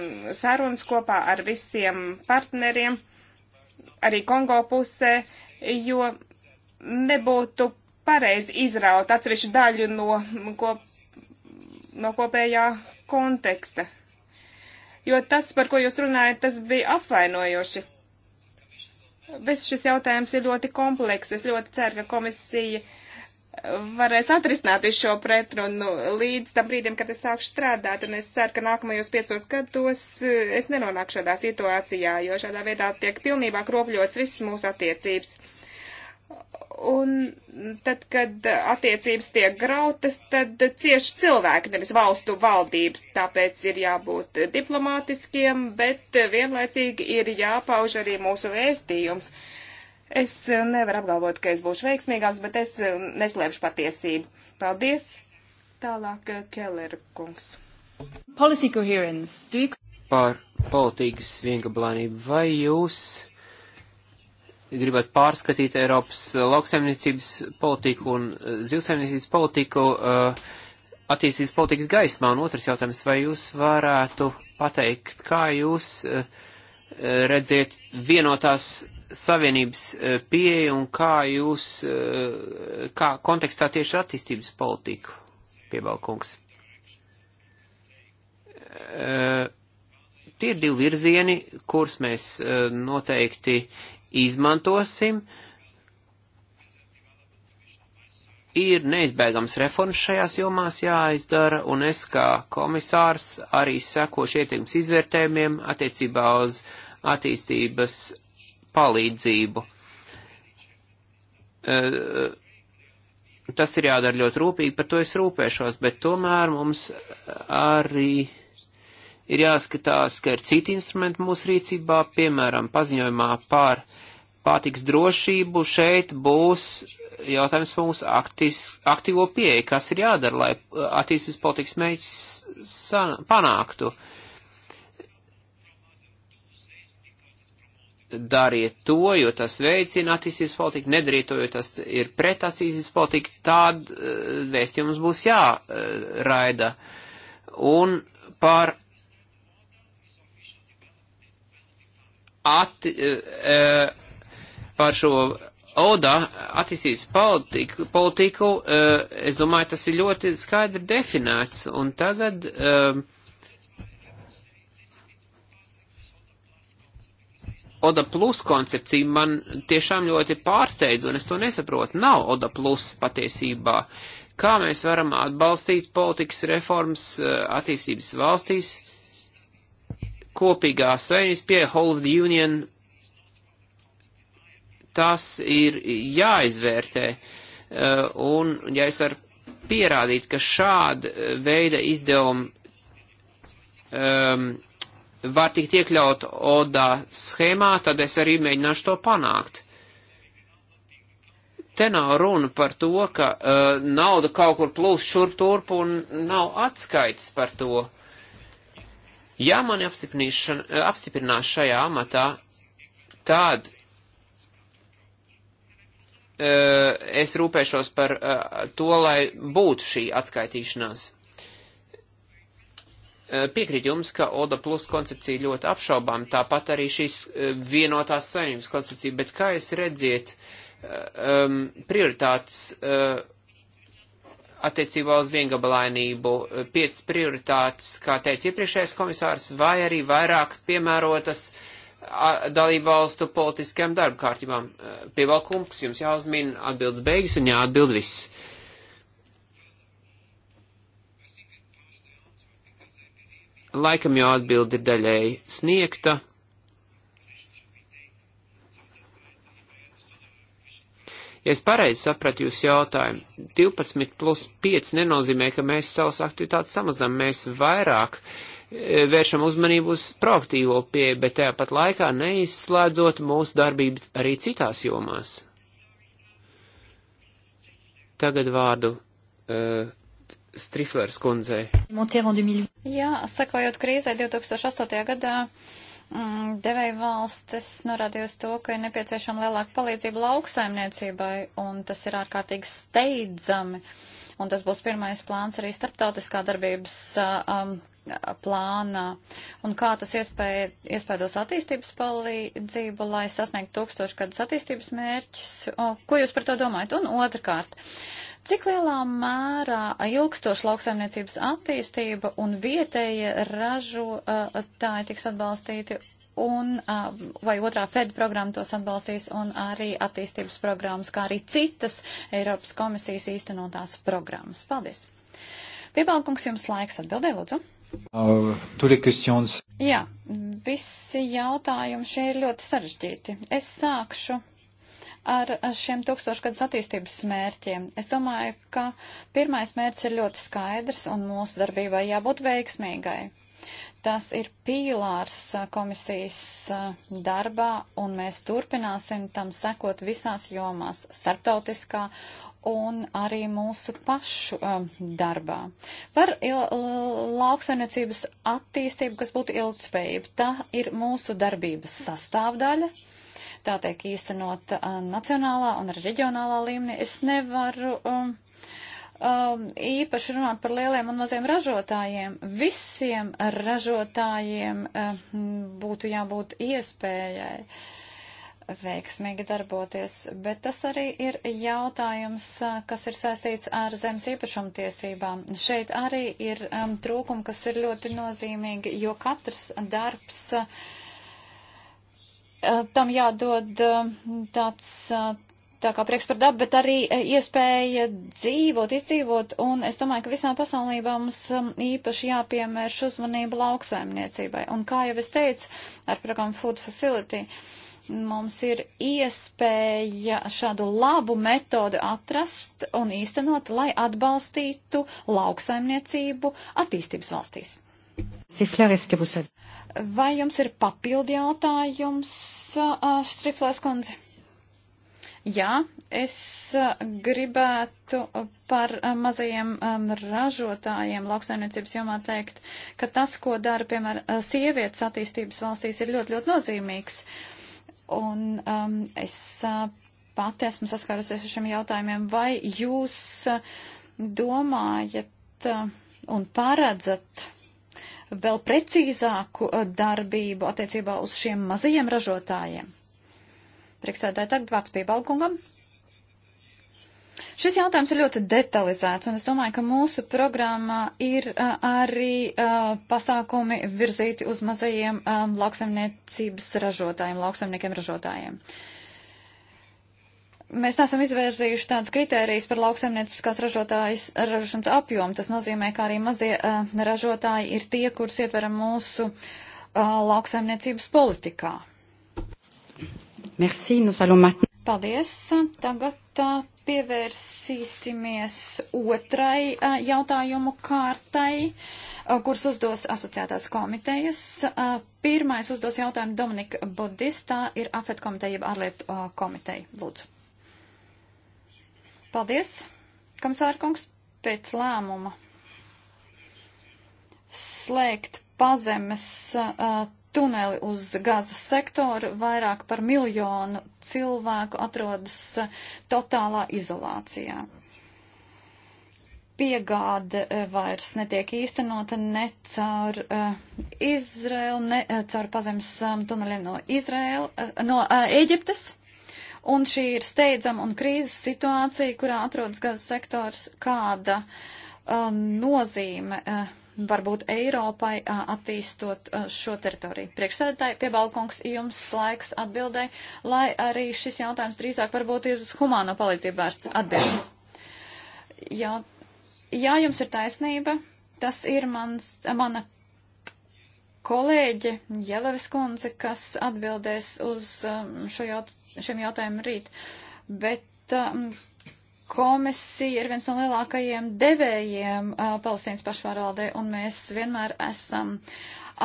sarunas kopā ar visiem partneriem, arī Kongo pusē, jo nebūtu pareizi izraut atsevišķu daļu no, kop, no kopējā konteksta. Jo tas, par ko jūs runājat, tas bija apvainojoši. Viss šis jautājums ir ļoti komplekss. Es ļoti ceru, ka komisija eh, varēs atrisināt šo pretrunu līdz tam brīdim, kad es sāku strādāt, un es ceru, ka nākamajos piecos gados eh, es nenonāku šādā situācijā, jo šādā veidā tiek pilnībā kropļots viss mūsu attiecības. Un tad, kad attiecības tiek grautas, tad cieši cilvēki, nevis valstu valdības. Tāpēc ir jābūt diplomātiskiem, bet vienlaicīgi ir jāpauž arī mūsu vēstījums. Es nevaru apgalvot, ka es būšu veiksmīgāks, bet es neslēpšu patiesību. Paldies! Tālāk Keller kungs. Policy coherence. You... Par politikas vienkablānību. Vai jūs gribat pārskatīt Eiropas eh, lauksaimniecības politiku un eh, zivsaimniecības politiku eh, attīstības politikas gaismā? Un otrs jautājums, vai jūs varētu pateikt, kā jūs redziet vienotās savienības pieeja un kā jūs, kā kontekstā tieši attīstības politiku, piebalkungs? Tie ir divi virzieni, kurus mēs noteikti izmantosim. Ir neizbēgams reformas šajās jomās jāizdara, un es kā komisārs arī sekošu ietekmes izvērtējumiem attiecībā uz attīstības palīdzību. Uh, tas ir jādara ļoti rūpīgi, par to es rūpēšos, bet tomēr mums arī ir jāskatās, ka ir citi instrumenti mūsu rīcībā, piemēram, paziņojumā par pārtiks drošību šeit būs jautājums par mūsu aktis, aktīvo pieeju, kas ir jādara, lai uh, attīstības politikas mēģis panāktu. Dariet to, jo tas veicina attīstības politiku, nedariet to, jo tas ir pret attīstības politiku, tāda uh, vēstījums būs jāraida. Un par atti, e, e, par šo ODA attīstības politiku, politiku, e, es domāju, tas ir ļoti skaidri definēts. Un tagad. Oda plus koncepcija man tiešām ļoti pārsteidz, un es to nesaprotu. Nav Oda plus patiesībā. Kā mēs varam atbalstīt politikas reformas attīstības valstīs, kopīgās savienības pie Whole of the Union, tas ir jāizvērtē. Uh, un, ja es varu pierādīt, ka šāda veida izdevumi um, var tikt iekļaut ODA schēmā, tad es arī mēģināšu to panākt. Te nav runa par to, ka uh, nauda kaut kur plūst šurp turp un nav atskaites par to. Uh, Ja mani apstiprinās šajā amatā, tad e, es rūpēšos par e, to, lai būtu šī atskaitīšanās. E, piekrīt jums, ka Oda plus koncepcija ļoti apšaubām, tāpat arī šīs vienotās saimnības koncepcija, bet kā jūs redziet, prioritātes attiecībā uz viengabalainību eh, piecas prioritātes, kā teica iepriekšējais komisārs, vai arī vairāk piemērotas dalībvalstu politiskajām darbkārtībām. Eh, Pievalkums jums jāuzmin atbildes beigas un jāatbild viss. Laikam jau atbildi ir daļēji sniegta Ja es pareizi sapratu jūs jautājumu, 12 plus 5 nenozīmē, ka mēs savas aktivitātes samazinām, mēs vairāk e, vēršam uzmanību uz proaktīvo pieeju, bet tāpat laikā neizslēdzot mūsu darbību arī citās jomās. Tagad vārdu uh, Striflers kundzei. Jā, sakojot krīzē 2008. gadā. Uh, Mm, Devēja valstis norādījusi to, ka ir nepieciešama lielāka palīdzība lauksaimniecībai, un tas ir ārkārtīgi steidzami, un tas būs pirmais plāns arī starptautiskā darbības um, plānā, un kā tas iespēja, iespējos attīstības palīdzību, lai sasniegtu tūkstošgadus attīstības mērķus. Ko jūs par to domājat? Un otrkārt, uh, Cik lielā mērā ilgstoša lauksaimniecības attīstība un vietējie ražotāji uh, tiks atbalstīti un uh, vai otrā Fed programma tos atbalstīs un arī attīstības programmas, kā arī citas Eiropas komisijas īstenotās programmas? Paldies! Piebalkungs, jums laiks atbildē, lūdzu. Uh, Jā, visi jautājumi šie ir ļoti sarežģīti. Es sākšu ar šiem tūkstošgadus attīstības mērķiem? Es domāju, ka pirmais mērķis ir ļoti skaidrs un mūsu darbībai jābūt veiksmīgai. Tas ir pīlārs komisijas darbā, un mēs turpināsim tam sekot visās jomās - starptautiskā un arī mūsu pašu um, darbā. Par lauksainiecības attīstību, kas būtu ilgtspējība, tā ir mūsu darbības sastāvdaļa. Tā tiek īstenot uh, nacionālā un arī reģionālā līmenī. Es nevaru um, um, īpaši runāt par lieliem un maziem ražotājiem. Visiem ražotājiem uh, būtu jābūt iespējai veiksmīgi darboties, bet tas arī ir jautājums, uh, kas ir saistīts ar zemes īpašumtiesībām. Šeit arī ir um, trūkumi, kas ir ļoti nozīmīgi, jo katrs darbs uh, Eh, tam jādod eh, tāds eh, tā kā prieks par dabu, bet arī iespēja dzīvot, izdzīvot, un es domāju, ka visām pasaulībā mums īpaši jāpiemērš uzmanība lauksaimniecībai. Un kā jau es teicu, ar programmu Food Facility mums ir iespēja šādu labu metodu atrast un īstenot, lai atbalstītu lauksaimniecību attīstības valstīs. Sifler, Vai jums ir papildi jautājums, uh, Striflēs kundze? Jā, es uh, gribētu par uh, mazajiem um, ražotājiem lauksaimniecības jomā teikt, ka tas, ko dara, piemēram, sievietes attīstības valstīs, ir ļoti, ļoti nozīmīgs. Un um, es uh, pati esmu saskārusies ar šiem jautājumiem. Vai jūs uh, domājat uh, un paredzat? vēl precīzāku eh, darbību attiecībā uz šiem mazajiem ražotājiem. Priekšsēdētāji, tagad vārds piebalkungam. Šis jautājums ir ļoti detalizēts, un es domāju, ka mūsu programmā ir uh, arī uh, pasākumi virzīti uz mazajiem um, lauksaimniecības ražotājiem, lauksaimniekiem ražotājiem. Uh, mēs neesam izvērzījuši tādas kritērijas par lauksaimnieciskās ražošanas apjomu. Tas nozīmē, ka arī mazie uh, ražotāji ir tie, kurus ietveram mūsu uh, lauksaimniecības politikā. Merci, Paldies. Tagad uh, pievērsīsimies otrai a, jautājumu kārtai, a, kuras uzdos asociētās komitejas. A, pirmais uzdos jautājumu Dominika Budis, tā ir AFET komiteja, jeb ārlietu komiteja. Lūdzu. Paldies, komisārkungs, pēc lēmuma slēgt pazemes uh, tuneli uz gazas sektoru, vairāk par miljonu cilvēku atrodas uh, totālā izolācijā. Piegāde uh, vairs netiek īstenota ne caur uh, Izraelu, ne uh, caur pazemes um, tuneļiem no Izraela, uh, no uh, Ēģiptes. Un šī ir steidzama un krīzes situācija, kurā atrodas gazas sektors, kāda uh, nozīme uh, varbūt Eiropai uh, attīstot uh, šo teritoriju. Priekšsēdētāji, piebalkungs, jums laiks atbildēji, lai arī šis jautājums drīzāk varbūt ir uz humāno palīdzību vērsts atbildi. Jā, jā, jums ir taisnība. Tas ir mans, mana kolēģe Jelevis Kunze, kas atbildēs uz um, šo jautājumu šiem jautājumiem rīt. Bet um, komisija ir viens no lielākajiem devējiem uh, Palestīnas pašvārvaldē, un mēs vienmēr esam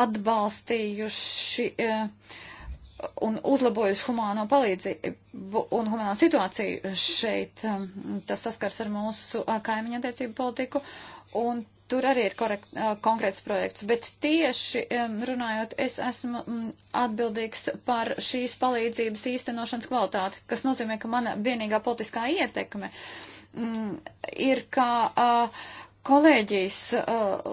atbalstījuši uh, un uzlabojuši humāno palīdzību un humāno situāciju šeit. Um, tas saskars ar mūsu uh, kaimiņa attiecību politiku. Un Tur arī ir korekt, konkrēts projekts, bet tieši runājot, es esmu atbildīgs par šīs palīdzības īstenošanas kvalitāti, kas nozīmē, ka mana vienīgā politiskā ietekme ir kā kolēģijas uh,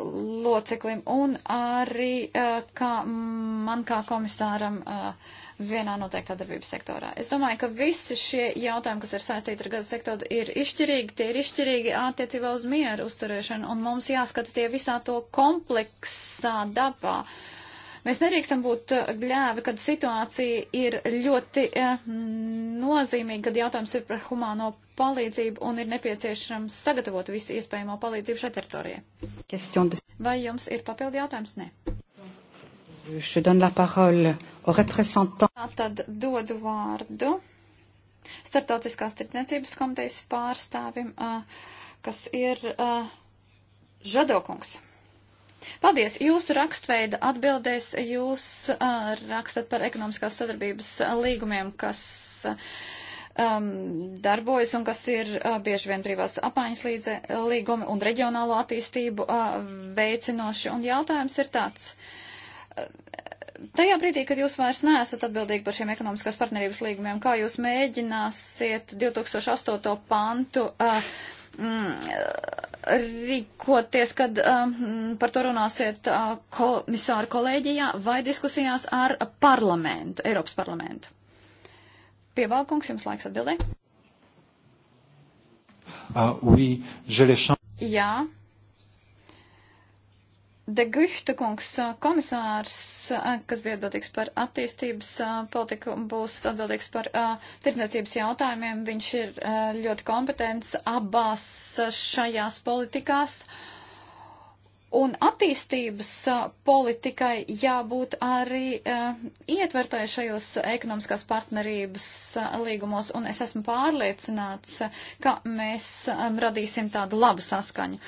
loceklim un arī uh, kā man kā komisāram uh, vienā noteiktā darbības sektorā. Es domāju, ka visi šie jautājumi, kas ir saistīti ar gazas sektoru, ir izšķirīgi, tie ir izšķirīgi attiecībā uz mieru uzturēšanu, un mums jāskata tie visā to kompleksā dabā. Mēs nedrīkstam būt uh, gļēvi, kad situācija ir ļoti uh, nozīmīga, kad jautājums ir par humāno palīdzību un ir nepieciešams sagatavot visu iespējamo palīdzību šai teritorijai. Vai jums ir papildi jautājums? Nē. Tad dodu vārdu Startautiskās tirdzniecības komitejas pārstāvim, kas ir Žadokungs. Paldies! Jūsu rakstveida atbildēs jūs uh, rakstat par ekonomiskās sadarbības līgumiem, kas uh, um, darbojas un kas ir uh, bieži vien brīvās apmaiņas līdze, līgumi un reģionālo attīstību uh, veicinoši. Un jautājums ir tāds. Uh, Tajā brīdī, kad jūs vairs neesat atbildīgi par šiem ekonomiskās partnerības līgumiem, kā jūs mēģināsiet 2008. pantu uh, mm, rīkoties, kad um, par to runāsiet uh, komisāru kolēģijā vai diskusijās ar parlamentu, Eiropas parlamentu? Piebalkungs, jums laiks atbildē. Uh, oui, Jā. De Guhta kungs, komisārs, ah, kas bija atbildīgs par attīstības ah, politiku, būs atbildīgs par uh, tirdzniecības jautājumiem. Viņš ir uh, ļoti kompetents abās šajās politikās. Uh, Un attīstības politikai jābūt arī uh, ietvertai šajos ekonomiskās partnerības uh, līgumos, un es esmu pārliecināts, ka mēs um, radīsim tādu labu saskaņu.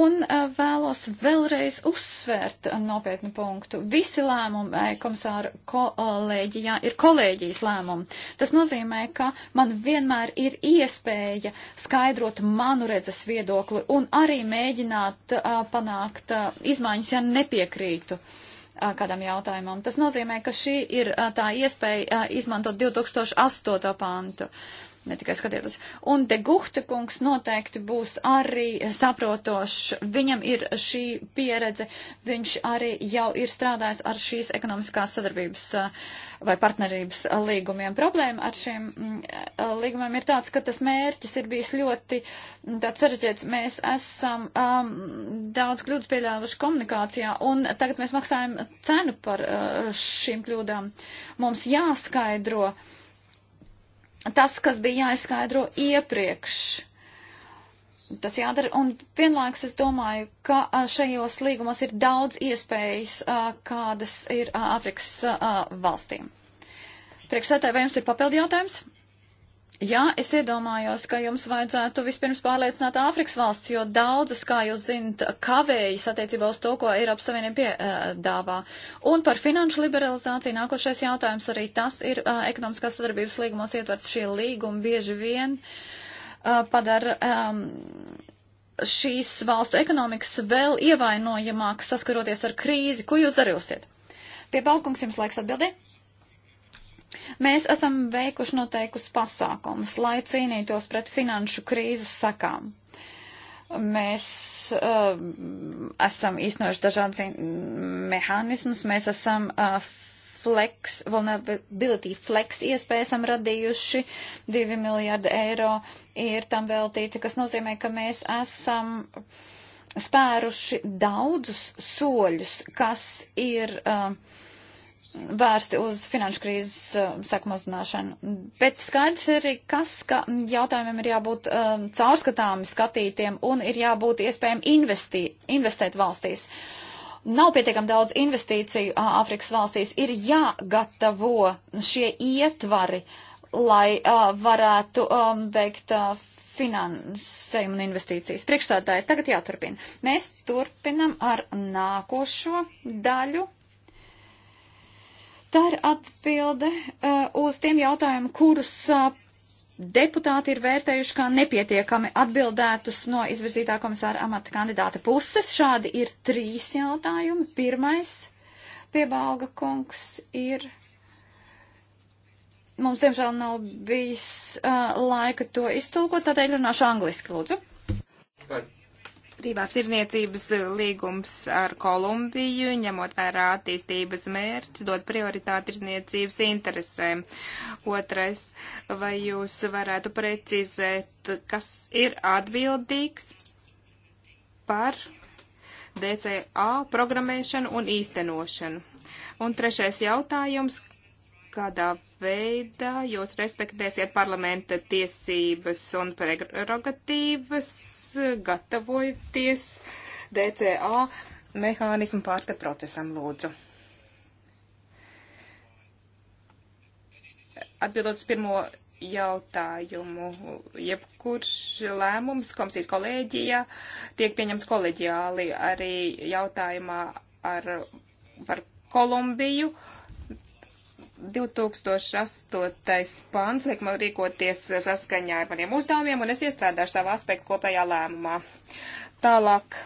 Un uh, vēlos vēlreiz uzsvērt nopietnu punktu. Visi lēmumi komisāra kolēģijā ir kolēģijas lēmumi. Tas nozīmē, ka man vienmēr ir iespēja skaidrot manu redzes viedokli un arī mēģināt uh, panākt veikt uh, izmaiņas, ja nepiekrītu uh, kādam jautājumam. Tas nozīmē, ka šī ir uh, tā iespēja uh, izmantot 2008. pantu. Uh, ne tikai skatieties. Un de Guhta kungs noteikti būs arī saprotošs. Viņam ir šī pieredze, viņš arī jau ir strādājis ar šīs ekonomiskās sadarbības eh, vai partnerības eh, līgumiem. Problēma ar šiem mm, eh, līgumiem ir tāds, ka tas mērķis ir bijis ļoti mm, tāds sarežģīts. Mēs esam um, daudz kļūdas pieļāvuši komunikācijā un tagad mēs maksājam cenu par uh, šīm kļūdām. Mums jāskaidro. Uh, tas, kas bija jāizskaidro iepriekš. Tas jādara, un vienlaikus es domāju, ka šajos līgumos ir daudz iespējas, kādas ir Āfrikas valstīm. Priekšsētāji, vai jums ir papildi jautājums? Jā, es iedomājos, ka jums vajadzētu vispirms pārliecināt Āfrikas valsts, jo daudzas, kā jūs zinat, kavējas attiecībā uz to, ko Eiropas Savienība piedāvā. Un par finanšu liberalizāciju nākošais jautājums arī tas ir uh, ekonomiskās sadarbības līgumos ietverts šie līgumi bieži vien uh, padara. Um, šīs valstu ekonomikas vēl ievainojamākas saskaroties ar krīzi. Ko jūs darīsiet? Pie balkums jums laiks atbildēt. Mēs esam veikuši noteikus pasākums, lai cīnītos pret finanšu krīzes sakām. Mēs uh, esam īstenojuši dažādas mehānismus, mēs esam uh, flex, vulnerability flex iespēju esam radījuši, 2 miljārdi eiro ir tam veltīti, kas nozīmē, ka mēs esam spēruši daudzus soļus, kas ir uh, vērsti uz finanšu krīzes uh, eh, sakmazināšanu. Bet skaidrs ir arī, kas, ka jautājumiem ir jābūt um, caurskatāmi skatītiem un ir jābūt iespējami investī, investēt valstīs. Nav pietiekami daudz investīciju Āfrikas valstīs, ir jāgatavo šie ietvari, lai uh, varētu um, veikt uh, finansējumu un investīcijas. Priekšstādāji tagad jāturpina. Mēs turpinam ar nākošo daļu Tā ir atbilde uh, uz tiem jautājumiem, kurus uh, deputāti ir vērtējuši kā nepietiekami atbildētus no izvirzītā komisāra amata kandidāta puses. Šādi ir trīs jautājumi. Pirmais piebalga kungs ir. Mums, diemžēl, nav bijis uh, laika to iztulkot, tādēļ runāšu angliski, lūdzu. Par Brīvās tirzniecības līgums ar Kolumbiju, ņemot vērā attīstības mērķus, dod prioritāti tirzniecības interesēm. Otrais, vai jūs varētu precizēt, kas ir atbildīgs par DCA programmēšanu un īstenošanu? Un trešais jautājums, kādā veidā jūs respektēsiet parlamenta tiesības un prerogatīvas gatavojaties DCA mehānismu pārskat procesam, lūdzu? Atbildot uz pirmo jautājumu. Jebkurš lēmums komisijas kolēģijā tiek pieņemts kolēģiāli arī jautājumā ar, par Kolumbiju. Uh, 2008. pāns liek man rīkoties saskaņā ar maniem uzdevumiem, un es iestrādāšu savu aspektu kopējā lēmumā. Tālāk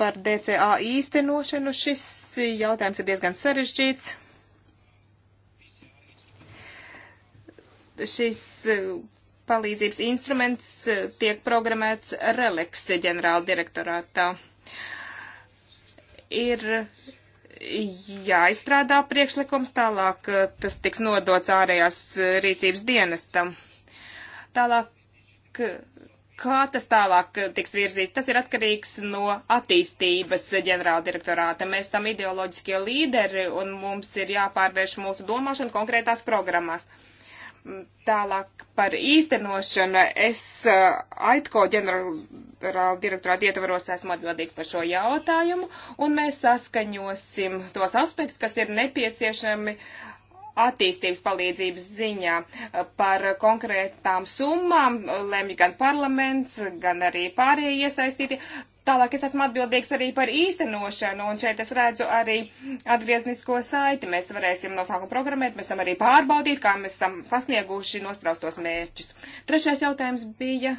par DCA īstenošanu šis jautājums ir diezgan sarežģīts. Šis e, palīdzības instruments e, tiek programēts Releks ģenerāla direktorātā. Ir jāizstrādā priekšlikums, tālāk eh, tas tiks nodots ārējās eh, rīcības dienestam. Tālāk, eh, kā tas tālāk tiks virzīts, tas ir atkarīgs no attīstības ģenerāldirektorāta. Mēs esam ideoloģiskie līderi un mums ir jāpārvērš mūsu domāšana konkrētās programmās. Tālāk par īstenošanu. Es uh, AITKO ģenerāla direktorāta ietvaros esmu atbildīgs par šo jautājumu, un mēs saskaņosim tos aspektus, kas ir nepieciešami attīstības palīdzības ziņā par konkrētām summām, lemj gan parlaments, gan arī pārējie iesaistīti. Tālāk es esmu atbildīgs arī par īstenošanu, un šeit es redzu arī atgrieznisko saiti. Mēs varēsim no sākuma programmēt, mēs tam arī pārbaudīt, kā mēs esam sasnieguši nospraustos mērķus. Trešais jautājums bija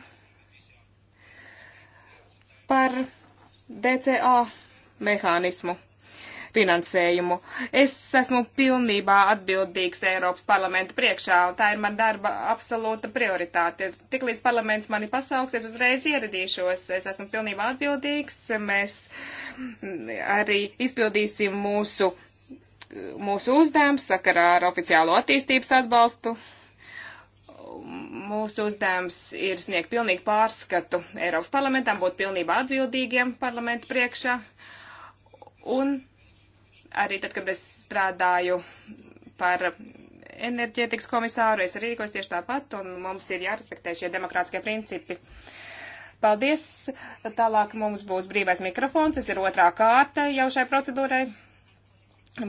par DCA mehānismu finansējumu. Es esmu pilnībā atbildīgs Eiropas parlamenta priekšā, un tā ir man darba absolūta prioritāte. Tiklīdz parlaments mani pasauks, es uzreiz ieradīšos. Es esmu pilnībā atbildīgs. Mēs arī izpildīsim mūsu, mūsu uzdevumu sakarā ar oficiālo attīstības atbalstu mūsu uzdevums ir sniegt pilnīgu pārskatu Eiropas parlamentam, būt pilnībā atbildīgiem parlamentu priekšā. Un arī tad, kad es strādāju par enerģētikas komisāru, es arī rīkos tieši tāpat, un mums ir jārespektē šie demokrātiskie principi. Paldies! Tālāk mums būs brīvais mikrofons, tas ir otrā kārta jau šai procedūrai.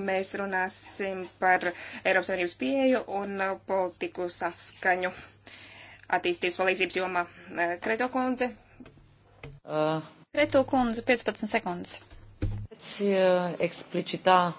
Mēs runāsim par Eiropas Savienības pieeju un politiku saskaņu attīstības palīdzības jomā. Kreto kundze. Uh. Kreto kundze, 15 sekundes. Puteți uh, explicita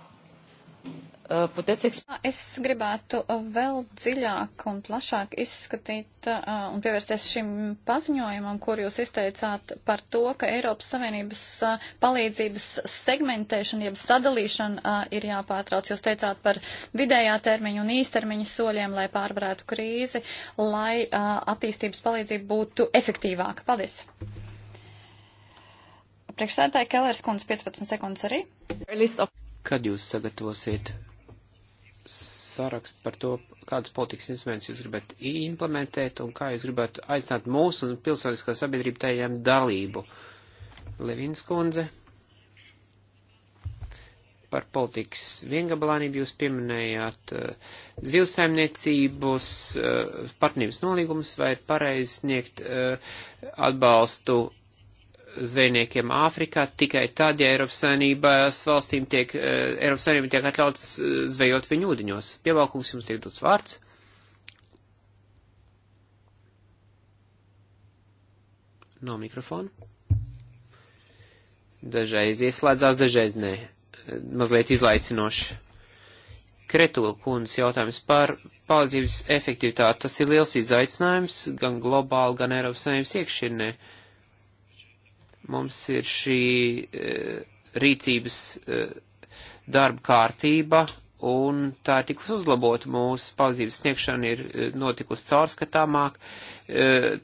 uh, ah, Es gribētu uh, vēl dziļāk un plašāk izskatīt uh, un pievērsties šim paziņojumam, kur jūs izteicāt par to, ka Eiropas Savienības uh, palīdzības segmentēšana, jeb sadalīšana uh, ir jāpārtrauc. Jūs teicāt par vidējā termiņa un īstermiņa soļiem, lai pārvarētu krīzi, lai attīstības palīdzība būtu efektīvāka. Paldies! Priekšsēdētāji Kellers kundze 15 sekundes arī. Kad jūs sagatavosiet sarakstu par to, kādas politikas instrumentus jūs gribat implementēt un kā jūs gribat aicināt mūsu un pilsoniskā sabiedrību tajām dalību? Levins kundze. Par politikas viengabalānību jūs pieminējāt uh, zivsaimniecības uh, partnerības nolīgumus vai pareizi sniegt uh, atbalstu zvejniekiem Āfrikā tikai tad, ja Eiropas Savienībās valstīm tiek, eh, Eiropas Savienībā tiek atļauts eh, zvejot viņu ūdeņos. Pievalkums jums tiek dots vārds. No mikrofona. Dažreiz ieslēdzās, dažreiz nē. Mazliet izlaicinoši. Kretula kundas jautājums par palīdzības efektivitāti. Tas ir liels izaicinājums gan globāli, gan Eiropas Savienības iekšienē. Uh, Mums ir šī e, rīcības e, darba kārtība, un tā ir tikus uzlabota. Mūsu palīdzības sniegšana ir e, notikusi caurskatāmāk,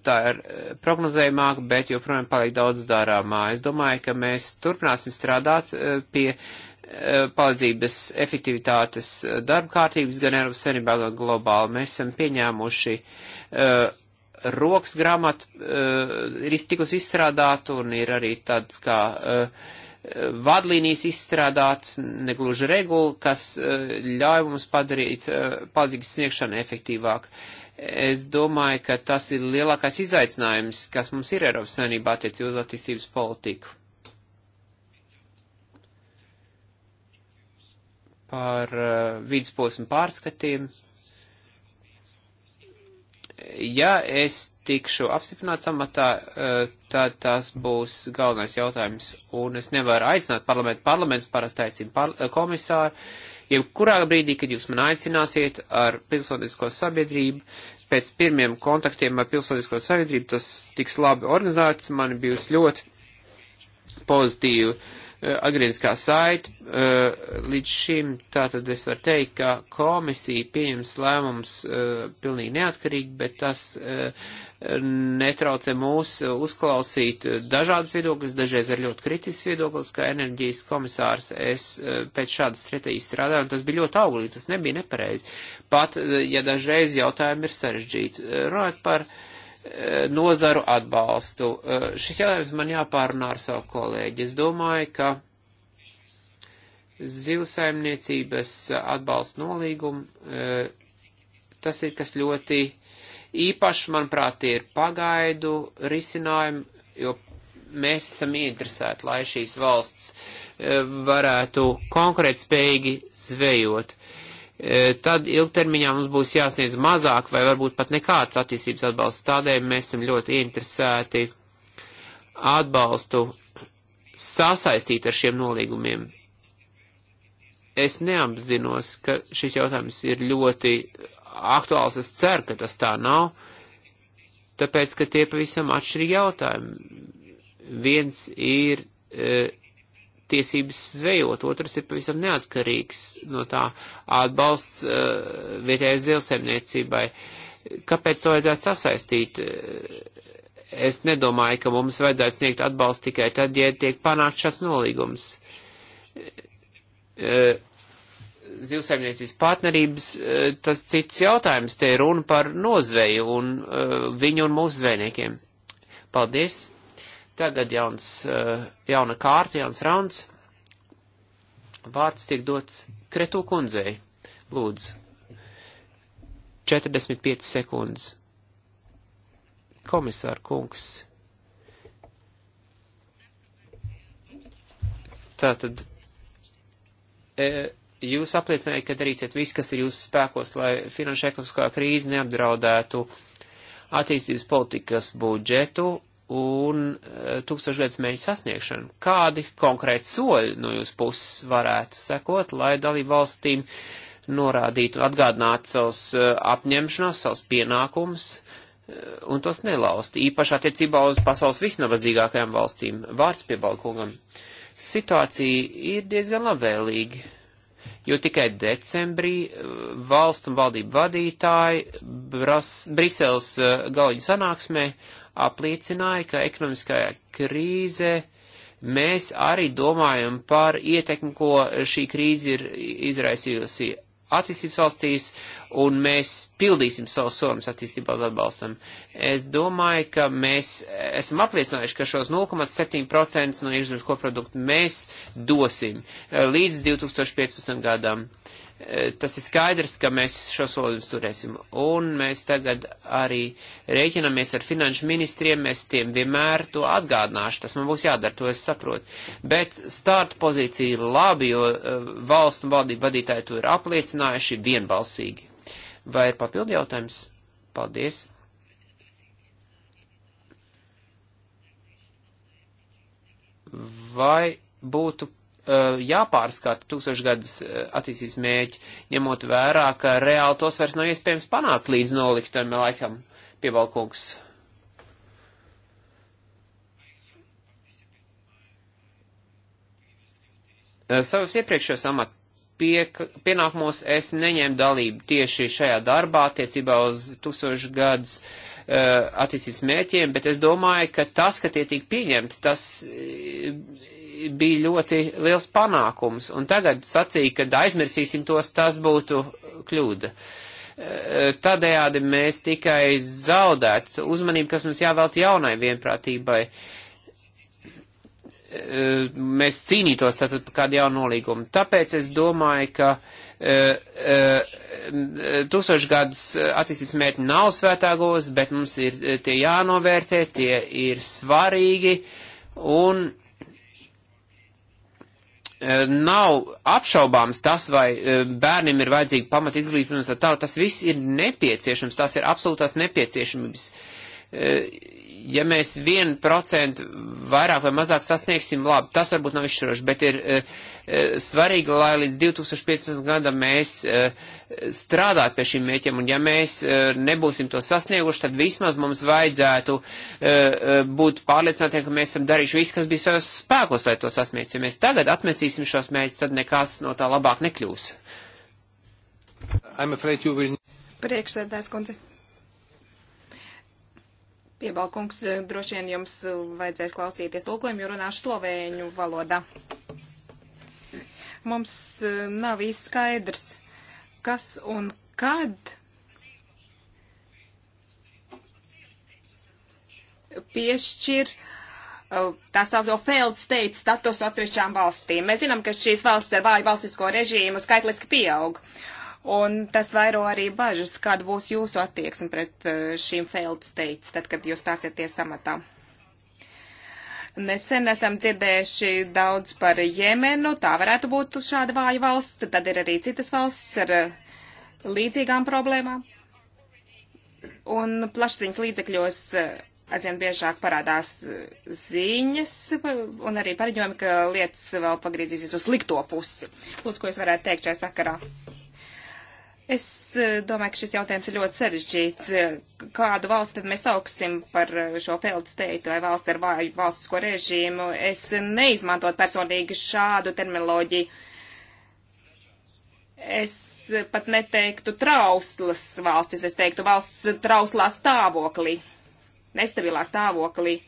tā ir prognozējumāk, bet joprojām paliek daudz darāmā. Es domāju, ka mēs turpināsim strādāt pie palīdzības efektivitātes darba kārtības gan Eiropas Savienībā, gan globāli. Mēs esam pieņēmuši uh, rokas grāmata uh, eh, ir tikusi izstrādāta un ir arī tāds kā uh, vadlīnijas izstrādāts, negluži regula, kas uh, ļauj mums padarīt uh, palīdzības sniegšanu efektīvāku. Es domāju, ka tas ir lielākais izaicinājums, kas mums ir Eiropas Savienībā attiecībā uz attīstības politiku. Par uh, vidusposmu pārskatiem. Uh, ja es tikšu apstiprināts amatā, e, tad tas būs galvenais jautājums, un es nevaru aicināt parlamentu. Parlaments parasti aicina par, e, komisāru. Jebkurā brīdī, kad jūs man aicināsiet ar pilsonisko sabiedrību, pēc pirmiem kontaktiem ar pilsonisko sabiedrību, tas tiks labi organizēts, man bijusi ļoti pozitīva uh, Eh, agriezkā saita eh, līdz šim, tātad es varu teikt, ka komisija pieņems lēmums eh, pilnīgi neatkarīgi, bet tas netraucē mūs uzklausīt dažādas viedokļas, dažreiz ar ļoti kritisks viedoklis, kā enerģijas komisārs es pēc šādas stratēģijas strādāju, un tas bija ļoti auglīgi, tas nebija nepareizi. Pat, ja dažreiz jautājumi ir sarežģīti. Runāt par uh, nozaru atbalstu. Eh, šis jautājums man jāpārunā ar savu kolēģi. Es domāju, ka zivsaimniecības atbalsta nolīgumu eh, tas ir kas ļoti īpaši, manuprāt, tie ir pagaidu risinājumi, jo mēs esam ieinteresēti, lai šīs valsts eh, varētu konkurētspējīgi zvejot. Uh, E, tad ilgtermiņā mums būs jāsniedz mazāk vai varbūt pat nekāds attīstības atbalsts. Tādēļ mēs esam ļoti interesēti atbalstu sasaistīt ar šiem nolīgumiem. Es neapzinos, ka šis jautājums ir ļoti aktuāls. Es ceru, ka tas tā nav, tāpēc, ka tie pavisam atšķirīgi jautājumi. Viens ir. E, tiesības zvejot, otrs ir pavisam neatkarīgs no tā atbalsts uh, eh, vietējais zilsaimniecībai. Kāpēc to vajadzētu sasaistīt? Eh, es nedomāju, ka mums vajadzētu sniegt atbalstu tikai tad, ja tiek panākt šāds nolīgums. Uh, eh, zivsaimniecības partnerības, tas cits jautājums, te ir runa par nozveju un viņu un mūsu zvejniekiem. Paldies! Tagad jauns, eh, jauna kārta, jauns rauns. Vārds tiek dots Kretu kundzei. Lūdzu. 45 sekundes. Komisāra kungs. Tātad. E, jūs apliecinājāt, ka darīsiet visu, kas ir jūsu spēkos, lai finanšu ekonomiskā krīze neapdraudētu attīstības politikas budžetu un eh, tūkstošgadus mērķu sasniegšanu. Kādi konkrēti soļi no jūsu puses varētu sekot, lai dalību valstīm norādītu un atgādinātu savus eh, apņemšanos, savus pienākumus eh, un tos nelaust, īpaši attiecībā uz pasaules visnabadzīgākajām valstīm. Vārds pie balkongam. Situācija ir diezgan labvēlīga, jo tikai decembrī valstu un valdību vadītāji Bras Briseles galviņu sanāksmē uh, apliecināja, ka ekonomiskā krīze mēs arī domājam par ietekmi, ko šī krīze ir izraisījusi attīstības valstīs, un mēs pildīsim savus solus attīstībā uz atbalstam. Es domāju, ka mēs esam apliecinājuši, ka šos 0,7% no iekšzemes koprodukta mēs dosim līdz 2015. gadam. Uh, Eh, tas ir skaidrs, ka mēs šo solījumus turēsim. Un mēs tagad arī rēķinamies ar finanšu ministriem, es tiem vienmēr to atgādināšu, tas man būs jādara, to es saprotu. Bet starta pozīcija ir labi, jo eh, valsts un valdību vadītāji to ir apliecinājuši vienbalsīgi. Vai ir papildi jautājums? Paldies! Vai būtu Uh, jāpārskata tūkstošgadus uh, attīstības mēķi, ņemot vērā, ka reāli tos vairs nav iespējams panākt līdz noliktam laikam piebalkungs. Uh, Savas iepriekšējos amat pie, pienākumos es neņēmu dalību tieši šajā darbā attiecībā uz tūkstošgadus attīstības mēķiem, bet es domāju, ka tas, ka tie tika pieņemti, tas bija ļoti liels panākums, un tagad sacīja, ka aizmirsīsim tos, tas būtu kļūda. E, tādējādi mēs tikai zaudēt uzmanību, kas mums jāvēlt jaunai vienprātībai. E, mēs cīnītos tātad par kādu jaunu nolīgumu. Tāpēc es domāju, ka e, tūkstošgadus attīstības mērķi nav svētāgos, bet mums ir tie jānovērtē, tie ir svarīgi, un Eh, nav apšaubāms tas, vai eh, bērniem ir vajadzīga pamat izglītība, tā, tas viss ir nepieciešams, tas ir absolūtās nepieciešamības. Eh, ja mēs 1% vairāk vai mazāk sasniegsim, labi, tas varbūt nav izšķiroši, bet ir e, svarīgi, lai līdz 2015. gadam mēs e, strādātu pie šiem mēķiem, un ja mēs e, nebūsim to sasnieguši, tad vismaz mums vajadzētu būt pārliecinātiem, ka mēs esam darījuši visu, kas bija savas spēkos, lai to sasniegtu. Ja mēs tagad atmestīsim šos mēķus, tad nekas no tā labāk nekļūs. Will... Priekšsēdētājs kundze. Piebalkungs, eh, droši vien jums eh, vajadzēs klausīties tulkojumu, jo runāšu slovēņu valodā. Mums eh, nav īsti skaidrs, kas un kad piešķir tā saucamo failed state statusu atsevišķām valstīm. Mēs zinām, ka šīs valsts ar vāju valstisko režīmu skaitliski pieaug. Uh, un tas vairo arī bažas, kāda būs jūsu attieksme pret eh, šīm failed states, tad, kad jūs stāsieties amatā. Nesen esam dzirdējuši daudz par Jemenu, tā varētu būt šāda vāja valsts, tad ir arī citas valsts ar eh, līdzīgām problēmām. Un plašsaziņas līdzekļos eh, aizvien biežāk parādās ziņas un arī pareģojumi, ka lietas vēl pagriezīsies uz slikto pusi. Lūdzu, ko jūs varētu teikt šajā sakarā? Es eh, domāju, ka šis jautājums ir ļoti sarežģīts. Eh, kādu valsti tad mēs augsim par eh, šo feldsteitu vai valsti ar vāju valstisko režīmu? Es neizmantot personīgi šādu terminoloģiju. Es pat neteiktu trauslas valstis, es teiktu valsts trauslā stāvoklī, nestabilā stāvoklī.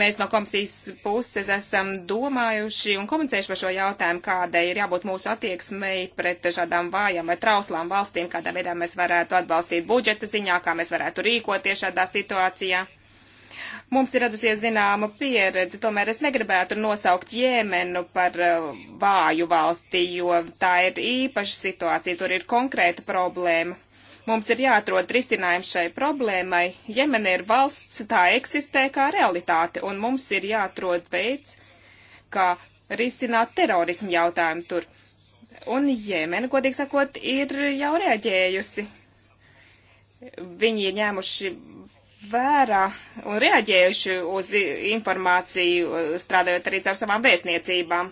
Mēs no komisijas puses esam domājuši un komunicējuši par šo jautājumu, kādai ir jābūt mūsu attieksmei pret šādām vājām vai trauslām valstīm, kādā veidā mēs varētu atbalstīt budžeta ziņā, kā mēs varētu rīkoties šādā situācijā. Mums ir radusies zināma pieredze, tomēr es negribētu nosaukt Jēmenu par uh, vāju valsti, jo tā ir īpaša situācija, tur ir konkrēta problēma. Mums ir jāatrod risinājums šai problēmai. Jemene ir valsts, tā eksistē kā realitāte, un mums ir jāatrod veids, kā risināt terorismu jautājumu tur. Un Jemene, godīgi sakot, ir jau reaģējusi. Viņi ir ņēmuši vērā un reaģējuši uz informāciju, strādājot arī caur savām vēstniecībām.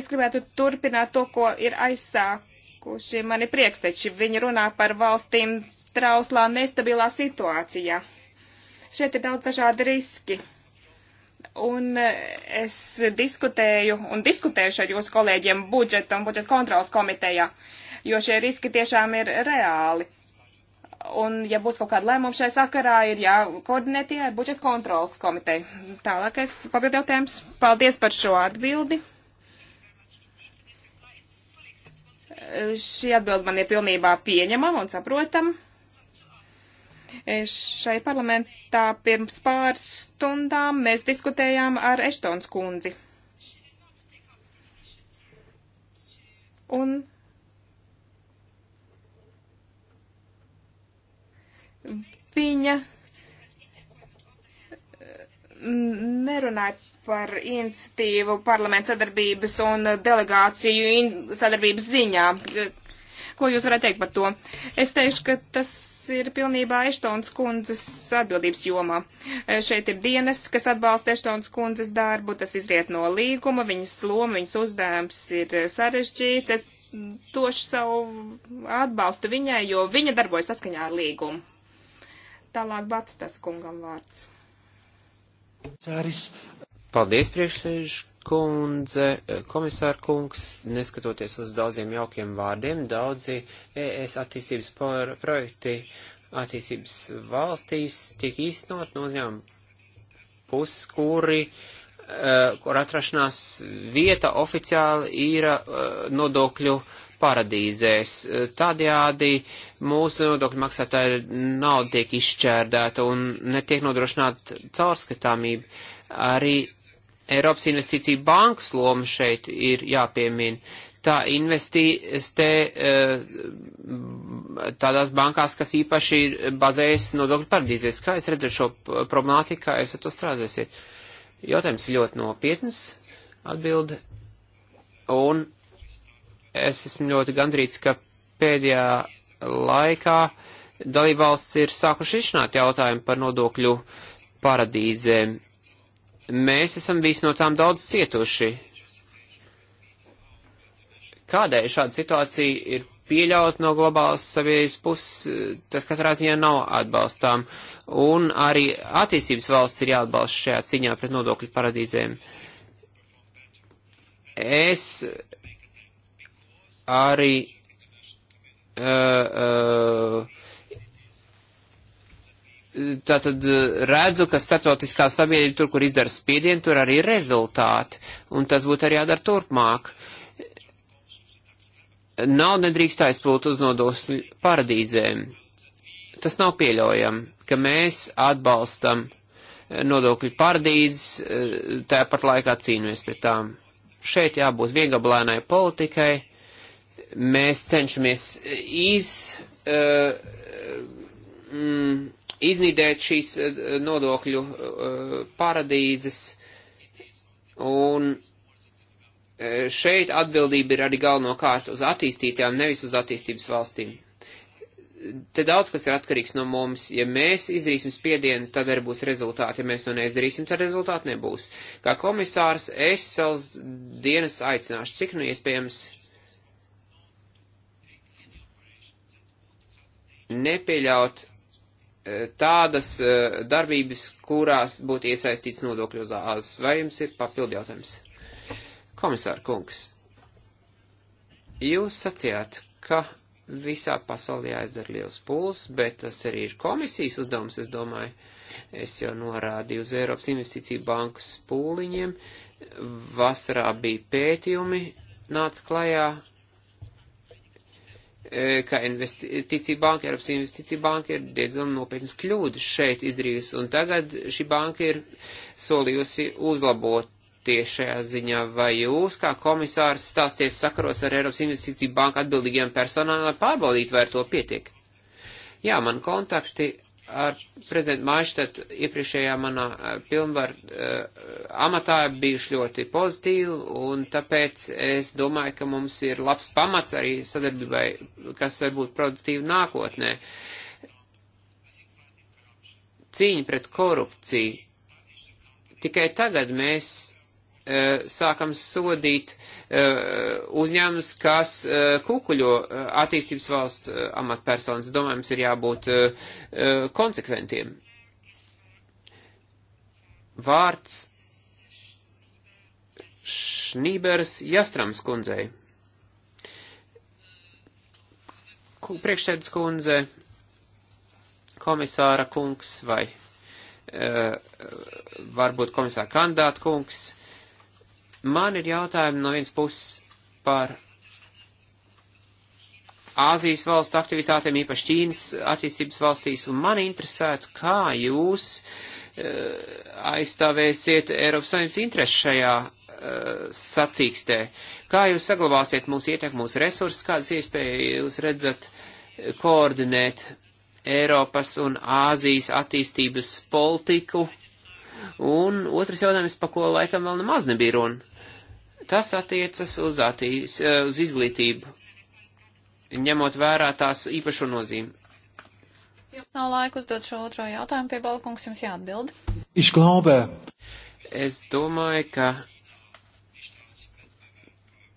Es gribētu turpināt to, ko ir aizsāk palikuši. Man ir prieks, taču viņi runā par valstīm trauslā nestabilā situācijā. Šeit ir daudz dažādi riski. Un e, es diskutēju un diskutēšu ar jūsu kolēģiem budžeta un budžeta kontrolas komitejā, jo šie riski tiešām ir reāli. Un, ja būs kaut kāda lēmuma šai sakarā, ir jākoordinē tie ar budžeta kontrolas komiteju. Tālākais papildu jautājums. Paldies par šo atbildi. Šī atbild man ir pilnībā pieņemama un saprotama. Šai parlamentā pirms pāris stundām mēs diskutējām ar Eštons kundzi. Un viņa nerunāju par iniciatīvu parlamentu sadarbības un delegāciju sadarbības ziņā. Ko jūs varētu teikt par to? Es teikšu, ka tas ir pilnībā Eštons kundzes atbildības jomā. E, šeit ir dienas, kas atbalsta Eštons kundzes darbu, tas izriet no līguma, viņas loma, viņas uzdevums ir sarežģīts. Es došu savu atbalstu viņai, jo viņa darbojas saskaņā ar līgumu. Tālāk Batstas kungam vārds. Cāris. Paldies, priekšsēž kundze, komisāra kungs, neskatoties uz daudziem jaukiem vārdiem, daudzi ES attīstības projekti attīstības valstīs tiek īstenot no uzņēmuma puses, kuri eh, kur atrašanās vieta oficiāli ir eh, nodokļu uh, paradīzēs. Tādējādi mūsu nodokļu maksātāja nauda tiek izšķērdēta un netiek nodrošināta caurskatāmība. Arī Eiropas investīcija bankas loma šeit ir jāpiemina. Tā investē eh, tādās bankās, kas īpaši ir bazējas nodokļu paradīzēs. Kā es redzu šo problemātiku, kā es ar to strādāsiet? Jautājums ļoti nopietns, atbilde. Un es esmu ļoti gandrīz, ka pēdējā laikā dalībvalsts ir sākuši izšnāt jautājumu par nodokļu paradīzēm. Mēs esam visi no tām daudz cietuši. Kādēļ šāda situācija ir pieļaut no globālas savienības puses, tas katrā ziņā nav atbalstām. Un arī attīstības valsts ir jāatbalsta šajā ciņā pret nodokļu paradīzēm. Es arī uh, tātad redzu, ka starptautiskā sabiedrība tur, kur izdara spiedienu, tur arī ir rezultāti, un tas būtu arī jādara turpmāk. Nauda nedrīkst aizplūt uz nodokļu paradīzēm. Tas nav pieļaujami, ka mēs atbalstam nodokļu paradīzes, tāpat laikā cīnāmies pret tām. Šeit jābūt vieglablēnai politikai mēs cenšamies iz, uh, mm, iznīdēt šīs eh, nodokļu uh, paradīzes, un šeit atbildība ir arī galvenokārt uz attīstītām, nevis uz attīstības valstīm. Te daudz kas ir atkarīgs no mums. Ja mēs izdarīsim spiedienu, tad arī būs rezultāti. Ja mēs to neizdarīsim, tad rezultāti nebūs. Kā komisārs es savus dienas aicināšu, cik nu iespējams nepieļaut eh, tādas eh, darbības, kurās būtu iesaistīts nodokļu zāzes. Vai jums ir papildi jautājums? Komisāra kungs, jūs sacījāt, ka visā pasaulē jāizdara liels puls, bet tas arī ir komisijas uzdevums, es domāju. Es jau norādīju uz Eiropas investīciju bankas pūliņiem. Vasarā bija pētījumi, nāca klajā ka investīcija banka, Eiropas investīcija banka ir diezgan nopietnas kļūdas šeit izdarījusi, un tagad šī banka ir solījusi uzlabot tieši šajā ziņā, vai jūs, kā komisārs, stāsties sakaros ar Eiropas investīciju banku atbildīgiem personām, lai pārbaudītu, vai ar to pietiek? Jā, man kontakti ar prezidentu Maištat iepriekšējā manā eh, pilnvar uh, amatā bijuši ļoti pozitīvi, un tāpēc es domāju, ka mums ir labs pamats arī sadarbībai, kas var būt produktīva nākotnē. Cīņa pret korupciju. Tikai tagad mēs Eh, sākam sodīt eh, uzņēmums, kas eh, kukuļo attīstības valsts amatpersonas. Domāju, mums ir jābūt konsekventiem. Vārds Šnībers Jastrams kundzei. Priekšsēdus kundze, komisāra kungs vai varbūt komisāra kandidāta kungs Man ir jautājumi no vienas puses par Āzijas valstu aktivitātēm, īpaši Ķīnas attīstības valstīs, un man interesētu, kā jūs e, aizstāvēsiet Eiropas Savienības interesu šajā e, sacīkstē. Kā jūs saglabāsiet mūsu ietekmi, mūsu resursus, kādas iespējas jūs redzat eh, koordinēt Eiropas un Āzijas attīstības politiku? Un otrs jautājums, pa ko laikam vēl nemaz nebija runa Tas attiecas uz, attīs, eh, uz izglītību, ņemot vērā tās īpašo nozīmi. Jums nav laika uzdot šo otro jautājumu pie balkungs, jums jāatbild. Ich glaube. Es domāju, ka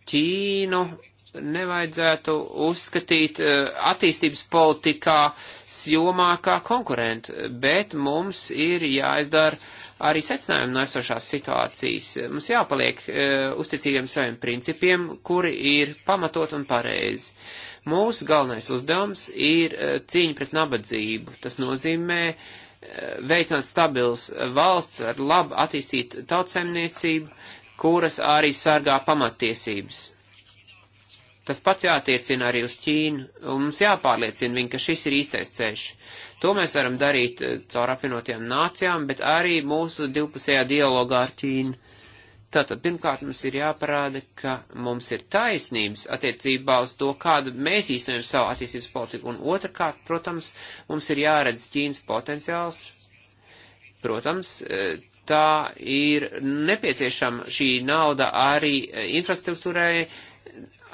Ķīnu nevajadzētu uzskatīt eh, attīstības politikā jomā kā konkurentu, bet mums ir jāizdara arī secinājumu no esošās situācijas. Mums jāpaliek e, uzticīgiem saviem principiem, kuri ir pamatot un pareizi. Mūsu galvenais uzdevums ir e, cīņa pret nabadzību. Tas nozīmē e, veicināt stabils valsts ar labu attīstītu tautsaimniecību, kuras arī sargā pamatiesības. Tas pats jātiecina arī uz Ķīnu, un mums jāpārliecina viņi, ka šis ir īstais ceļš. To mēs varam darīt eh, caur apvienotajām nācijām, bet arī mūsu divpusējā dialogā ar Ķīnu. Tātad pirmkārt mums ir jāparāda, ka mums ir taisnības attiecībā uz to, kādu mēs īstenojam savu attīstības politiku, un otrkārt, protams, mums ir jāredz Ķīnas potenciāls. Protams, eh, tā ir nepieciešama šī nauda arī eh, infrastruktūrai,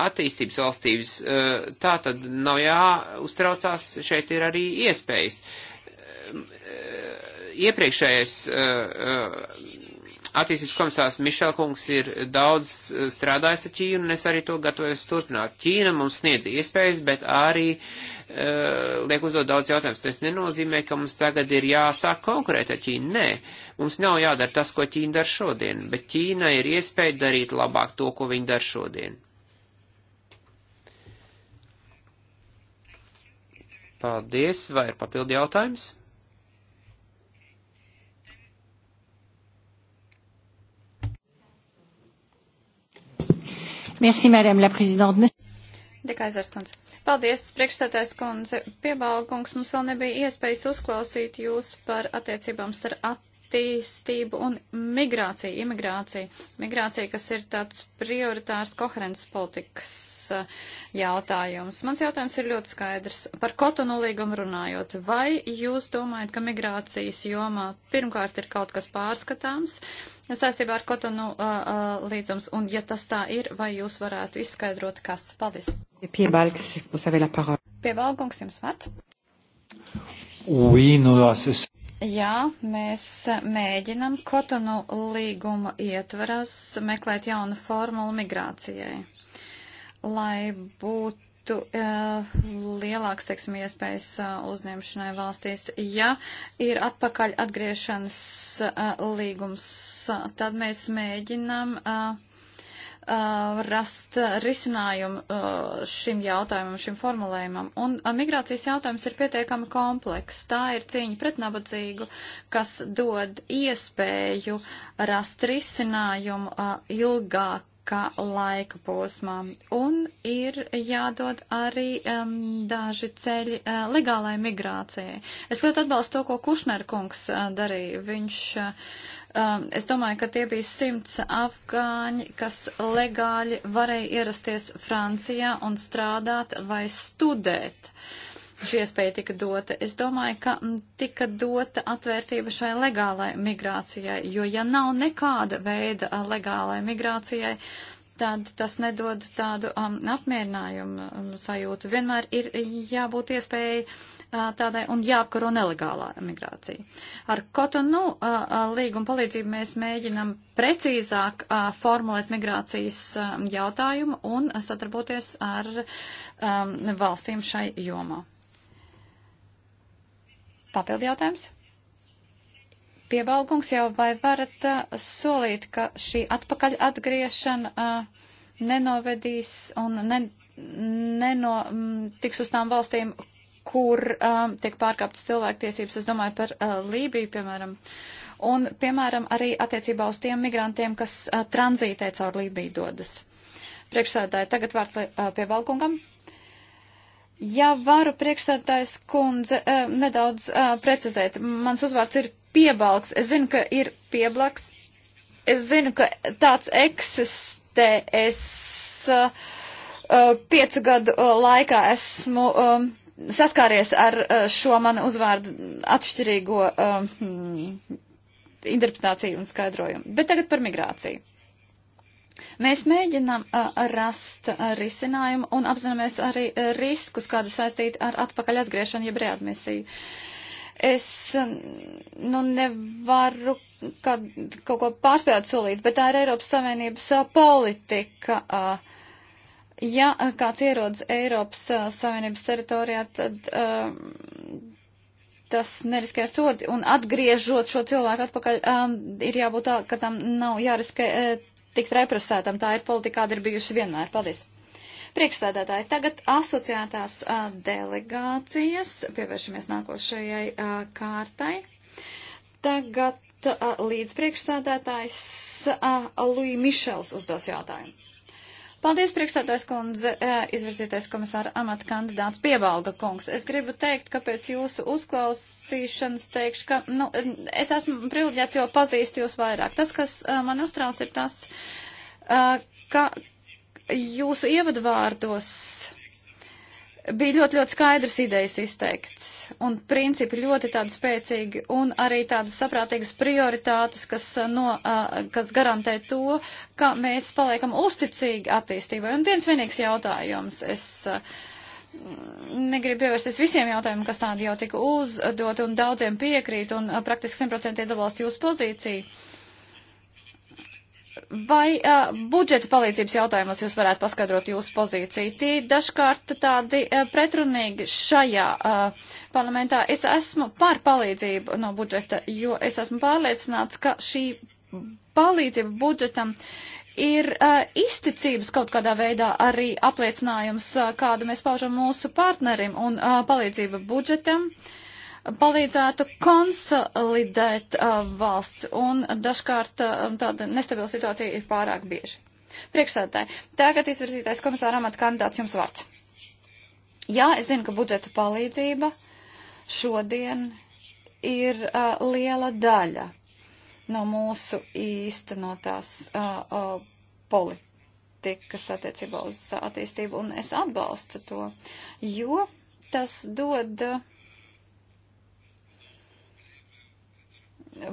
attīstības valstības. Eh, tā tad nav jāuztraucās, šeit ir arī iespējas. Eh, iepriekšējais eh, attīstības komisārs Mišelkungs ir daudz strādājis ar Ķīnu, un es arī to gatavojos turpināt. Ķīna mums sniedz iespējas, bet arī uh, liek uzdot daudz jautājumus. Tas nenozīmē, ka mums tagad ir jāsāk konkurēt ar Ķīnu. Nē, mums nav jādara tas, ko Ķīna dara šodien, bet Ķīna ir iespēja darīt labāk to, ko viņa dara šodien. Paldies, vai ir papildi jautājums? Merci, Madame la Présidente. Dekaizarskunds. Paldies, priekšstādājs kundze. Piebalga kungs, mums vēl nebija iespējas uzklausīt jūs par attiecībām starp at attīstību un migrāciju, imigrāciju. Migrācija, kas ir tāds prioritārs koherents politikas eh, jautājums. Mans jautājums ir ļoti skaidrs. Par kotonu līgumu runājot, vai jūs domājat, ka migrācijas jomā pirmkārt ir kaut kas pārskatāms saistībā ar kotonu uh, eh, eh, līdzums, un ja tas tā ir, vai jūs varētu izskaidrot, kas? Paldies. Piebalgs, Piebalgungs, jums vārds. Oui, nous, euh, Jā, mēs mēģinam Kotonu līguma ietvaras meklēt jaunu formulu migrācijai, lai būtu uh, lielāks, teiksim, iespējas uh, uzņemšanai valstīs. Ja ir atpakaļ atgriešanas uh, līgums, tad mēs mēģinam. Uh, uh, rast risinājumu uh, šim jautājumam, šim formulējumam. Un uh, migrācijas jautājums ir pietiekami kompleks. Tā ir cīņa pret nabadzīgu, kas dod iespēju rast risinājumu uh, ilgāk ilgākā laika posmā. Un ir jādod arī um, daži ceļi uh, legālai migrācijai. Es ļoti atbalstu to, ko Kušner kungs uh, darīja. Viņš, uh, um, es domāju, ka tie bija simts afgāņi, kas legāli varēja ierasties Francijā un strādāt vai studēt. Uh, šī iespēja tika dota. Es domāju, ka tika dota atvērtība šai legālai migrācijai, jo ja nav nekāda veida legālai migrācijai, tad tas nedod tādu um, apmierinājumu um, sajūtu. Vienmēr ir jābūt iespējai uh, tādai un jāapkaro nelegālā migrācija. Ar Kotonu uh, līgumu palīdzību mēs mēģinam precīzāk uh, formulēt migrācijas uh, jautājumu un sadarboties ar um, valstīm šai jomā. Papildi jautājums. Piebalgums jau vai varat uh, solīt, ka šī atpakaļ atgriešana uh, nenovedīs un ne, neno, m, mm, tiks uz tām valstīm, kur um, tiek pārkāptas cilvēktiesības, es domāju par uh, Lībiju, piemēram, un, piemēram, arī attiecībā uz tiem migrantiem, kas uh, tranzītē caur Lībiju dodas. Priekšsēdāji, tagad vārds uh, pie Balkungam. Ja varu priekšstādātājs kundze eh, nedaudz eh, precizēt, mans uzvārds ir piebalgs. Es zinu, ka ir pieblaks. Es zinu, ka tāds eksistē. Es uh, piecu gadu eh, laikā esmu um, saskāries ar šo manu uzvārdu atšķirīgo um, interpretāciju un skaidrojumu. Bet tagad par migrāciju. Mēs mēģinām uh, rast uh, risinājumu un apzināmies arī uh, riskus, kāda saistīta ar atpakaļ atgriešanu, jeb readmisiju. Es nu, nevaru kad, kaut ko pārspēt solīt, bet tā ir Eiropas Savienības politika. Ja kāds ierodas Eiropas Savienības teritorijā, tad tas neriskē sodi. Un atgriežot šo cilvēku atpakaļ, ir jābūt tā, ka tam nav jāriskē e, tikt represētam. Tā ir politika, kāda ir bijusi vienmēr. Paldies! Priekšstādātāji, tagad asociētās a, delegācijas, pievēršamies nākošajai a, kārtai. Tagad līdz priekšsādātājs Lui Mišels uzdos jautājumu. Paldies, priekšstādājs kundze, e, izvirzītais komisāra amata kandidāts Piebalga kungs. Es gribu teikt, ka pēc jūsu uzklausīšanas teikšu, ka, nu, es esmu privileģēts, jo pazīstu jūs vairāk. Tas, kas e, man uztrauc, ir tas, e, ka jūsu ievadvārdos bija ļoti, ļoti skaidrs idejas izteikts, un principi ļoti tādi spēcīgi, un arī tādas saprātīgas prioritātes, kas, uh, no, uh, kas garantē to, ka mēs paliekam uzticīgi attīstībai. Un viens vienīgs jautājums. Es uh, negribu pievērsties visiem jautājumiem, kas tādi jau tika uzdoti, un daudziem piekrīt, un praktiski 100% iedabalst jūsu pozīciju. Vai uh, budžeta palīdzības jautājumos jūs varētu paskaidrot jūsu pozīciju? Tie dažkārt tādi uh, pretrunīgi šajā uh, parlamentā. Es esmu par palīdzību no budžeta, jo es esmu pārliecināts, ka šī palīdzība budžetam ir uh, izticības kaut kādā veidā arī apliecinājums, uh, kādu mēs paužam mūsu partnerim un uh, palīdzība budžetam. Uh, palīdzētu konsolidēt uh, valsts, un dažkārt uh, tāda nestabila situācija ir pārāk bieži. Priekšsēdētāji, tagad izvirzītais komisāra amata kandidāts jums vārds. Jā, es zinu, ka budžeta palīdzība šodien ir uh, liela daļa no mūsu īstenotās uh, uh, politikas attiecībā uz attīstību, un es atbalstu to, jo tas dod. Uh,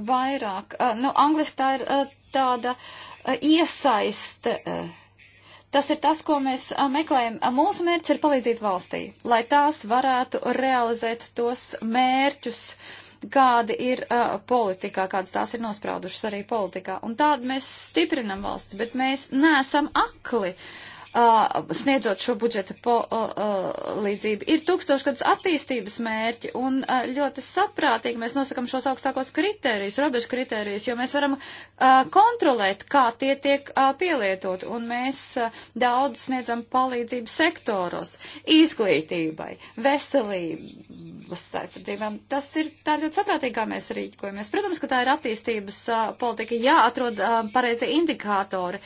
vairāk. Eh, nu, angliski tā ir eh, tāda eh, iesaiste. Tas ir tas, ko mēs meklējam. Mūsu mērķis ir palīdzīt valstī, lai tās varētu realizēt tos mērķus, kādi ir uh, politikā, kādas tās ir nospraudušas arī politikā. Un tādu mēs stiprinam valsts, bet mēs neesam akli. Uh, sniedzot šo budžeta palīdzību. Ir tūkstošgads attīstības mērķi un ļoti saprātīgi mēs nosakam šos augstākos kritērijus, robežu kritērijus, jo mēs varam kontrolēt, kā tie tiek pielietot. Un mēs daudz sniedzam palīdzību sektoros, izglītībai, veselības aizsardzībām. Tas ir tā ir ļoti saprātīgi, kā mēs rīkojamies. Protams, ka tā ir attīstības politika, jāatrod pareizie indikātori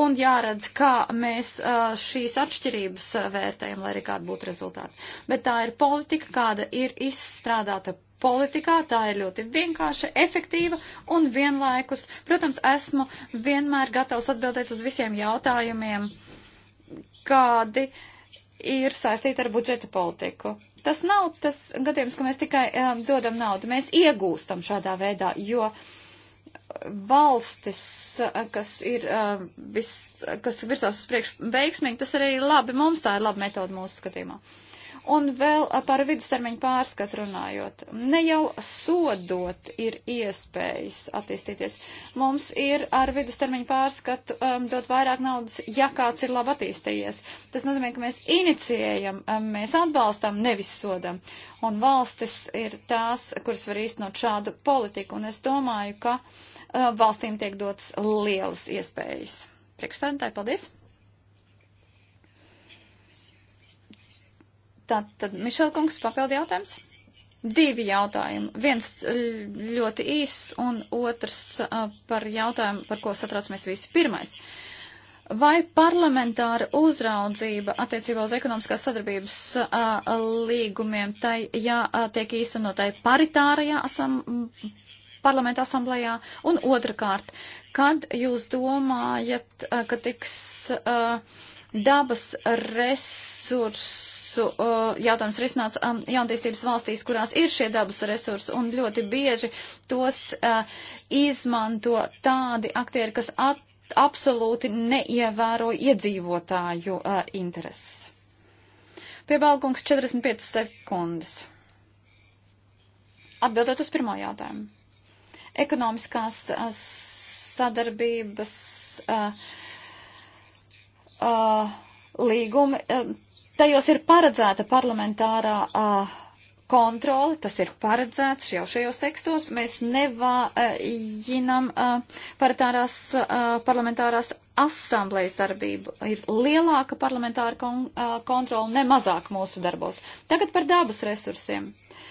un jāredz, kā mēs šīs atšķirības vērtējam, lai arī kāda būtu rezultāti. Bet tā ir politika, kāda ir izstrādāta politikā, tā ir ļoti vienkārša, efektīva un vienlaikus. Protams, esmu vienmēr gatavs atbildēt uz visiem jautājumiem, kādi ir saistīti ar budžeta politiku. Tas nav tas gadījums, ka mēs tikai um, dodam naudu, mēs iegūstam šādā veidā, jo uh, valstis, eh, kas ir eh, vis, kas virsās uz priekšu veiksmīgi, tas arī labi mums, tā ir laba metoda mūsu skatījumā. Un vēl eh, par vidustermiņu pārskatu runājot. Ne jau sodot ir iespējas attīstīties. Mums ir ar vidustermiņu pārskatu um, dot vairāk naudas, ja kāds ir labi attīstījies. Tas nozīmē, ka mēs inicijējam, um, mēs atbalstam, nevis sodam. Un valstis ir tās, kuras var īstenot šādu politiku. Un es domāju, ka uh, Eh, valstīm tiek dotas lielas iespējas. Priekšsēdētāji, paldies! Tātad, Mišela kungs, papildi jautājums? Divi jautājumi. Viens eh, ļoti īss un otrs eh, par jautājumu, par ko satraucamies visi. Pirmais. Vai parlamentāra uzraudzība attiecībā uz ekonomiskās sadarbības a, līgumiem tai jātiek īstenotai paritārajā asam, parlamenta asamblējā, un otrkārt, kad jūs domājat, ka tiks uh, dabas resursu uh, jautājums risināts um, jauntīstības valstīs, kurās ir šie dabas resursi, un ļoti bieži tos uh, izmanto tādi aktieri, kas at, absolūti neievēro iedzīvotāju uh, intereses. Piebalgungs 45 sekundes. Atbildot uz pirmo jautājumu ekonomiskās sadarbības līgumi. Tajos ir paredzēta parlamentārā kontroli, tas ir paredzēts jau šajos tekstos. Mēs nevājinam paritārās parlamentārās asamblējas darbību. Ir lielāka parlamentāra kon kontrola, ne mazāk mūsu darbos. Tagad par dabas resursiem. Uh,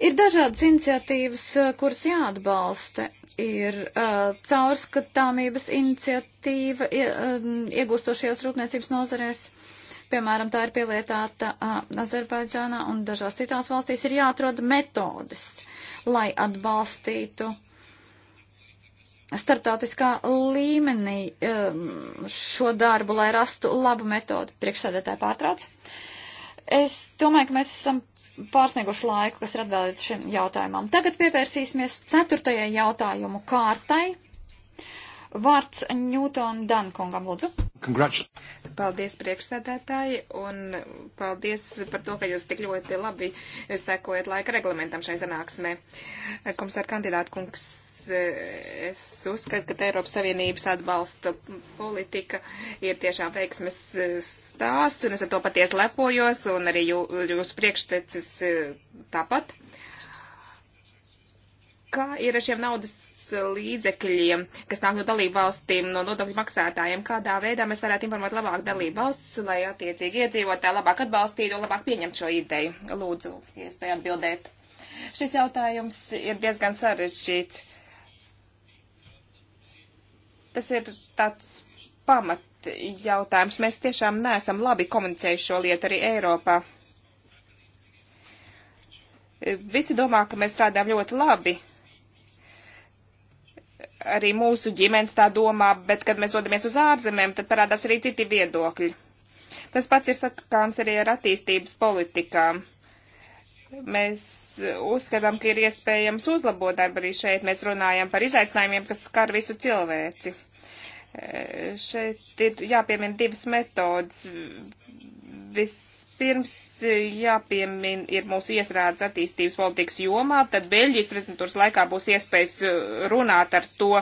Ir dažādas iniciatīvas, eh, kuras jāatbalsta. Ir uh, caurskatāmības iniciatīva ie, uh, um, iegūstošajos rūpniecības nozarēs. Piemēram, tā ir pielietāta uh, eh, Azerbaidžānā un dažās citās valstīs ir jāatrod metodes, lai atbalstītu starptautiskā līmenī um, šo darbu, lai rastu labu metodu. Priekšsēdētāji pārtrauc. Es domāju, ka mēs esam pārsnieguši laiku, kas ir atbildēts šim jautājumam. Tagad pievērsīsimies ceturtajai jautājumu kārtai. Vārds Ņūton Dankongam, lūdzu. Congrats. Paldies priekšsēdētāji un paldies par to, ka jūs tik ļoti labi sekojat laika reglamentam šai sanāksmē. Komisāra kandidāta kungs es uzskatu, ka Eiropas Savienības atbalsta politika ir tiešām veiksmes stāsts, un es ar to paties lepojos, un arī jū, jūsu priekštecis eh, tāpat. Kā ir ar šiem naudas līdzekļiem, kas nāk no dalību valstīm, no nodokļu maksātājiem, kādā veidā mēs varētu informēt labāk dalību valsts, lai attiecīgi iedzīvotāji labāk atbalstītu un labāk pieņemtu šo ideju. Lūdzu, iespēju atbildēt. Šis jautājums ir diezgan sarežģīts. Tas ir tāds pamat jautājums. Mēs tiešām neesam labi komunicējuši šo lietu arī Eiropā. Visi domā, ka mēs strādājam ļoti labi, arī mūsu ģimenes tā domā, bet, kad mēs dodamies uz ārzemēm, tad parādās arī citi viedokļi. Tas pats ir satkāms arī ar attīstības politikām. Mēs uzskatām, ka ir iespējams uzlabot darbu arī šeit. Mēs runājam par izaicinājumiem, kas skar visu cilvēci. E, šeit ir jāpiemina divas metodas. Vispirms jāpiemina ir mūsu iesrādes attīstības politikas jomā, tad Beļģijas prezidentūras laikā būs iespējas e, runāt ar to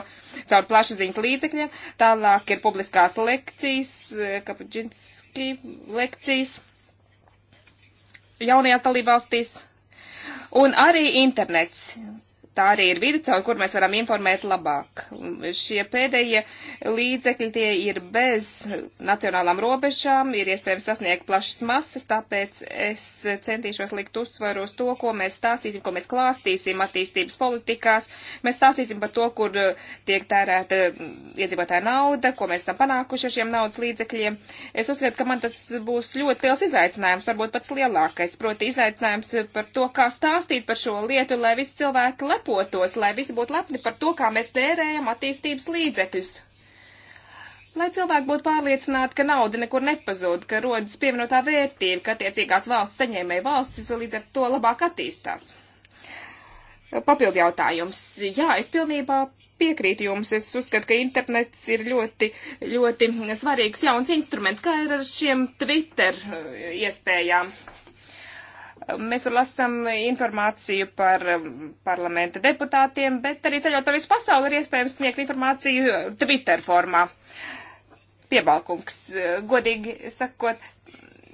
caur plašsaziņas līdzekļiem. Tālāk ir publiskās lekcijas, e, kapuģinski lekcijas jaunajās dalībvalstīs. Un arī internets tā arī ir vide, caur kur mēs varam informēt labāk. Šie pēdējie līdzekļi tie ir bez nacionālām robežām, ir iespējams sasniegt plašas masas, tāpēc es centīšos likt uzsvaru uz to, ko mēs stāstīsim, ko mēs klāstīsim attīstības politikās. Mēs stāstīsim par to, kur tiek tērēta iedzīvotāja nauda, ko mēs esam panākuši ar šiem naudas līdzekļiem. Es uzskatu, ka man tas būs ļoti liels izaicinājums, varbūt pats lielākais, proti izaicinājums par to, kā stāstīt par šo lietu, lai visi cilvēki lepo lepotos, lai visi būtu lepni par to, kā mēs tērējam attīstības līdzekļus. Lai cilvēki būtu pārliecināti, ka nauda nekur nepazūd, ka rodas pievienotā vērtība, ka attiecīgās valsts saņēmēja valstis līdz ar to labāk attīstās. Papildu jautājums. Jā, es pilnībā piekrītu jums. Es uzskatu, ka internets ir ļoti, ļoti svarīgs jauns instruments. Kā ir ar šiem Twitter eh, iespējām? Uh, Mēs tur lasām informāciju par um, parlamenta deputātiem, bet arī ceļot pa visu pasauli ir iespējams sniegt informāciju Twitter formā. Piebalkungs, godīgi sakot,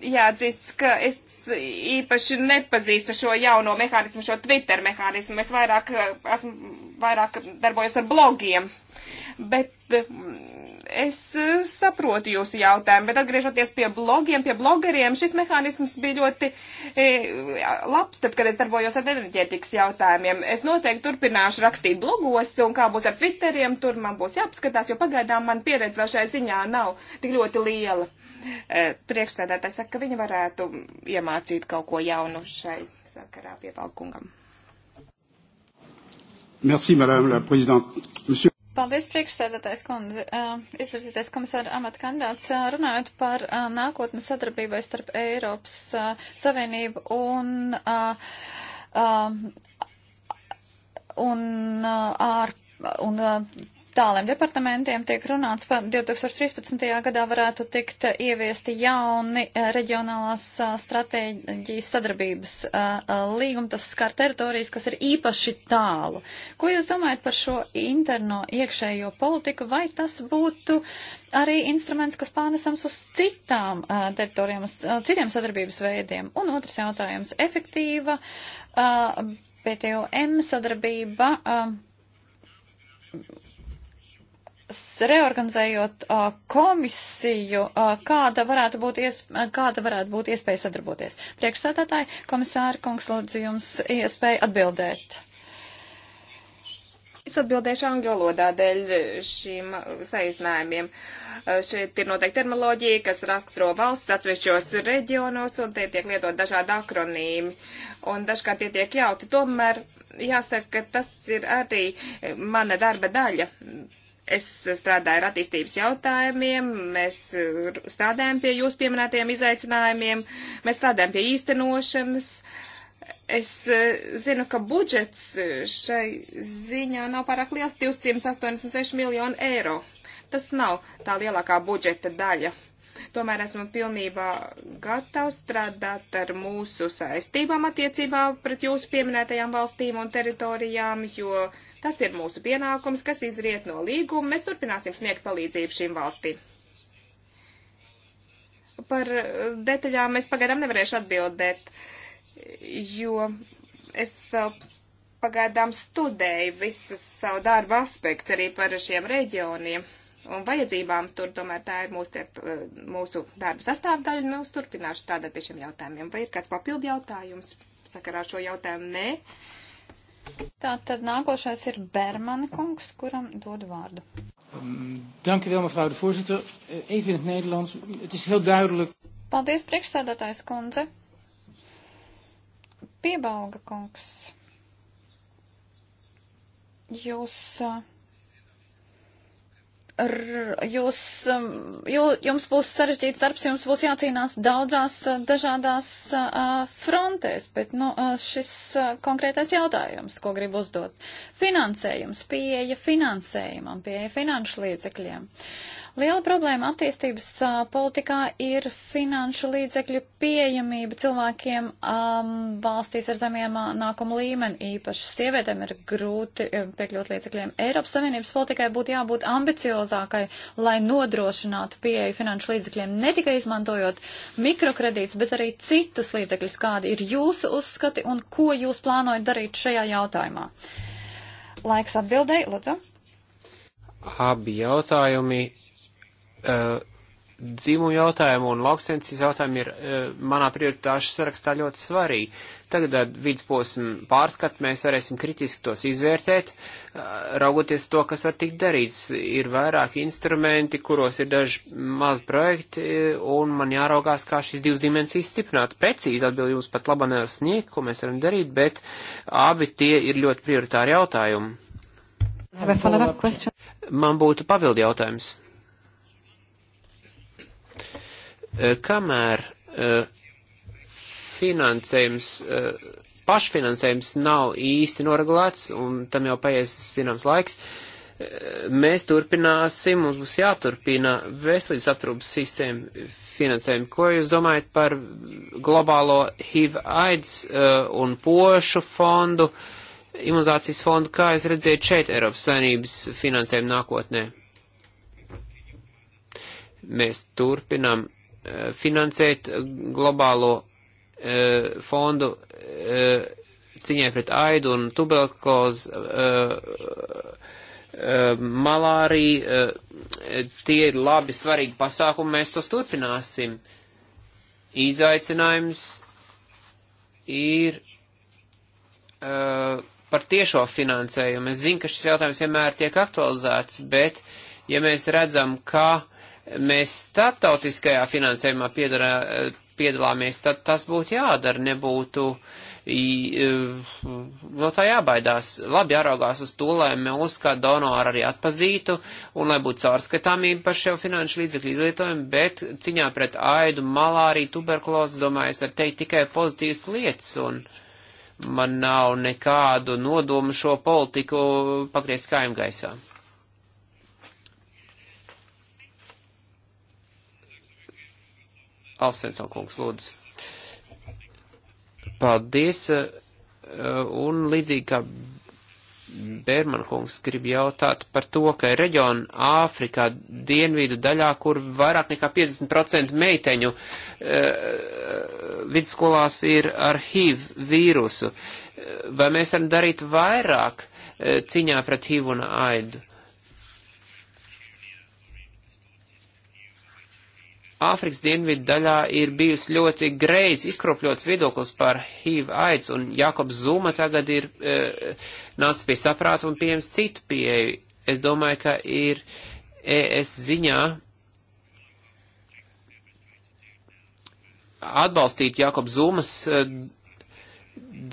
jāatzīst, ka es īpaši nepazīstu šo jauno mehānismu, šo Twitter mehānismu. Es vairāk, uh, esmu vairāk darbojos ar blogiem. Bet mm, es eh, saprotu jūsu jautājumu, bet atgriežoties pie blogiem, pie blogeriem, šis mehānisms bija ļoti e, labs, tad, kad es darbojos ar enerģētikas jautājumiem. Es noteikti turpināšu rakstīt blogos, un kā būs ar Twitteriem, tur man būs jāapskatās, jo pagaidām man pieredze vēl šajā ziņā nav tik ļoti liela. E, eh, Priekšstādātājs saka, ka viņi varētu iemācīt kaut ko jaunu šai sakarā pievalkungam. Merci, Madame la Présidente. Paldies, priekšsēdētājs kundze. Uh, Izvirzītais komisāra amata kandidāts uh, runājot par uh, nākotnes sadarbībai starp Eiropas uh, Savienību un, uh, um, un uh, ārp un tāliem departamentiem tiek runāts par 2013. gadā varētu tikt ieviesti jauni eh, reģionālās eh, stratēģijas sadarbības eh, līgumi. Tas skar teritorijas, kas ir īpaši tālu. Ko jūs domājat par šo interno iekšējo politiku? Vai tas būtu arī instruments, kas pārnesams uz citām teritorijām, uz citiem sadarbības veidiem? Un otrs jautājums - efektīva PTOM sadarbība reorganizējot uh, komisiju, uh, kāda, varētu būt iesp kāda varētu būt iespēja sadarboties. Priekšsēdētāji, komisāri, kungs, lūdzu jums iespēju atbildēt. Es atbildēšu angļu valodā dēļ šīm saīsinājumiem. Šeit ir noteikti terminoloģija, kas raksturo valsts atsevišķos reģionos, un tie tiek lietot dažādi akronīmi, un dažkārt tie tiek jauti. Tomēr jāsaka, ka tas ir arī mana darba daļa Es strādāju ar attīstības jautājumiem, mēs strādājam pie jūs pieminētajiem izaicinājumiem, mēs strādājam pie īstenošanas. Es e, zinu, ka budžets e, šai ziņā nav pārāk liels - 286 miljonu eiro. Tas nav tā lielākā budžeta daļa. Uh, Tomēr esmu pilnībā gatavs strādāt ar mūsu saistībām attiecībā pret jūsu pieminētajām valstīm un teritorijām, jo tas ir mūsu pienākums, kas izriet no līguma. Mēs turpināsim sniegt palīdzību šīm valstīm. Par detaļām es pagaidām nevarēšu atbildēt, jo es vēl pagaidām studēju visus savu darbu aspektus arī par šiem reģioniem un vajadzībām. Tur, tomēr, tā ir mūsu, tiet, eh, mūsu darba sastāvdaļa, un nu, es turpināšu strādāt pie šiem jautājumiem. Vai ir kāds papildu jautājums sakarā šo jautājumu? Nē. Tā tad nākošais ir Bermani kungs, kuram dod vārdu. Um, dank u wel, mevrouw de voorzitter. Even in het Nederlands. Het is heel duidelijk. Paldies, priekšsēdētājs kundze. Piebalga kungs. Jūs uh, jūs, um, jū, jums būs sarežģīts darbs, jums būs jācīnās daudzās uh, dažādās uh, frontēs, bet nu, uh, šis konkrētais jautājums, ko gribu uzdot. Finansējums, pieeja finansējumam, pieeja finanšu līdzekļiem. Uh, Liela problēma attīstības uh, politikā ir finanšu līdzekļu pieejamība cilvēkiem um, valstīs ar zemiem nākumu līmeni. Īpaši sievietēm ir grūti piekļūt līdzekļiem. Eiropas Savienības politikai būtu jābūt ambiciozākai, lai nodrošinātu pieeju finanšu līdzekļiem, ne tikai izmantojot mikrokredītus, bet arī citus līdzekļus, kādi ir jūsu uzskati un ko jūs plānojat darīt šajā jautājumā. Laiks atbildēji, lūdzu. Abi jautājumi uh, dzīvumu jautājumu un lauksiencijas jautājumu ir uh, manā prioritāšu sarakstā ļoti svarīgi. Tagad ar uh, vidusposmu pārskatu mēs varēsim kritiski tos izvērtēt, uh, raugoties to, kas var tikt darīts. Ir vairāki instrumenti, kuros ir daži maz projekti, uh, un man jāraugās, kā šīs divas dimensijas stiprināt. Precīzi atbildi jūs pat labā nevar sniegt, ko mēs varam darīt, bet abi tie ir ļoti prioritāri jautājumi. Man būtu papildi jautājums. Eh, kamēr eh, finansējums, eh, pašfinansējums nav īsti noregulēts, un tam jau paies zināms laiks, mēs turpināsim, mums būs jāturpina veselības aprūpas sistēma finansējumu. Ko jūs domājat par globālo HIV AIDS un pošu fondu, imunizācijas fondu, kā jūs redzējat šeit Eiropas Savienības finansējumu nākotnē? Mēs turpinam Eh, finansēt globālo e, fondu e, ciņai pret aidu un tuberkulozi, e, malāriju. Tie ir labi svarīgi pasākumi, mēs tos turpināsim. Izaicinājums ir par tiešo finansējumu. Es zinu, ka šis jautājums vienmēr tiek aktualizēts, bet ja mēs redzam, ka uh, mēs startautiskajā finansējumā piedarā, piedalāmies, tad tas būtu jādara, nebūtu e, no tā jābaidās. Labi jāraugās uz to, lai mūs kā donoru arī atpazītu un lai būtu caurskatāmība par šo finanšu līdzekļu izlietojumu, bet ciņā pret aidu, malāriju, tuberkulozi, domāju, es varu teikt tikai pozitīvas lietas un man nav nekādu nodomu šo politiku pagriezt kājiem gaisā. Alsenson kungs, lūdzu. Paldies, eh, un līdzīgi kā Bērman kungs grib jautāt par to, ka reģiona Āfrikā dienvīdu daļā, kur vairāk nekā 50% meiteņu eh, vidusskolās ir ar HIV vīrusu, eh, vai mēs varam darīt vairāk cīņā pret HIV un aidu? Āfrikas dienvidu daļā ir bijis ļoti greiz izkropļots viedoklis par HIV aids, un Jakobs Zuma tagad ir e, nācis pie saprāta un pieņems citu pieeju. Es domāju, ka ir ES ziņā atbalstīt Jakob Zumas e,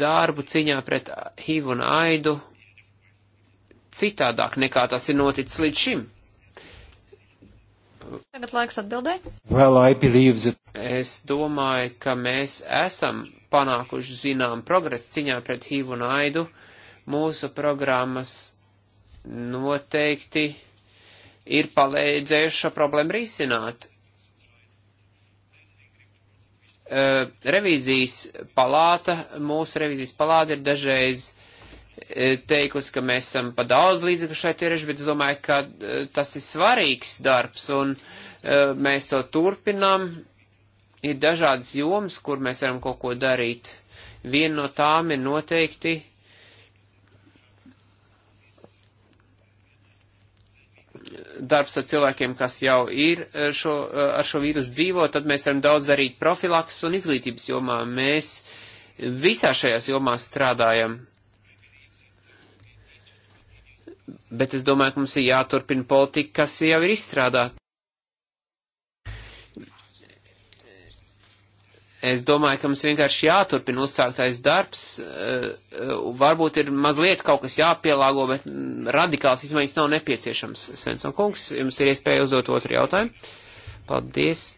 darbu ciņā pret HIV un aidu citādāk nekā tas ir noticis līdz šim. Tagad laiks atbildē. Well, that... Es domāju, ka mēs esam panākuši zinām progresu ciņā pret HIV un aidu. Mūsu programmas noteikti ir palīdzējuši šo problēmu risināt. Eh, revīzijas palāta, mūsu revīzijas palāta ir dažreiz E, teikusi, ka mēs esam pa daudz līdzekļu šai tiereši, bet es domāju, ka e, tas ir svarīgs darbs un e, mēs to turpinām. Ir dažādas jomas, kur mēs varam kaut ko darīt. Viena no tām ir noteikti darbs ar cilvēkiem, kas jau ir šo, ar šo vīrusu dzīvo, tad mēs varam daudz darīt profilaks un izglītības jomā. Mēs visā šajās jomās strādājam bet es domāju, ka mums ir jāturpina politika, kas jau ir izstrādāta. Es domāju, ka mums vienkārši jāturpina uzsāktais darbs, eh, eh, varbūt ir mazliet kaut kas jāpielāgo, bet radikāls izmaiņas nav nepieciešams. Svensson kungs, jums ir iespēja uzdot otru jautājumu. Paldies.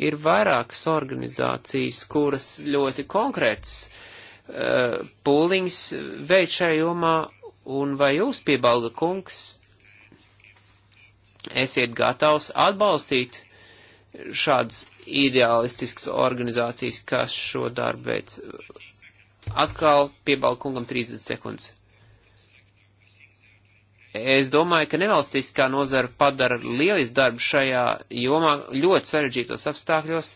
Ir vairākas organizācijas, kuras ļoti konkrētas eh, pūliņas veids šajā jomā Un vai jūs, piebalga kungs, esiet gatavs atbalstīt šādas ideālistiskas organizācijas, kas šo darbu veic? Atkal piebalga kungam 30 sekundes. Es domāju, ka nevalstiskā nozara padara lielis darbs šajā jomā ļoti sarežģītos apstākļos,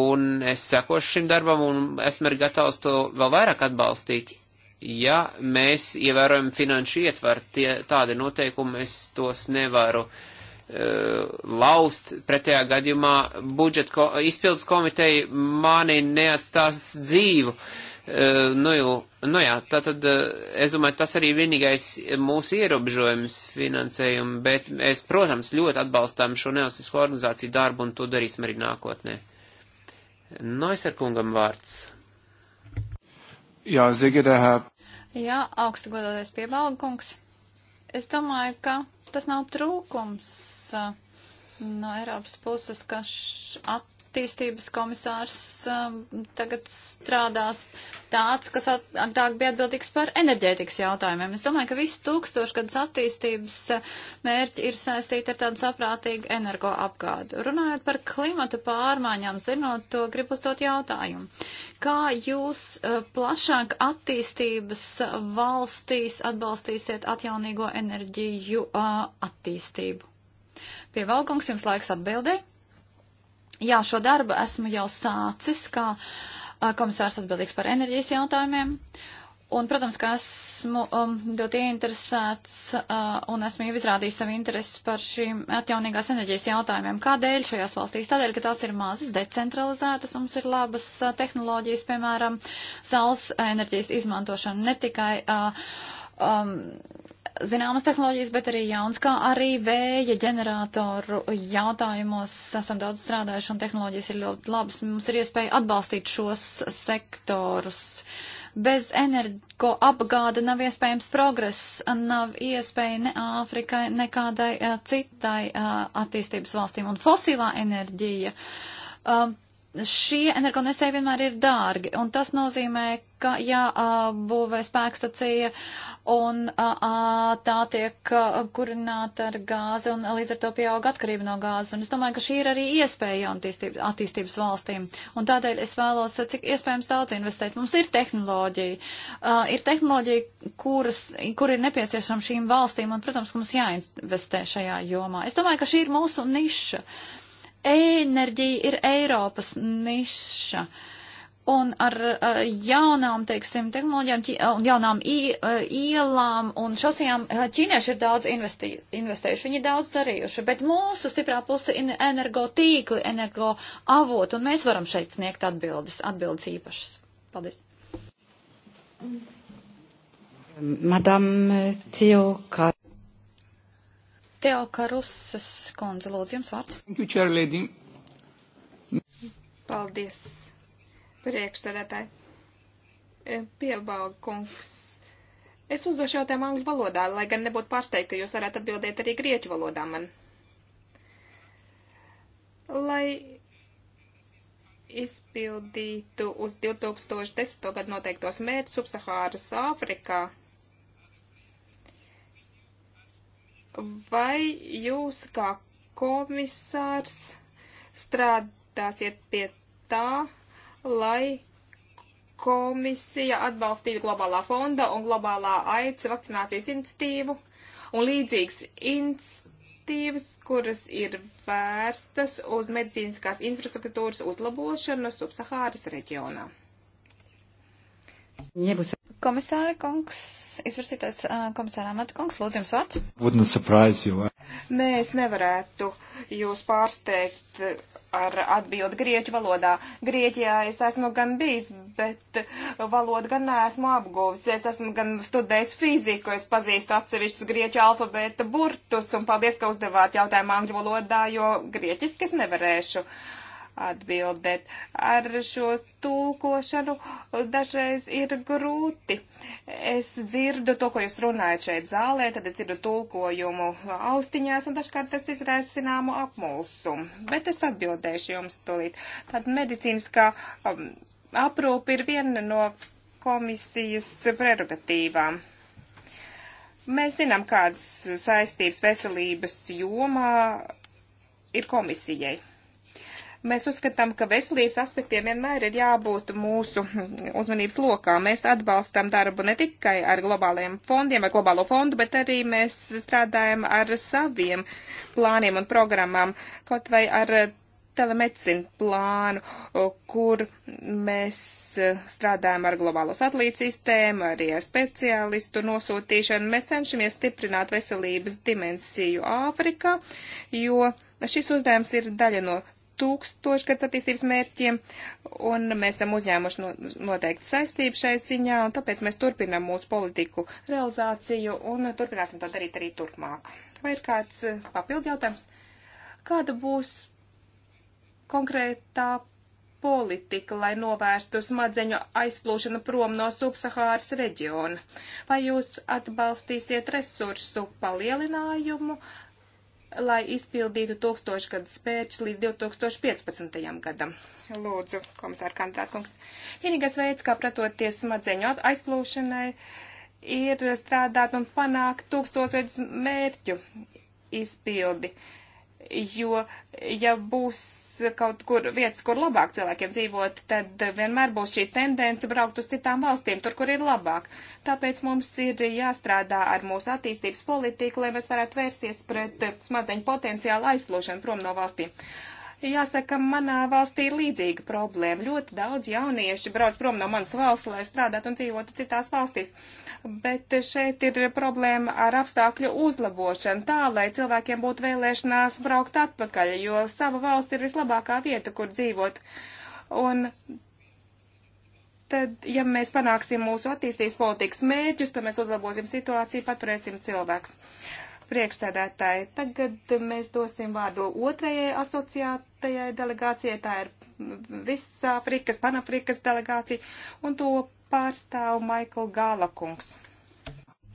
un es sekošu šim darbam, un esmu arī gatavs to vēl vairāk atbalstīt, ja mēs ievērojam finanšu ietvaru, tie, tādi noteikumi es tos nevaru uh, laust. Pretējā gadījumā budžeta ko, izpildes komiteja mani neatstās dzīvu. Uh, nu, jū, nu jā, tātad uh, e, es domāju, tas arī vienīgais mūsu ierobežojums finansējumu, bet mēs, protams, ļoti atbalstām šo neosisko organizāciju darbu un to darīsim arī nākotnē. Noiser kungam vārds. Jā, Zigedehā, Jā, augstu godoties piebalgungs. Es domāju, ka tas nav trūkums uh, no Eiropas puses, ka š, at, attīstības komisārs um, tagad strādās tāds, kas agrāk bija atbildīgs par enerģētikas jautājumiem. Es domāju, ka visi tūkstošgadus attīstības uh, mērķi ir saistīti ar tādu saprātīgu energoapgādu. Runājot par klimata pārmaiņām, zinot to, gribu uzdot jautājumu. Kā jūs uh, plašāk attīstības valstīs atbalstīsiet atjaunīgo enerģiju uh, attīstību? Pievalkungs, jums laiks atbildēt. Jā, šo darbu esmu jau sācis kā komisārs atbildīgs par enerģijas jautājumiem. Un, protams, ka esmu um, ļoti interesēts uh, un esmu jau izrādījis savu interesi par šīm atjaunīgās enerģijas jautājumiem. Kādēļ šajās valstīs? Tādēļ, ka tās ir mazas, decentralizētas, mums ir labas uh, tehnoloģijas, piemēram, saules enerģijas izmantošana ne tikai. Uh, um, zināmas tehnoloģijas, bet arī jauns, kā arī vēja ģeneratoru jautājumos esam daudz strādājuši un tehnoloģijas ir ļoti labas. Mums ir iespēja atbalstīt šos sektorus. Bez energo apgāda nav iespējams progress, nav iespēja ne Āfrikai, ne kādai eh, citai eh, attīstības valstīm. Un fosilā enerģija. Uh, šie energonesēji vienmēr ir dārgi, un tas nozīmē, ka jābūvē spēkstacija, un a, tā tiek kurināta ar gāzi, un līdz ar to pieauga atkarība no gāzes. Un es domāju, ka šī ir arī iespēja jaunatīstības attīstības valstīm, un tādēļ es vēlos, cik iespējams daudz investēt. Mums ir tehnoloģija, a, ir tehnoloģija, kuras, kur ir nepieciešama šīm valstīm, un, protams, ka mums jāinvestē šajā jomā. Es domāju, ka šī ir mūsu niša. Uh, enerģija ir Eiropas niša. Un ar uh, jaunām, teiksim, tehnoloģijām un jaunām i, uh, ielām un šosijām e, ķīnieši ir daudz investī, investējuši, viņi ir daudz darījuši, bet mūsu stiprā puse ir energo tīkli, energo avot, un mēs varam šeit sniegt atbildes, atbildes īpašas. Paldies. Madam Tio Kar. Teokarusas kundze, lūdzu, jums vārds. Paldies, priekšsēdētāji. E, Piebalga kungs. Es uzdošu jautājumu angļu valodā, lai gan nebūtu pārsteigta, ka jūs varētu atbildēt arī grieķu valodā man. Lai izpildītu uz 2010. gadu noteiktos mērķus Subsahāras Āfrikā, vai jūs kā komisārs strādāsiet pie tā, lai komisija atbalstītu globālā fonda un globālā aids vakcinācijas institīvu un līdzīgas institīvas, kuras ir vērstas uz medicīniskās infrastruktūras uzlabošanu subsahāras reģionā. Nebūs Komisāra kungs, izvirsītais komisāra amata kungs, lūdzu jums vārds. Nē, es eh? nevarētu jūs pārsteigt ar atbildi grieķu valodā. Grieķijā es esmu gan bijis, bet valodu gan neesmu apguvis. Es esmu gan studējis fiziku, es pazīstu atsevišķus grieķu alfabēta burtus, un paldies, ka uzdevāt jautājumu angļu valodā, jo grieķiski es nevarēšu. Uh, atbildēt. Ar šo tulkošanu dažreiz ir grūti. Es dzirdu to, ko jūs runājat šeit zālē, tad es dzirdu tulkojumu austiņās, un dažkārt tas izraisa zināmu apmulsumu. Bet es atbildēšu jums tūlīt. Tad medicīniskā um, aprūpe ir viena no komisijas prerogatīvām. Mēs zinām, kādas saistības veselības jomā ir komisijai Mēs uzskatām, ka veselības aspektiem vienmēr ir jābūt mūsu uzmanības lokā. Mēs atbalstam darbu ne tikai ar globāliem fondiem, ar globālo fondu, bet arī mēs strādājam ar saviem plāniem un programmām, kaut vai ar telemedicinu plānu, kur mēs strādājam ar globālo satelītu sistēmu, arī ar speciālistu nosūtīšanu. Mēs cenšamies stiprināt veselības dimensiju Āfrikā, jo šis uzdevums ir daļa no tūkstošgads attīstības mērķiem, un mēs esam uzņēmuši nu, noteikti saistību šai ziņā, un tāpēc mēs turpinam mūsu politiku realizāciju, un turpināsim to darīt arī turpmāk. Vai ir kāds eh, papildu jautājums? Kāda būs konkrētā politika, lai novērstu smadzeņu aizplūšanu prom no subsahāras reģiona? Vai jūs atbalstīsiet resursu palielinājumu, lai izpildītu tūkstošgadus pērķus līdz 2015. gadam. Lūdzu, komisāra kandidātkungs. Vienīgais veids, kā pretoties smadzeņu aizplūšanai, ir strādāt un panākt tūkstošgadus mērķu izpildi. Uh, jo, ja būs kaut kur vietas, kur labāk cilvēkiem dzīvot, tad vienmēr būs šī tendence braukt uz citām valstīm, tur, kur ir labāk. Tāpēc mums ir jāstrādā ar mūsu attīstības politiku, lai mēs varētu vērsties pret smadzeņu potenciālu aizplūšanu prom no valstīm. Jāsaka, manā valstī ir līdzīga problēma. Ļoti daudz jaunieši brauc prom no manas valsts, lai strādātu un dzīvotu citās valstīs. Bet šeit ir problēma ar apstākļu uzlabošanu tā, lai cilvēkiem būtu vēlēšanās braukt atpakaļ, jo sava valsts ir vislabākā vieta, kur dzīvot. Un tad, ja mēs panāksim mūsu attīstības politikas mērķus, tad mēs uzlabosim situāciju, paturēsim cilvēks priekšsēdētāji. Tagad mēs dosim vārdu otrajai asociētajai delegācijai. Tā ir visā Afrikas, Panafrikas delegācija, un to pārstāv Maikl Gālakungs.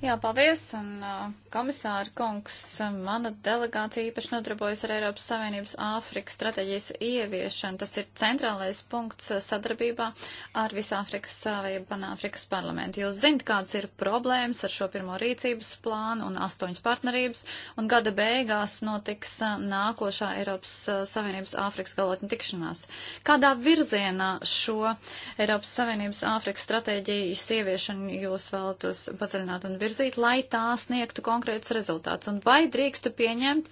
Jā, paldies, un uh, komisāra kungs, mana delegācija īpaši nodarbojas ar Eiropas Savienības Āfrikas stratēģijas ieviešanu. Tas ir centrālais punkts uh, sadarbībā ar Visāfrikas uh, vai Panāfrikas parlamentu. Jūs zinat, kādas ir problēmas ar šo pirmo rīcības plānu un astoņas partnerības, un gada beigās notiks uh, nākošā Eiropas Savienības Āfrikas galotņa tikšanās. Kādā virzienā šo Eiropas Savienības Āfrikas stratēģijas ieviešanu jūs vēlatos paceļināt un virzīt? novirzīt, lai tā sniegtu konkrētus rezultātus. Un vai drīkstu pieņemt,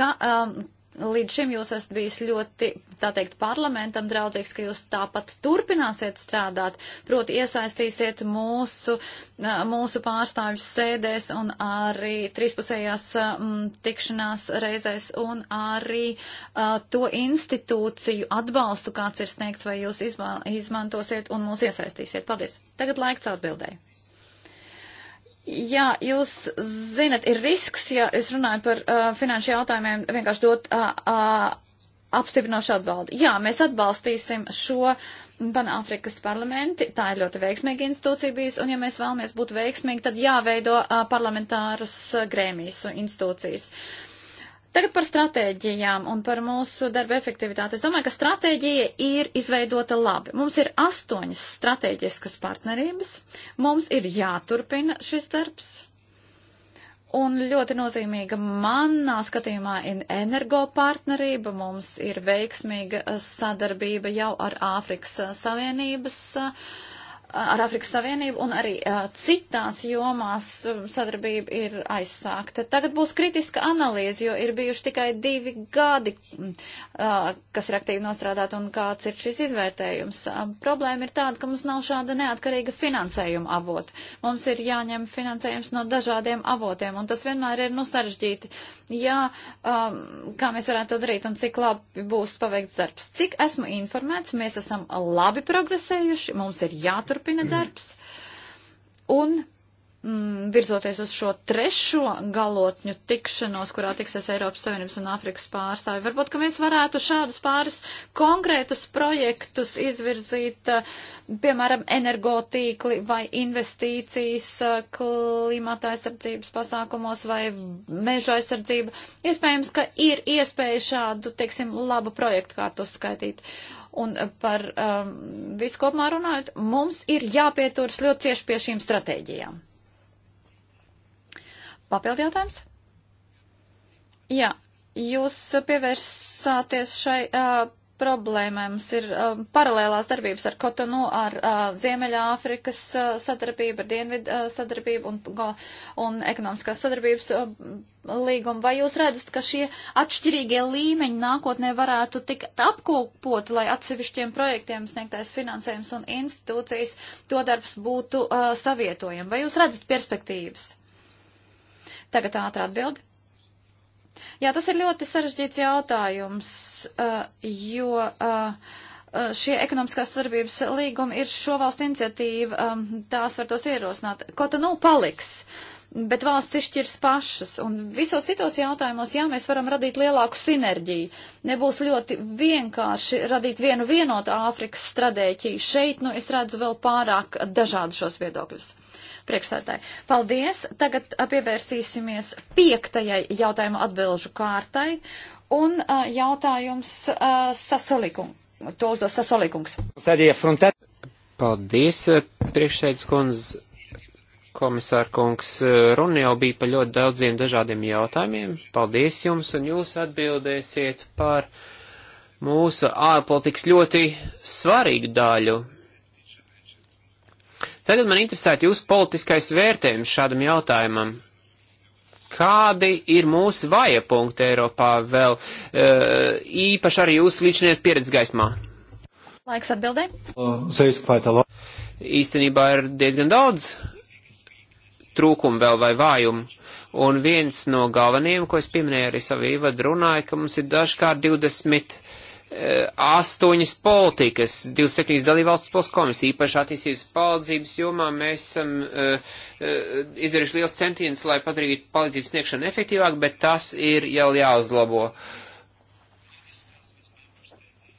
ka. Um, Līdz šim jūs esat bijis ļoti, tā teikt, parlamentam draudzīgs, ka jūs tāpat turpināsiet strādāt, proti iesaistīsiet mūsu, uh, mūsu pārstāvjus sēdēs un arī trīspusējās m, um, tikšanās reizēs un arī a, uh, to institūciju atbalstu, kāds ir sniegts, vai jūs izma, izmantosiet un mūs iesaistīsiet. Paldies. Tagad laiks atbildēji. Jā, jūs zinat, ir risks, ja es runāju par uh, finanšu jautājumiem, vienkārši dot uh, uh, apstiprinošu atbaldi. Jā, mēs atbalstīsim šo Panāfrikas parlamenti, tā ir ļoti veiksmīga institūcija bijusi, un ja mēs vēlamies būt veiksmīgi, tad jāveido uh, parlamentārus uh, grēmijas un institūcijas. Uh, Tagad par stratēģijām un par mūsu darba efektivitāti. Es domāju, ka stratēģija ir izveidota labi. Mums ir astoņas stratēģiskas partnerības, mums ir jāturpina šis darbs. Un ļoti nozīmīga manā skatījumā ir energopartnerība. Mums ir veiksmīga sadarbība jau ar Āfrikas Savienības uh, ar Afrikas Savienību un arī uh, citās jomās sadarbība ir aizsākta. Tagad būs kritiska analīze, jo ir bijuši tikai divi gadi, uh, kas ir aktīvi nostrādāt un kāds ir šis izvērtējums. Uh, problēma ir tāda, ka mums nav šāda neatkarīga finansējuma avota. Mums ir jāņem finansējums no dažādiem avotiem, un tas vienmēr ir nu sarežģīti. Jā, um, kā mēs varētu to darīt un cik labi būs paveikts darbs. Cik esmu informēts, mēs esam labi progresējuši, mums ir jātur jāturpina darbs. Un mm, virzoties uz šo trešo galotņu tikšanos, kurā tiksies Eiropas Savienības un Āfrikas pārstāvi, varbūt, ka mēs varētu šādus pāris konkrētus projektus izvirzīt, eh, piemēram, energotīkli vai investīcijas eh, klimata aizsardzības pasākumos vai meža aizsardzība. Iespējams, ka ir iespēja šādu, teiksim, labu projektu kārtu uzskaitīt. Uh, Un par um, visu kopumā runājot, mums ir jāpieturas ļoti cieši pie šīm stratēģijām. Papildu jautājums? Jā, jūs pievērsāties šai uh, problēmai. Mums ir um, paralēlās darbības ar Kotonu, ar uh, Ziemeļāfrikas uh, sadarbību, ar Dienvidu uh, sadarbību un, uh, un ekonomiskās sadarbības uh, līgumu. Vai jūs redzat, ka šie atšķirīgie līmeņi nākotnē varētu tikt apkopot, lai atsevišķiem projektiem sniegtais finansējums un institūcijas to darbs būtu uh, savietojami? Vai jūs redzat perspektīvas? Tagad ātrā atbildi. Jā, tas ir ļoti sarežģīts jautājums, eh, jo eh, eh, šie ekonomiskās sadarbības līgumi ir šo valstu iniciatīva, ehm, tās var tos ierosināt. Ko tad nu paliks? Bet valsts izšķirs pašas, un visos citos jautājumos, jā, mēs varam radīt lielāku sinerģiju. Nebūs ļoti vienkārši radīt vienu vienotu Āfrikas stratēģiju. Šeit, nu, es redzu vēl pārāk dažādu šos viedokļus priekšsēdētāji. Paldies. Tagad pievērsīsimies piektajai jautājumu atbilžu kārtai. Un uh, jautājums uh, Sasolikung. To uzdos Sasolikungs. Paldies, priekšsēdētas kundze. Komisār kungs, runa jau bija par ļoti daudziem dažādiem jautājumiem. Paldies jums, un jūs atbildēsiet par mūsu ārpolitikas ļoti svarīgu daļu Tagad man interesētu jūsu politiskais vērtējums šādam jautājumam. Kādi ir mūsu vāja punkti Eiropā vēl, e, īpaši arī jūsu līdzinies pieredzes gaismā? Laiks atbildē. Īstenībā ir diezgan daudz trūkumu vēl vai vājumu. Un viens no galvenajiem, ko es pieminēju arī savu īvadu runāju, ka mums ir dažkārt 20 Eh, astoņas politikas, 27 dalībvalsts plus komisija, īpaši attīstības palīdzības jomā mēs esam uh, uh, izdarījuši liels centienus, lai padarītu palīdzības sniegšanu efektīvāk, bet tas ir jau jāuzlabo.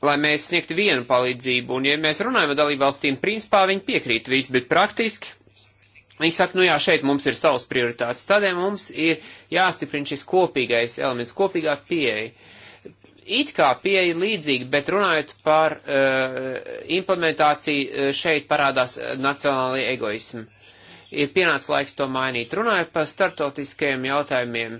Lai mēs sniegtu vienu palīdzību, un ja mēs runājam ar dalībvalstīm, principā viņi piekrīt viss, bet praktiski Viņi saka, nu jā, šeit mums ir savas prioritātes, tādēļ mums ir jāstiprina šis kopīgais elements, kopīgā pieeja it kā pieeja līdzīga, bet runājot par uh, implementāciju, eh, šeit parādās eh, nacionālajie egoismi. Ir pienācis laiks to mainīt. Runājot par startautiskajiem jautājumiem,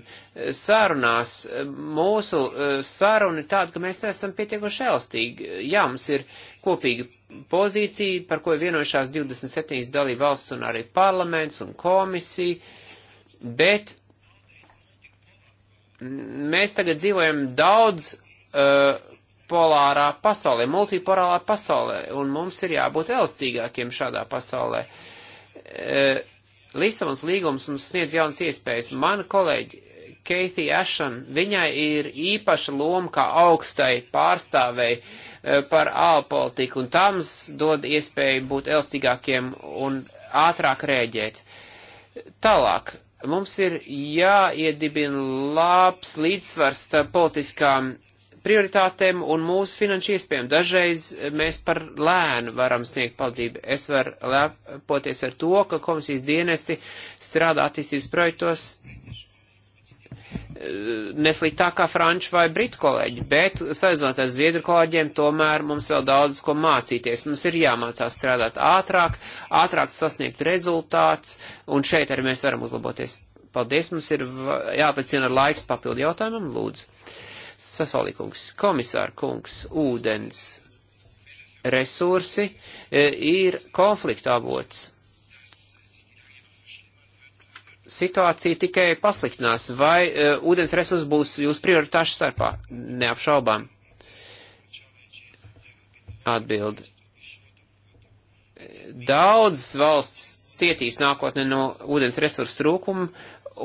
sarunās mūsu saruna ir tāda, ka mēs neesam pietiekoši elastīgi. Jā, mums ir kopīga pozīcija, par ko ir vienojušās 27 dalība valsts un arī parlaments un komisija, bet mēs tagad dzīvojam daudz uh, polārā pasaulē, multipolārā pasaulē, un mums ir jābūt elastīgākiem šādā pasaulē. Uh, Lisabons līgums mums sniedz jaunas iespējas. Mana kolēģi Keitī Ashton, viņai ir īpaša loma kā augstai pārstāvei e, par ārpolitiku, un tā mums dod iespēju būt elastīgākiem un ātrāk rēģēt. Tālāk, mums ir jāiedibina labs līdzsvars starp politiskām prioritātēm un mūsu finanšu iespējām. Dažreiz mēs par lēnu varam sniegt palīdzību. Es varu lepoties ar to, ka komisijas dienesti strādā attīstības projektos eh, nesliktāk kā franču vai britu kolēģi, bet saistībā ar zviedru kolēģiem tomēr mums vēl daudz ko mācīties. Mums ir jāmācās strādāt ātrāk, ātrāk sasniegt rezultāts, un šeit arī mēs varam uzlaboties. Paldies, mums ir jāatlicina laiks papildu jautājumam, lūdzu. Sasolīkungs, komisāra kungs, ūdens resursi e, ir konflikta avots. Situācija tikai pasliktinās, vai e, ūdens resursi būs jūsu prioritāšu starpā? Neapšaubām. Atbildi. Daudzas valsts cietīs nākotnē no ūdens resursu trūkuma,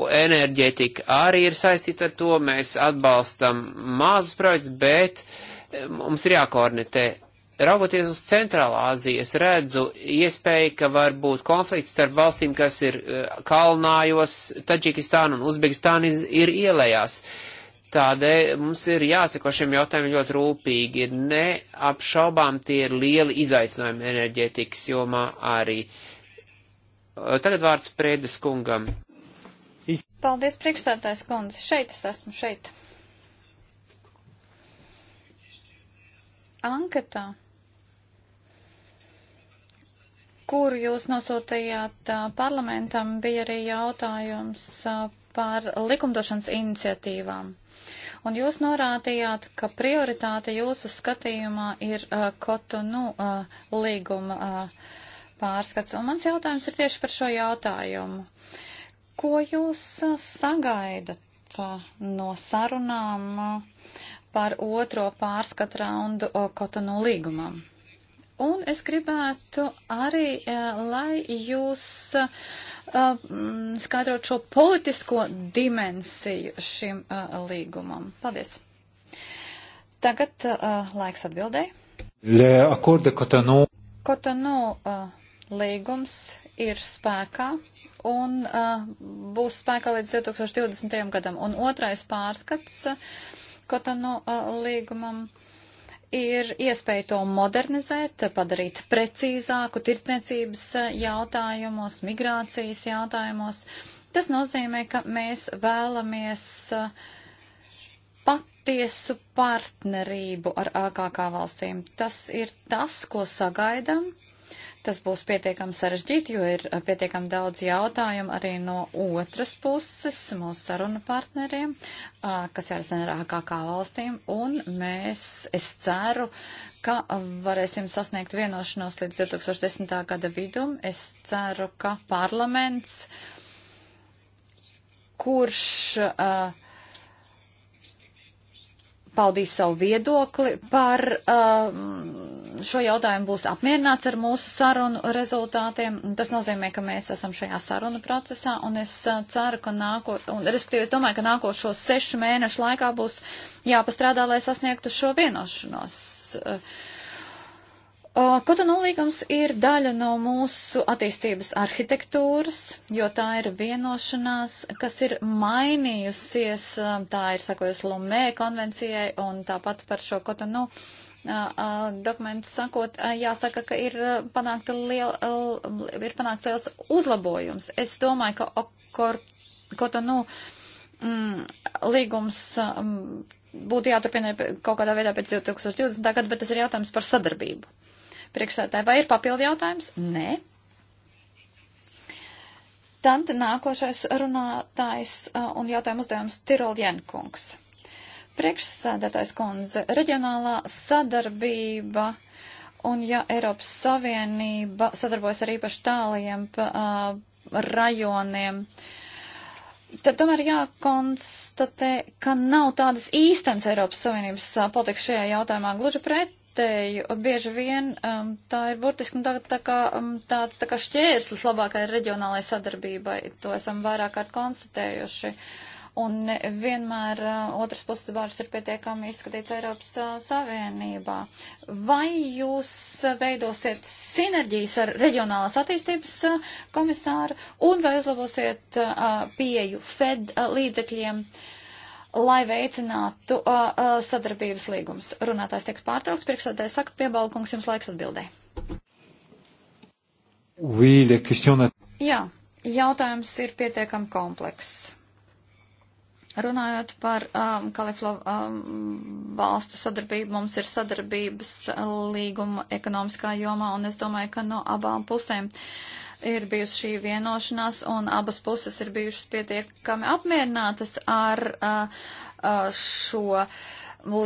enerģētika arī ir saistīta ar to, mēs atbalstam mazus projektus, bet eh, mums ir jākoordinē. Raugoties uz Centrālā Aziju, es redzu iespēju, ka var būt konflikts starp valstīm, kas ir eh, kalnājos, Taģikistāna un Uzbekistāna ir ielējās. Tādēļ mums ir jāsako šiem jautājumiem ļoti rūpīgi. Ir neapšaubām tie ir lieli izaicinājumi enerģētikas jomā arī. Eh, tagad vārds Prēdes kungam. Paldies, priekšstādājs kundze. Šeit es esmu, šeit. Anketā, kuru jūs nosūtījāt parlamentam, bija arī jautājums par likumdošanas iniciatīvām. Un jūs norādījāt, ka prioritāte jūsu skatījumā ir uh, Kotonu uh, līguma uh, pārskats. Un mans jautājums ir tieši par šo jautājumu. Ko jūs sagaidat no sarunām par otro pārskatu raundu Kotonu līgumam? Un es gribētu arī, lai jūs skaidrot šo politisko dimensiju šim līgumam. Paldies. Tagad laiks atbildēji. Kotonu līgums ir spēkā un uh, būs spēkā līdz 2020. gadam. Un otrais pārskats uh, Kotonu uh, līgumam ir iespēja to modernizēt, padarīt precīzāku tirdzniecības uh, jautājumos, migrācijas jautājumos. Tas nozīmē, ka mēs vēlamies uh, patiesu partnerību ar ārkārtā valstīm. Tas ir tas, ko sagaidām Tas būs pietiekami sarežģīti, jo ir eh, pietiekami daudz jautājumu arī no otras puses mūsu saruna partneriem, kas ir zenrākākā valstīm, un mēs, es ceru, ka varēsim sasniegt vienošanos līdz 2010. gada vidum. Es ceru, ka parlaments, kurš uh, paudīs savu viedokli par uh, šo jautājumu, būs apmierināts ar mūsu sarunu rezultātiem. Tas nozīmē, ka mēs esam šajā sarunu procesā, un es uh, ceru, ka nāko, un respektīvi es domāju, ka nākošo sešu mēnešu laikā būs jāpastrādā, lai sasniegtu šo vienošanos. Uh, Uh, Kotonu līgums ir daļa no mūsu attīstības arhitektūras, jo tā ir vienošanās, kas ir mainījusies, uh, tā ir sakojas Lomē konvencijai un tāpat par šo Kotonu uh, dokumentu sakot, jāsaka, ka ir, panākta liela, ir panākts liels uzlabojums. Es domāju, ka okor, Kotonu mm, līgums mm, būtu jāturpina kaut kādā veidā pēc 2020. gada, bet tas ir jautājums par sadarbību. Priekšsētāji, vai ir papildi jautājums? Nē. Tad nākošais runātājs un jautājumu uzdevums Tirol Jenkungs. Priekšsēdētājs kundze, reģionālā sadarbība un ja Eiropas Savienība sadarbojas ar īpaši tāliem uh, rajoniem, tad tomēr jākonstatē, ka nav tādas īstenas Eiropas Savienības uh, politikas šajā jautājumā. Gluži pret vērtēju, bieži vien um, tā ir burtiski nu, tā, tā kā, um, tāds tā kā šķērslis labākai reģionālai sadarbībai. To esam vairāk kārt konstatējuši. Un vienmēr uh, otrs puses vārds ir pietiekami izskatīts Eiropas uh, Savienībā. Vai jūs veidosiet sinerģijas ar reģionālās attīstības uh, komisāru un vai uzlabosiet uh, pieju Fed uh, līdzekļiem? Uh, lai veicinātu uh, uh, sadarbības līgumus. Runātājs tiek pārtraukts, priekšsēdētāji saka, piebalkums jums laiks atbildē. Oui, question... Jā, jautājums ir pietiekami komplekss. Runājot par um, Kaliflo um, valstu sadarbību, mums ir sadarbības uh, līguma ekonomiskā jomā, un es domāju, ka no abām pusēm uh, ir bijusi šī vienošanās, un abas puses ir bijušas pietiekami apmierinātas ar uh, uh, šo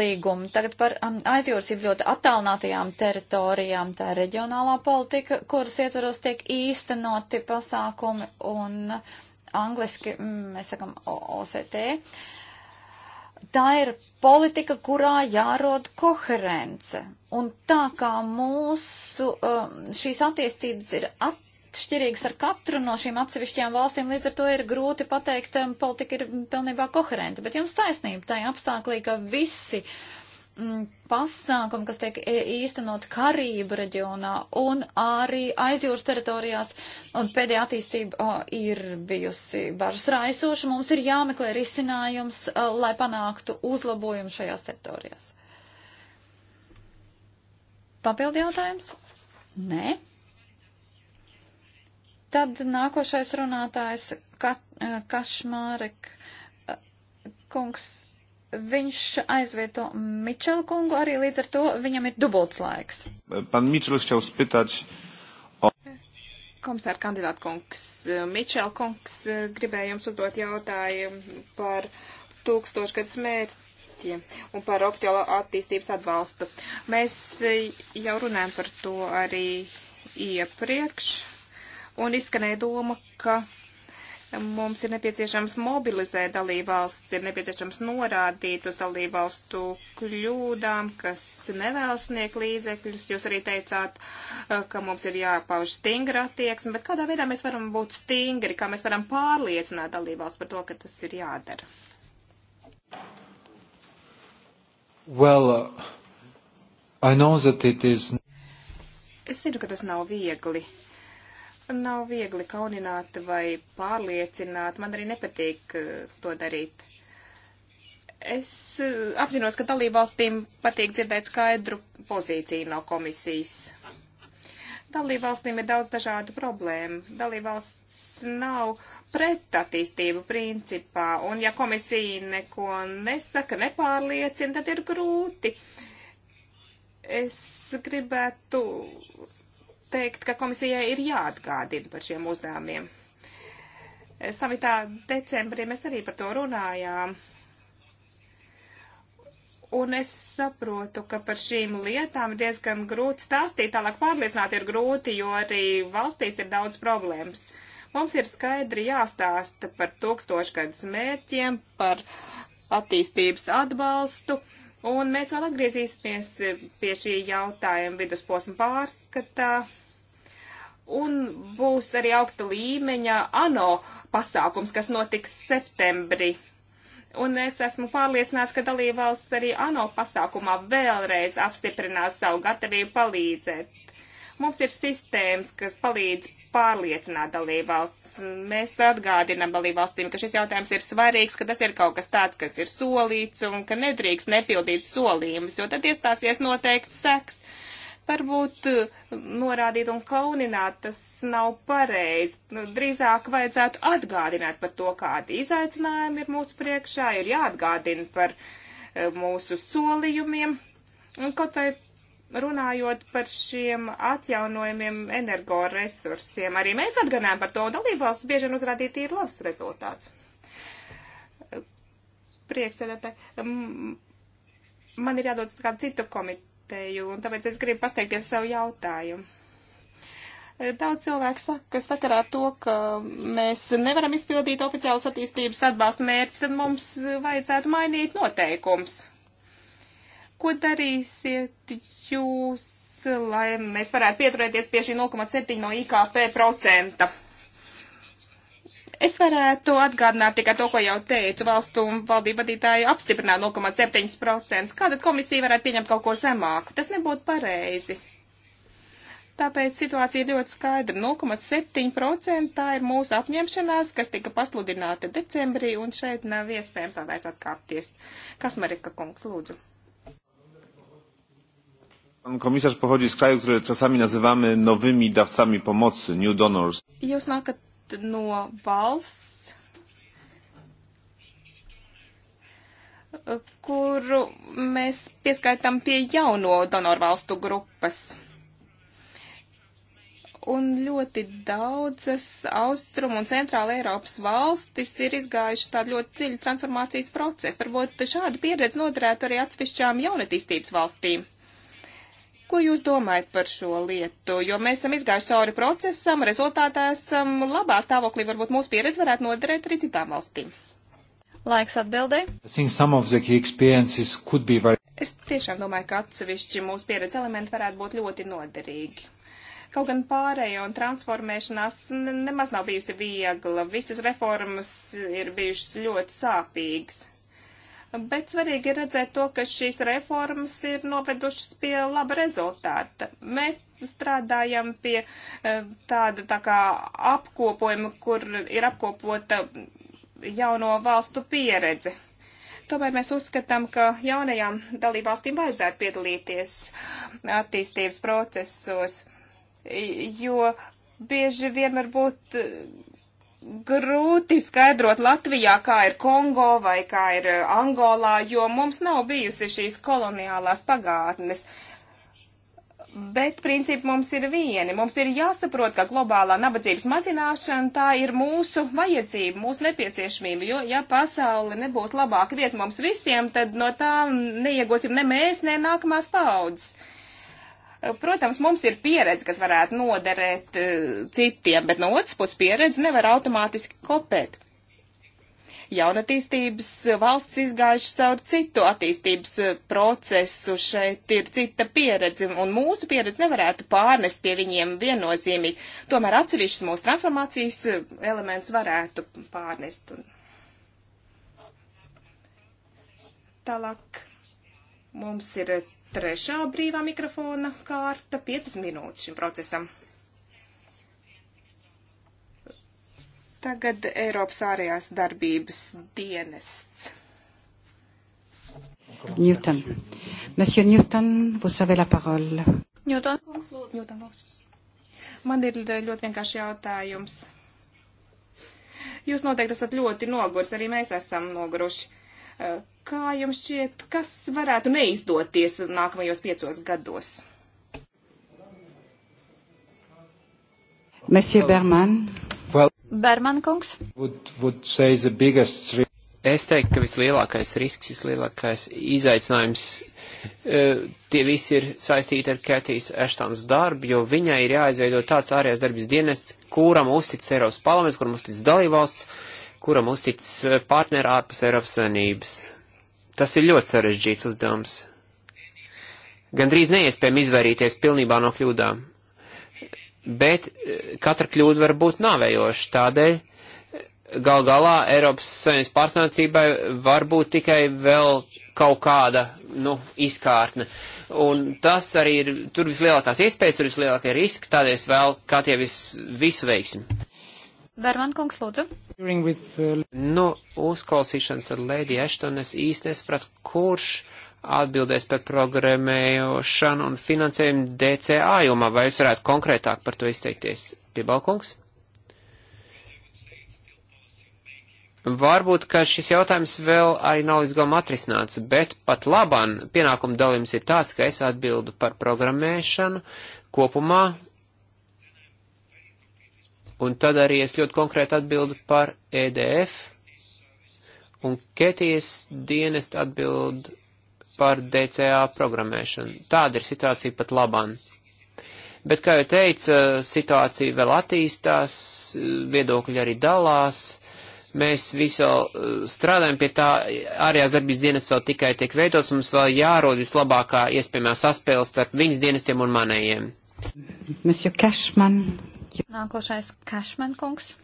līgumu. Tagad par um, aizjūrsību ļoti attālinātajām teritorijām. Tā ir reģionālā politika, kuras ietvaros tiek īstenoti pasākumi, un angliski mēs sakam OCT. Tā ir politika, kurā jārod koherence. Un tā kā mūsu šīs attīstības ir attīstības, atšķirīgas ar katru no šīm atsevišķajām valstīm, līdz ar to ir grūti pateikt, um, politika ir pilnībā koherenta. Bet jums taisnība tajā apstāklī, ka visi mm, pasākumi, kas tiek e, īstenot Karību reģionā un arī aizjūras teritorijās, un pēdējā attīstība o, ir bijusi bažas raisoša, mums ir jāmeklē risinājums, o, e, lai panāktu uzlabojumu šajās teritorijās. Papildi jautājums? Nē. Tad nākošais runātājs Ka eh, Kašmārek eh, kungs, viņš aizvieto Mičelu kungu, arī līdz ar to viņam ir dubults laiks. Pan Mičels jau spitāč. O... Komisāra kandidāta kungs, eh, Mičela kungs gribēja jums uzdot jautājumu par tūkstošgadus mērķi mērķiem un par oficiālo attīstības atbalstu. Mēs jau runājam par to arī iepriekš, un izskanēja doma, ka mums ir nepieciešams mobilizēt dalībvalsts, ir nepieciešams norādīt uz dalībvalstu kļūdām, kas nevēlas sniegt līdzekļus. Jūs arī teicāt, eh, ka mums ir jāpauž stingra attieksme, bet kādā veidā mēs varam būt stingri, kā mēs varam pārliecināt dalībvalsts par to, ka tas ir jādara? Well, uh, I know that it is. Es zinu, ka tas nav viegli. Uh, nav viegli kaunināt vai pārliecināt. Man arī nepatīk eh, to darīt. Es eh, apzinos, ka dalībvalstīm patīk dzirdēt skaidru pozīciju no komisijas. Dalībvalstīm ir daudz dažādu problēmu. Dalībvalsts nav pret attīstību principā, un ja komisija neko nesaka, nepārliecina, tad ir grūti. Es gribētu teikt, ka komisijai ir jāatgādina par šiem uzdevumiem. Samitā decembrī mēs arī par to runājām. Un es saprotu, ka par šīm lietām ir diezgan grūti stāstīt, tālāk pārliecināt ir grūti, jo arī valstīs ir daudz problēmas. Mums ir skaidri jāstāsta par tūkstošgadus mērķiem, par attīstības atbalstu, un mēs vēl atgriezīsimies pie šī jautājuma vidusposma pārskatā. Un būs arī augsta līmeņa ANO pasākums, kas notiks septembrī. Un es esmu pārliecināts, ka dalībvalsts arī ANO pasākumā vēlreiz apstiprinās savu gatavību palīdzēt. Mums ir sistēmas, kas palīdz pārliecināt dalībvalsts. Mēs atgādinām dalībvalstīm, ka šis jautājums ir svarīgs, ka tas ir kaut kas tāds, kas ir solīts un ka nedrīkst nepildīt solījumus, jo tad iestāsies noteikti seks. Uh, varbūt eh, norādīt un kaunināt, tas nav pareizi. Nu, drīzāk vajadzētu atgādināt par to, kādi izaicinājumi ir mūsu priekšā, ir jāatgādina par eh, mūsu solījumiem. Un kaut vai runājot par šiem atjaunojumiem energoresursiem, arī mēs atgādinājām par to, un dalībvalsts bieži vien uzrādīja tīri labs rezultāts. Priekšsēdētāji, man ir jādodas kādu citu komiteju komiteju, un tāpēc es gribu pasteikties savu jautājumu. Daudz cilvēku saka, sakarā to, ka mēs nevaram izpildīt oficiālus attīstības atbalsta mērķus, tad mums vajadzētu mainīt noteikums. Ko darīsiet jūs, lai mēs varētu pieturēties pie šī 0,7 no IKP procenta? Es varētu atgādināt tikai to, ko jau teicu, valstu un valdību vadītāji apstiprināja 0,7%. Kāda komisija varētu pieņemt kaut ko zemāku? Tas nebūtu pareizi. Tāpēc situācija ir ļoti skaidra. 0,7% tā ir mūsu apņemšanās, kas tika pasludināta decembrī, un šeit nav iespējams vairs atkāpties. Kas Marika kungs, lūdzu? Pan komisarz pochodzi z kraju, które czasami nazywamy nowymi dawcami pomocy, new donors. Jūs nākat no valsts, kuru mēs pieskaitām pie jauno donoru valstu grupas. Un ļoti daudzas austrumu un centrāla Eiropas valstis ir izgājuši tādu ļoti dziļu transformācijas procesu. Varbūt šāda pieredze noderētu arī atsevišķām jaunatīstības valstīm. Ko jūs domājat par šo lietu? Jo mēs esam izgājuši cauri procesam, rezultātā esam labā stāvoklī, varbūt mūsu pieredze varētu noderēt arī citām valstīm. Laiks atbildēji. Es tiešām domāju, ka atsevišķi mūsu pieredze elementi varētu būt ļoti noderīgi. Kaut gan pārēja un transformēšanās nemaz nav bijusi viegla. Visas reformas ir bijušas ļoti sāpīgas bet svarīgi ir redzēt to, ka šīs reformas ir novedušas pie laba rezultāta. Mēs strādājam pie eh, tāda tā kā apkopojuma, kur ir apkopota jauno valstu pieredze. Tomēr mēs uzskatām, ka jaunajām dalībvalstīm vajadzētu piedalīties attīstības procesos, jo bieži vien varbūt grūti skaidrot Latvijā, kā ir Kongo vai kā ir eh, Angolā, jo mums nav bijusi šīs koloniālās pagātnes. Bet principi mums ir vieni. Mums ir jāsaprot, ka globālā nabadzības mazināšana tā ir mūsu vajadzība, mūsu nepieciešamība, jo ja pasaule nebūs labāka vieta mums visiem, tad no tā neiegūsim ne mēs, ne nākamās paudzes. Protams, mums ir pieredze, kas varētu noderēt eh, citiem, bet no otras puses pieredze nevar automātiski kopēt. Jaunatīstības valsts izgājušas caur citu attīstības eh, procesu, šeit ir cita pieredze, un mūsu pieredze nevarētu pārnest pie viņiem viennozīmīgi. Tomēr atsevišķas mūsu transformācijas eh, elements varētu pārnest. Un... Tālāk mums ir trešā brīvā mikrofona kārta, 5 minūtes šim procesam. Tagad Eiropas ārējās darbības dienests. Newton. Monsieur Newton, vous avez la parole. Newton, Newton. Man ir ļoti vienkārši jautājums. Jūs noteikti esat ļoti nogurs, arī mēs esam noguruši. Kā jums šķiet, kas varētu neizdoties nākamajos piecos gados? Monsieur Berman. Well, Berman kungs. Would, would say the biggest es teiktu, ka vislielākais risks, vislielākais izaicinājums, e, tie visi ir saistīti ar Kētīs Eštons darbu, jo viņai ir jāizveido tāds ārējās darbības dienests, kuram uztic Eiropas parlaments, kuram uztic dalībvalsts, kuram uzticis eh, partneri ārpus Eiropas Savienības. Tas ir ļoti sarežģīts uzdevums. Gandrīz neiespējami izvairīties pilnībā no kļūdām, bet eh, katra kļūda var būt nāvējoša. Tādēļ eh, gal galā Eiropas Savienības pārstāvniecībai var būt tikai vēl kaut kāda, nu, izkārtne. Un tas arī ir, tur vislielākās iespējas, tur vislielākie riski, tādēļ es vēl kā tie vis, visu veiksim. Berman kungs, lūdzu. Uh, nu, uzklausīšanas ar Lēdiju Eštonu es īsti nesapratu, kurš atbildēs par programmēšanu un finansējumu DCA jomā. Vai jūs varētu konkrētāk par to izteikties? Piebalkungs? Varbūt, ka šis jautājums vēl arī nav līdz galam atrisināts, bet pat laban pienākuma dalījums ir tāds, ka es atbildu par programmēšanu kopumā Un tad arī es ļoti konkrēti atbildu par EDF, un Ketijas dienest atbild par DCA programmēšanu. Tāda ir situācija pat laban. Bet, kā jau teica, situācija vēl attīstās, viedokļi arī dalās. Mēs visi vēl eh, strādājam pie tā, ārējās darbības dienas vēl tikai tiek veidots, mums vēl jārod vislabākā iespējamā saspēle starp viņas dienestiem un manējiem. Monsieur Cashman, Nākošais Kašman kungs.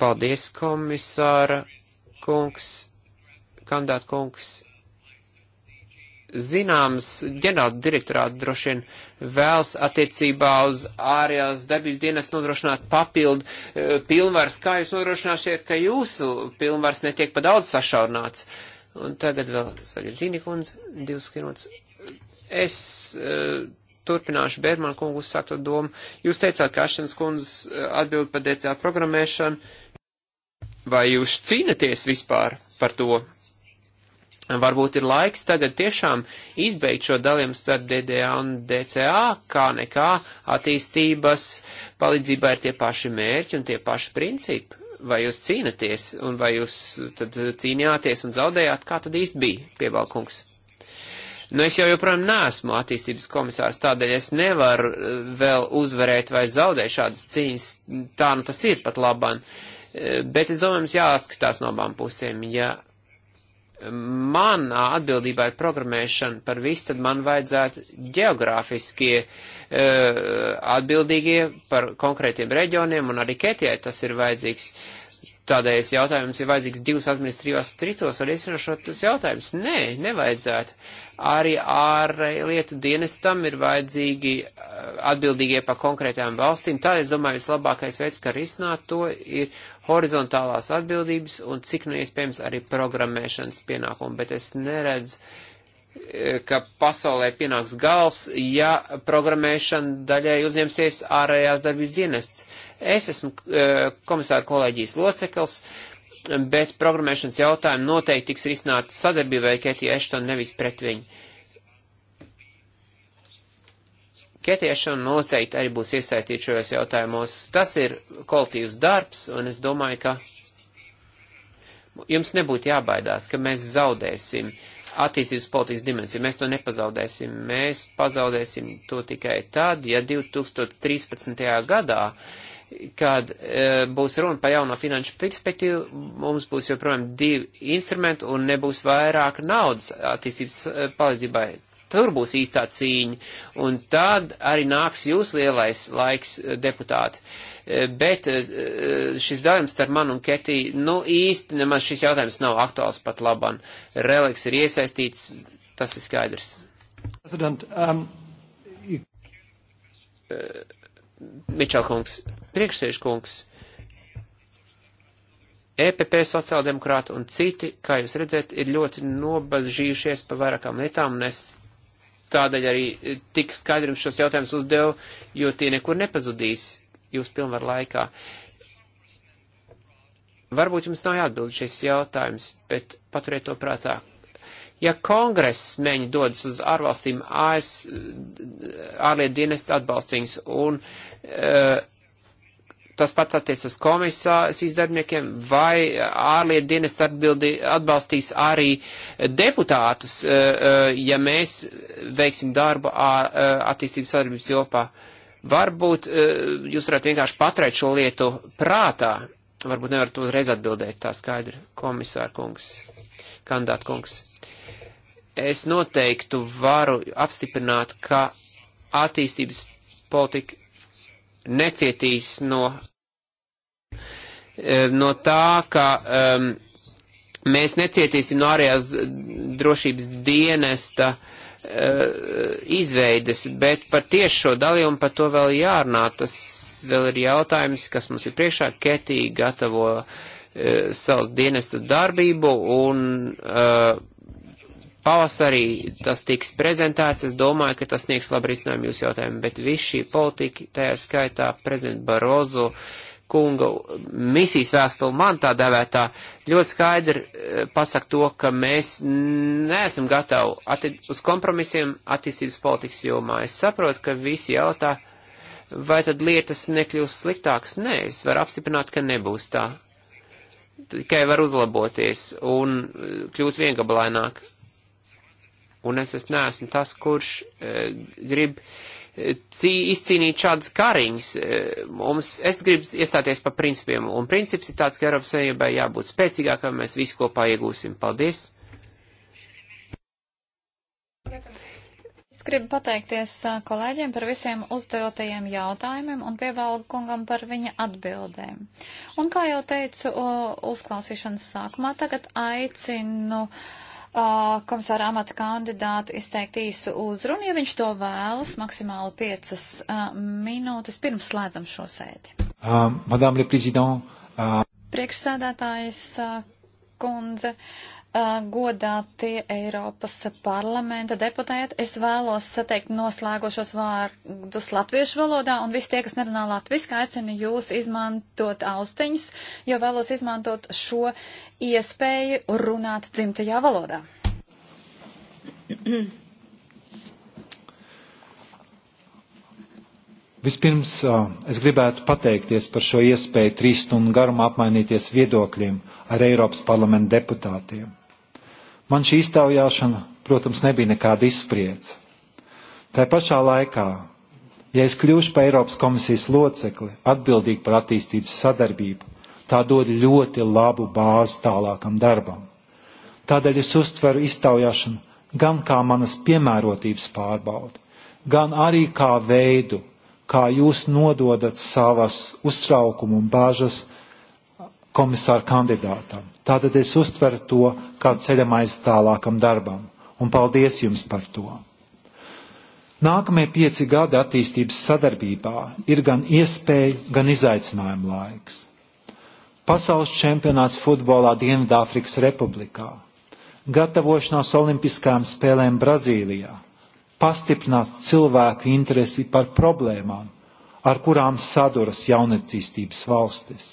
Paldies, komisāra kungs, kandidāt kungs. Zināms, ģenerāla direktorāta droši vien vēlas attiecībā uz ārējās debļu dienas nodrošināt papildu eh, pilnvars, kā jūs nodrošināsiet, ka jūsu pilnvars netiek pa daudz sašaurināts. Un tagad vēl Saļģīni kundze, divas minūtes. Es uh, turpināšu Bērmanu kungu uzsākto domu. Jūs teicāt, ka Ašanas kundzes eh, atbild par DCA programmēšanu. Vai jūs cīnaties vispār par to? Varbūt ir laiks tagad tiešām izbeigt šo dalījumu starp DDA un DCA, kā nekā attīstības palīdzībā ir tie paši mērķi un tie paši principi. Vai jūs cīnaties un vai jūs tad cīnījāties un zaudējāt, kā tad īsti bija, piebalkungs? Nu, es jau joprojām neesmu attīstības komisārs, tādēļ es nevaru eh, vēl uzvarēt vai zaudēt šādas cīņas. Tā nu tas ir pat labāk. Eh, bet es domāju, mums jāskatās no abām pusēm. Ja manā atbildībā ir programmēšana par visu, tad man vajadzētu geogrāfiskie uh, atbildīgie par konkrētiem reģioniem un arī ketijai tas ir vajadzīgs. Tādējais jautājums ir vajadzīgs divas administrīvās stritos, arī izsinošot tas jautājums. Nē, nevajadzētu arī ārlietu dienestam ir vajadzīgi eh, atbildīgie par konkrētām valstīm. Tā, es domāju, vislabākais veids, kā risināt to, ir horizontālās atbildības un cik nu iespējams arī programmēšanas pienākumu, bet es neredzu, eh, ka pasaulē pienāks gals, ja programmēšana daļai uzņemsies ārējās darbības dienests. Es esmu eh, komisāra kolēģijas loceklis, uh, bet programmēšanas jautājumi noteikti tiks risināti sadarbībā ar Ketiju Eštonu, nevis pret viņu. Ketija Eštona noteikti arī būs iesaistīta šajos jautājumos. Tas ir kolektīvs darbs, un es domāju, ka jums nebūtu jābaidās, ka mēs zaudēsim attīstības politikas dimensiju. Mēs to nepazaudēsim. Mēs pazaudēsim to tikai tad, ja 2013. gadā uh, kad e, būs runa par jauno finanšu perspektīvu, mums būs joprojām divi instrumenti un nebūs vairāk naudas attīstības e, palīdzībai. Tur būs īstā cīņa, un tad arī nāks jūs lielais laiks, e, deputāti. E, bet e, e šis darījums starp man un Ketī, nu īsti nemaz šis jautājums nav aktuāls pat laban. Reliks ir iesaistīts, tas ir skaidrs. President, um, you... e, Mičelkungs, priekšsēžkungs, EPP sociāldemokrāti un citi, kā jūs redzat, ir ļoti nobažījušies par vairākām lietām, un es tādēļ arī eh, tik skaidri šos jautājumus uzdevu, jo tie nekur nepazudīs jūs pilnvaru laikā. Varbūt jums nav jāatbild šis jautājums, bet paturiet to prātā. Ja kongresmeņi dodas uz ārvalstīm, AS, ārlietu dienests atbalsta viņus, un e, tas pats attiec uz komisijas darbiniekiem, vai ārlietu dienests atbildi, atbalstīs arī deputātus, e, e, ja mēs veiksim darbu attīstības sadarbības jopā. Varbūt e, jūs varētu vienkārši paturēt šo lietu prātā. Varbūt nevarat uzreiz atbildēt tā skaidri, komisāra kungs, kandidāta kungs. E, es noteiktu varu apstiprināt, ka attīstības politika necietīs no, e, no tā, ka um, mēs necietīsim no ārējās drošības dienesta uh, izveides, bet par tieši šo dalījumu par to vēl jārunā. Tas vēl ir jautājums, kas mums ir priekšā. Ketī gatavo uh, savas dienesta darbību un uh, pavasarī tas tiks prezentēts, es domāju, ka tas sniegs labu risinājumu jūsu jautājumu, bet viss šī politika, tajā skaitā prezidenta Barozu kunga misijas vēstule man tā devētā, ļoti skaidri eh, pasaka to, ka mēs neesam gatavi atti uz kompromisiem attīstības politikas jomā. Es saprotu, ka visi jautā, vai tad lietas nekļūs sliktākas. Nē, es varu apstiprināt, ka nebūs tā. Tikai var uzlaboties un eh, kļūt viengablaināk Un es, es neesmu tas, kurš e, grib e, cī, izcīnīt šādas kariņas. E, mums, es gribu iestāties pa principiem, un princips ir tāds, ka Eiropas Savienībai jābūt spēcīgākai, mēs visi kopā iegūsim. Paldies! Es gribu pateikties kolēģiem par visiem uzdotajiem jautājumiem un piebalgu kungam par viņa atbildēm. Un kā jau teicu uzklausīšanas sākumā, tagad aicinu. Uh, uh, komisāra amata kandidātu izteikt īsu uzrunu, ja viņš to vēlas, maksimāli piecas uh, minūtes pirms slēdzam šo sēdi. Uh, Priekšsēdētājs uh, kundze, Uh, godātie Eiropas parlamenta deputēti, es vēlos sateikt noslēgošos vārdus latviešu valodā, un visi tie, kas nerunā latviski, aicinu jūs izmantot austiņas, jo vēlos izmantot šo iespēju runāt dzimtajā valodā. *clears throat* Vispirms uh, es gribētu pateikties par šo iespēju trīs stundu garumā apmainīties viedokļiem ar Eiropas parlamenta deputātiem. Man šī iztaujāšana, protams, nebija nekāda izspriedze. Tā pašā laikā, ja es kļūšu par Eiropas komisijas locekli, atbildīgu par attīstības sadarbību, tā dod ļoti labu bāzi tālākam darbam. Tādēļ es uztveru iztaujāšanu gan kā manas piemērotības pārbaudi, gan arī kā veidu, kā jūs nododat savas uztraukumu un bāžas komisāra kandidātam Tātad es uztveru to kā ceļamais tālākam darbam, un paldies jums par to! Nākamie pieci gadi attīstības sadarbībā ir gan iespēja, gan izaicinājuma laiks. Pasaules čempionāts futbolā Dienvidāfrikas Republikā, gatavošanās Olimpiskajām spēlēm Brazīlijā, pastiprināt cilvēku interesi par problēmām, ar kurām saduras jaunatīstības valstis.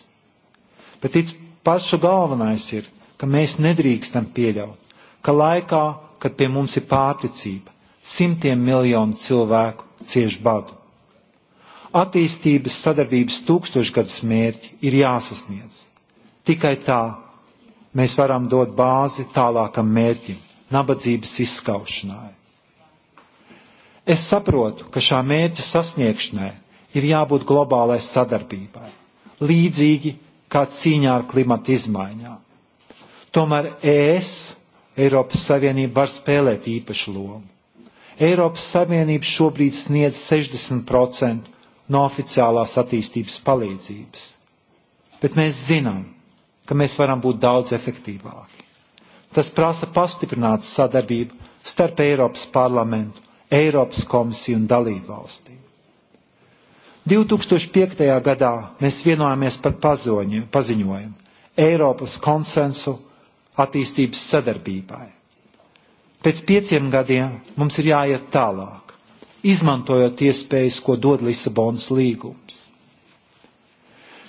Bet tic, Pašu galvenais ir, ka mēs nedrīkstam pieļaut, ka laikā, kad pie mums ir pārticība, simtiem miljonu cilvēku cieš badu. Attīstības sadarbības tūkstošgadus mērķi ir jāsasniedz. Tikai tā mēs varam dot bāzi tālākam mērķim - nabadzības izskaušanai. Es saprotu, ka šā mērķa sasniegšanai ir jābūt globālai sadarbībai, līdzīgi kā cīņā ar klimata izmaiņām. Tomēr ES, Eiropas Savienība, var spēlēt īpašu lomu. Eiropas Savienība šobrīd sniedz 60% no oficiālās attīstības palīdzības. Bet mēs zinām, ka mēs varam būt daudz efektīvāki. Tas prasa pastiprināt sadarbību starp Eiropas parlamentu, Eiropas komisiju un dalību valstīm. 2005. gadā mēs vienojāmies par pazoņu, paziņojumu Eiropas konsensu attīstības sadarbībai. Pēc pieciem gadiem mums ir jāiet tālāk, izmantojot iespējas, ko dod Lisabonas līgums.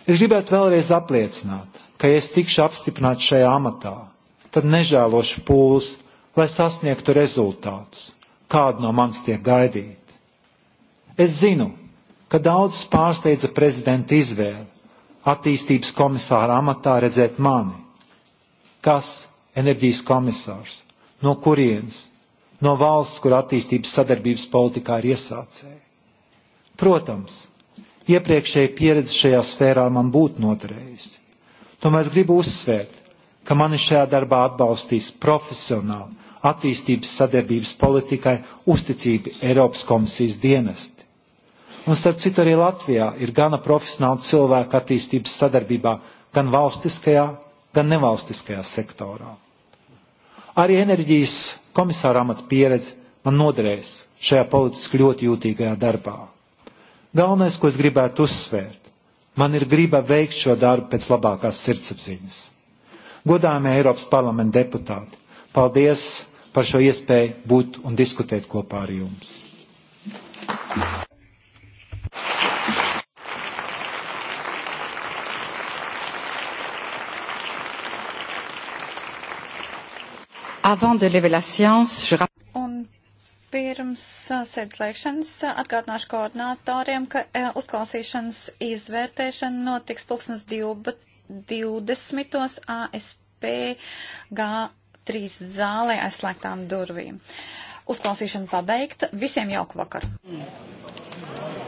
Es gribētu vēlreiz apliecināt, ka, ja es tikšu apstiprināts šajā amatā, tad nežēlošu pūles, lai sasniegtu rezultātus, kādu no manis tiek gaidīti. Es zinu, ka daudz pārsteidza prezidenta izvēle attīstības komisāra amatā redzēt mani. Kas enerģijas komisārs? No kurienes? No valsts, kur attīstības sadarbības politikā ir iesācēji. Protams, iepriekšēja pieredze šajā sfērā man būtu noderējusi. Tomēr es gribu uzsvērt, ka mani šajā darbā atbalstīs profesionāli attīstības sadarbības politikai uzticība Eiropas komisijas dienestu Un starp citu arī Latvijā ir gana profesionāli cilvēku attīstības sadarbībā gan valstiskajā, gan nevalstiskajā sektorā. Arī enerģijas komisāra amata pieredze man noderēs šajā politiski ļoti jūtīgajā darbā. Galvenais, ko es gribētu uzsvērt, man ir griba veikt šo darbu pēc labākās sirdsapziņas. Godājumie Eiropas parlamenta deputāti, paldies par šo iespēju būt un diskutēt kopā ar jums. Un pirms uh, sēdslēgšanas uh, atgādināšu koordinātoriem, ka uh, uzklausīšanas izvērtēšana notiks pulksnes 20. ASP G3 zālē aizslēgtām durvīm. Uzklausīšana pabeigta. Visiem jauku vakaru! Mm.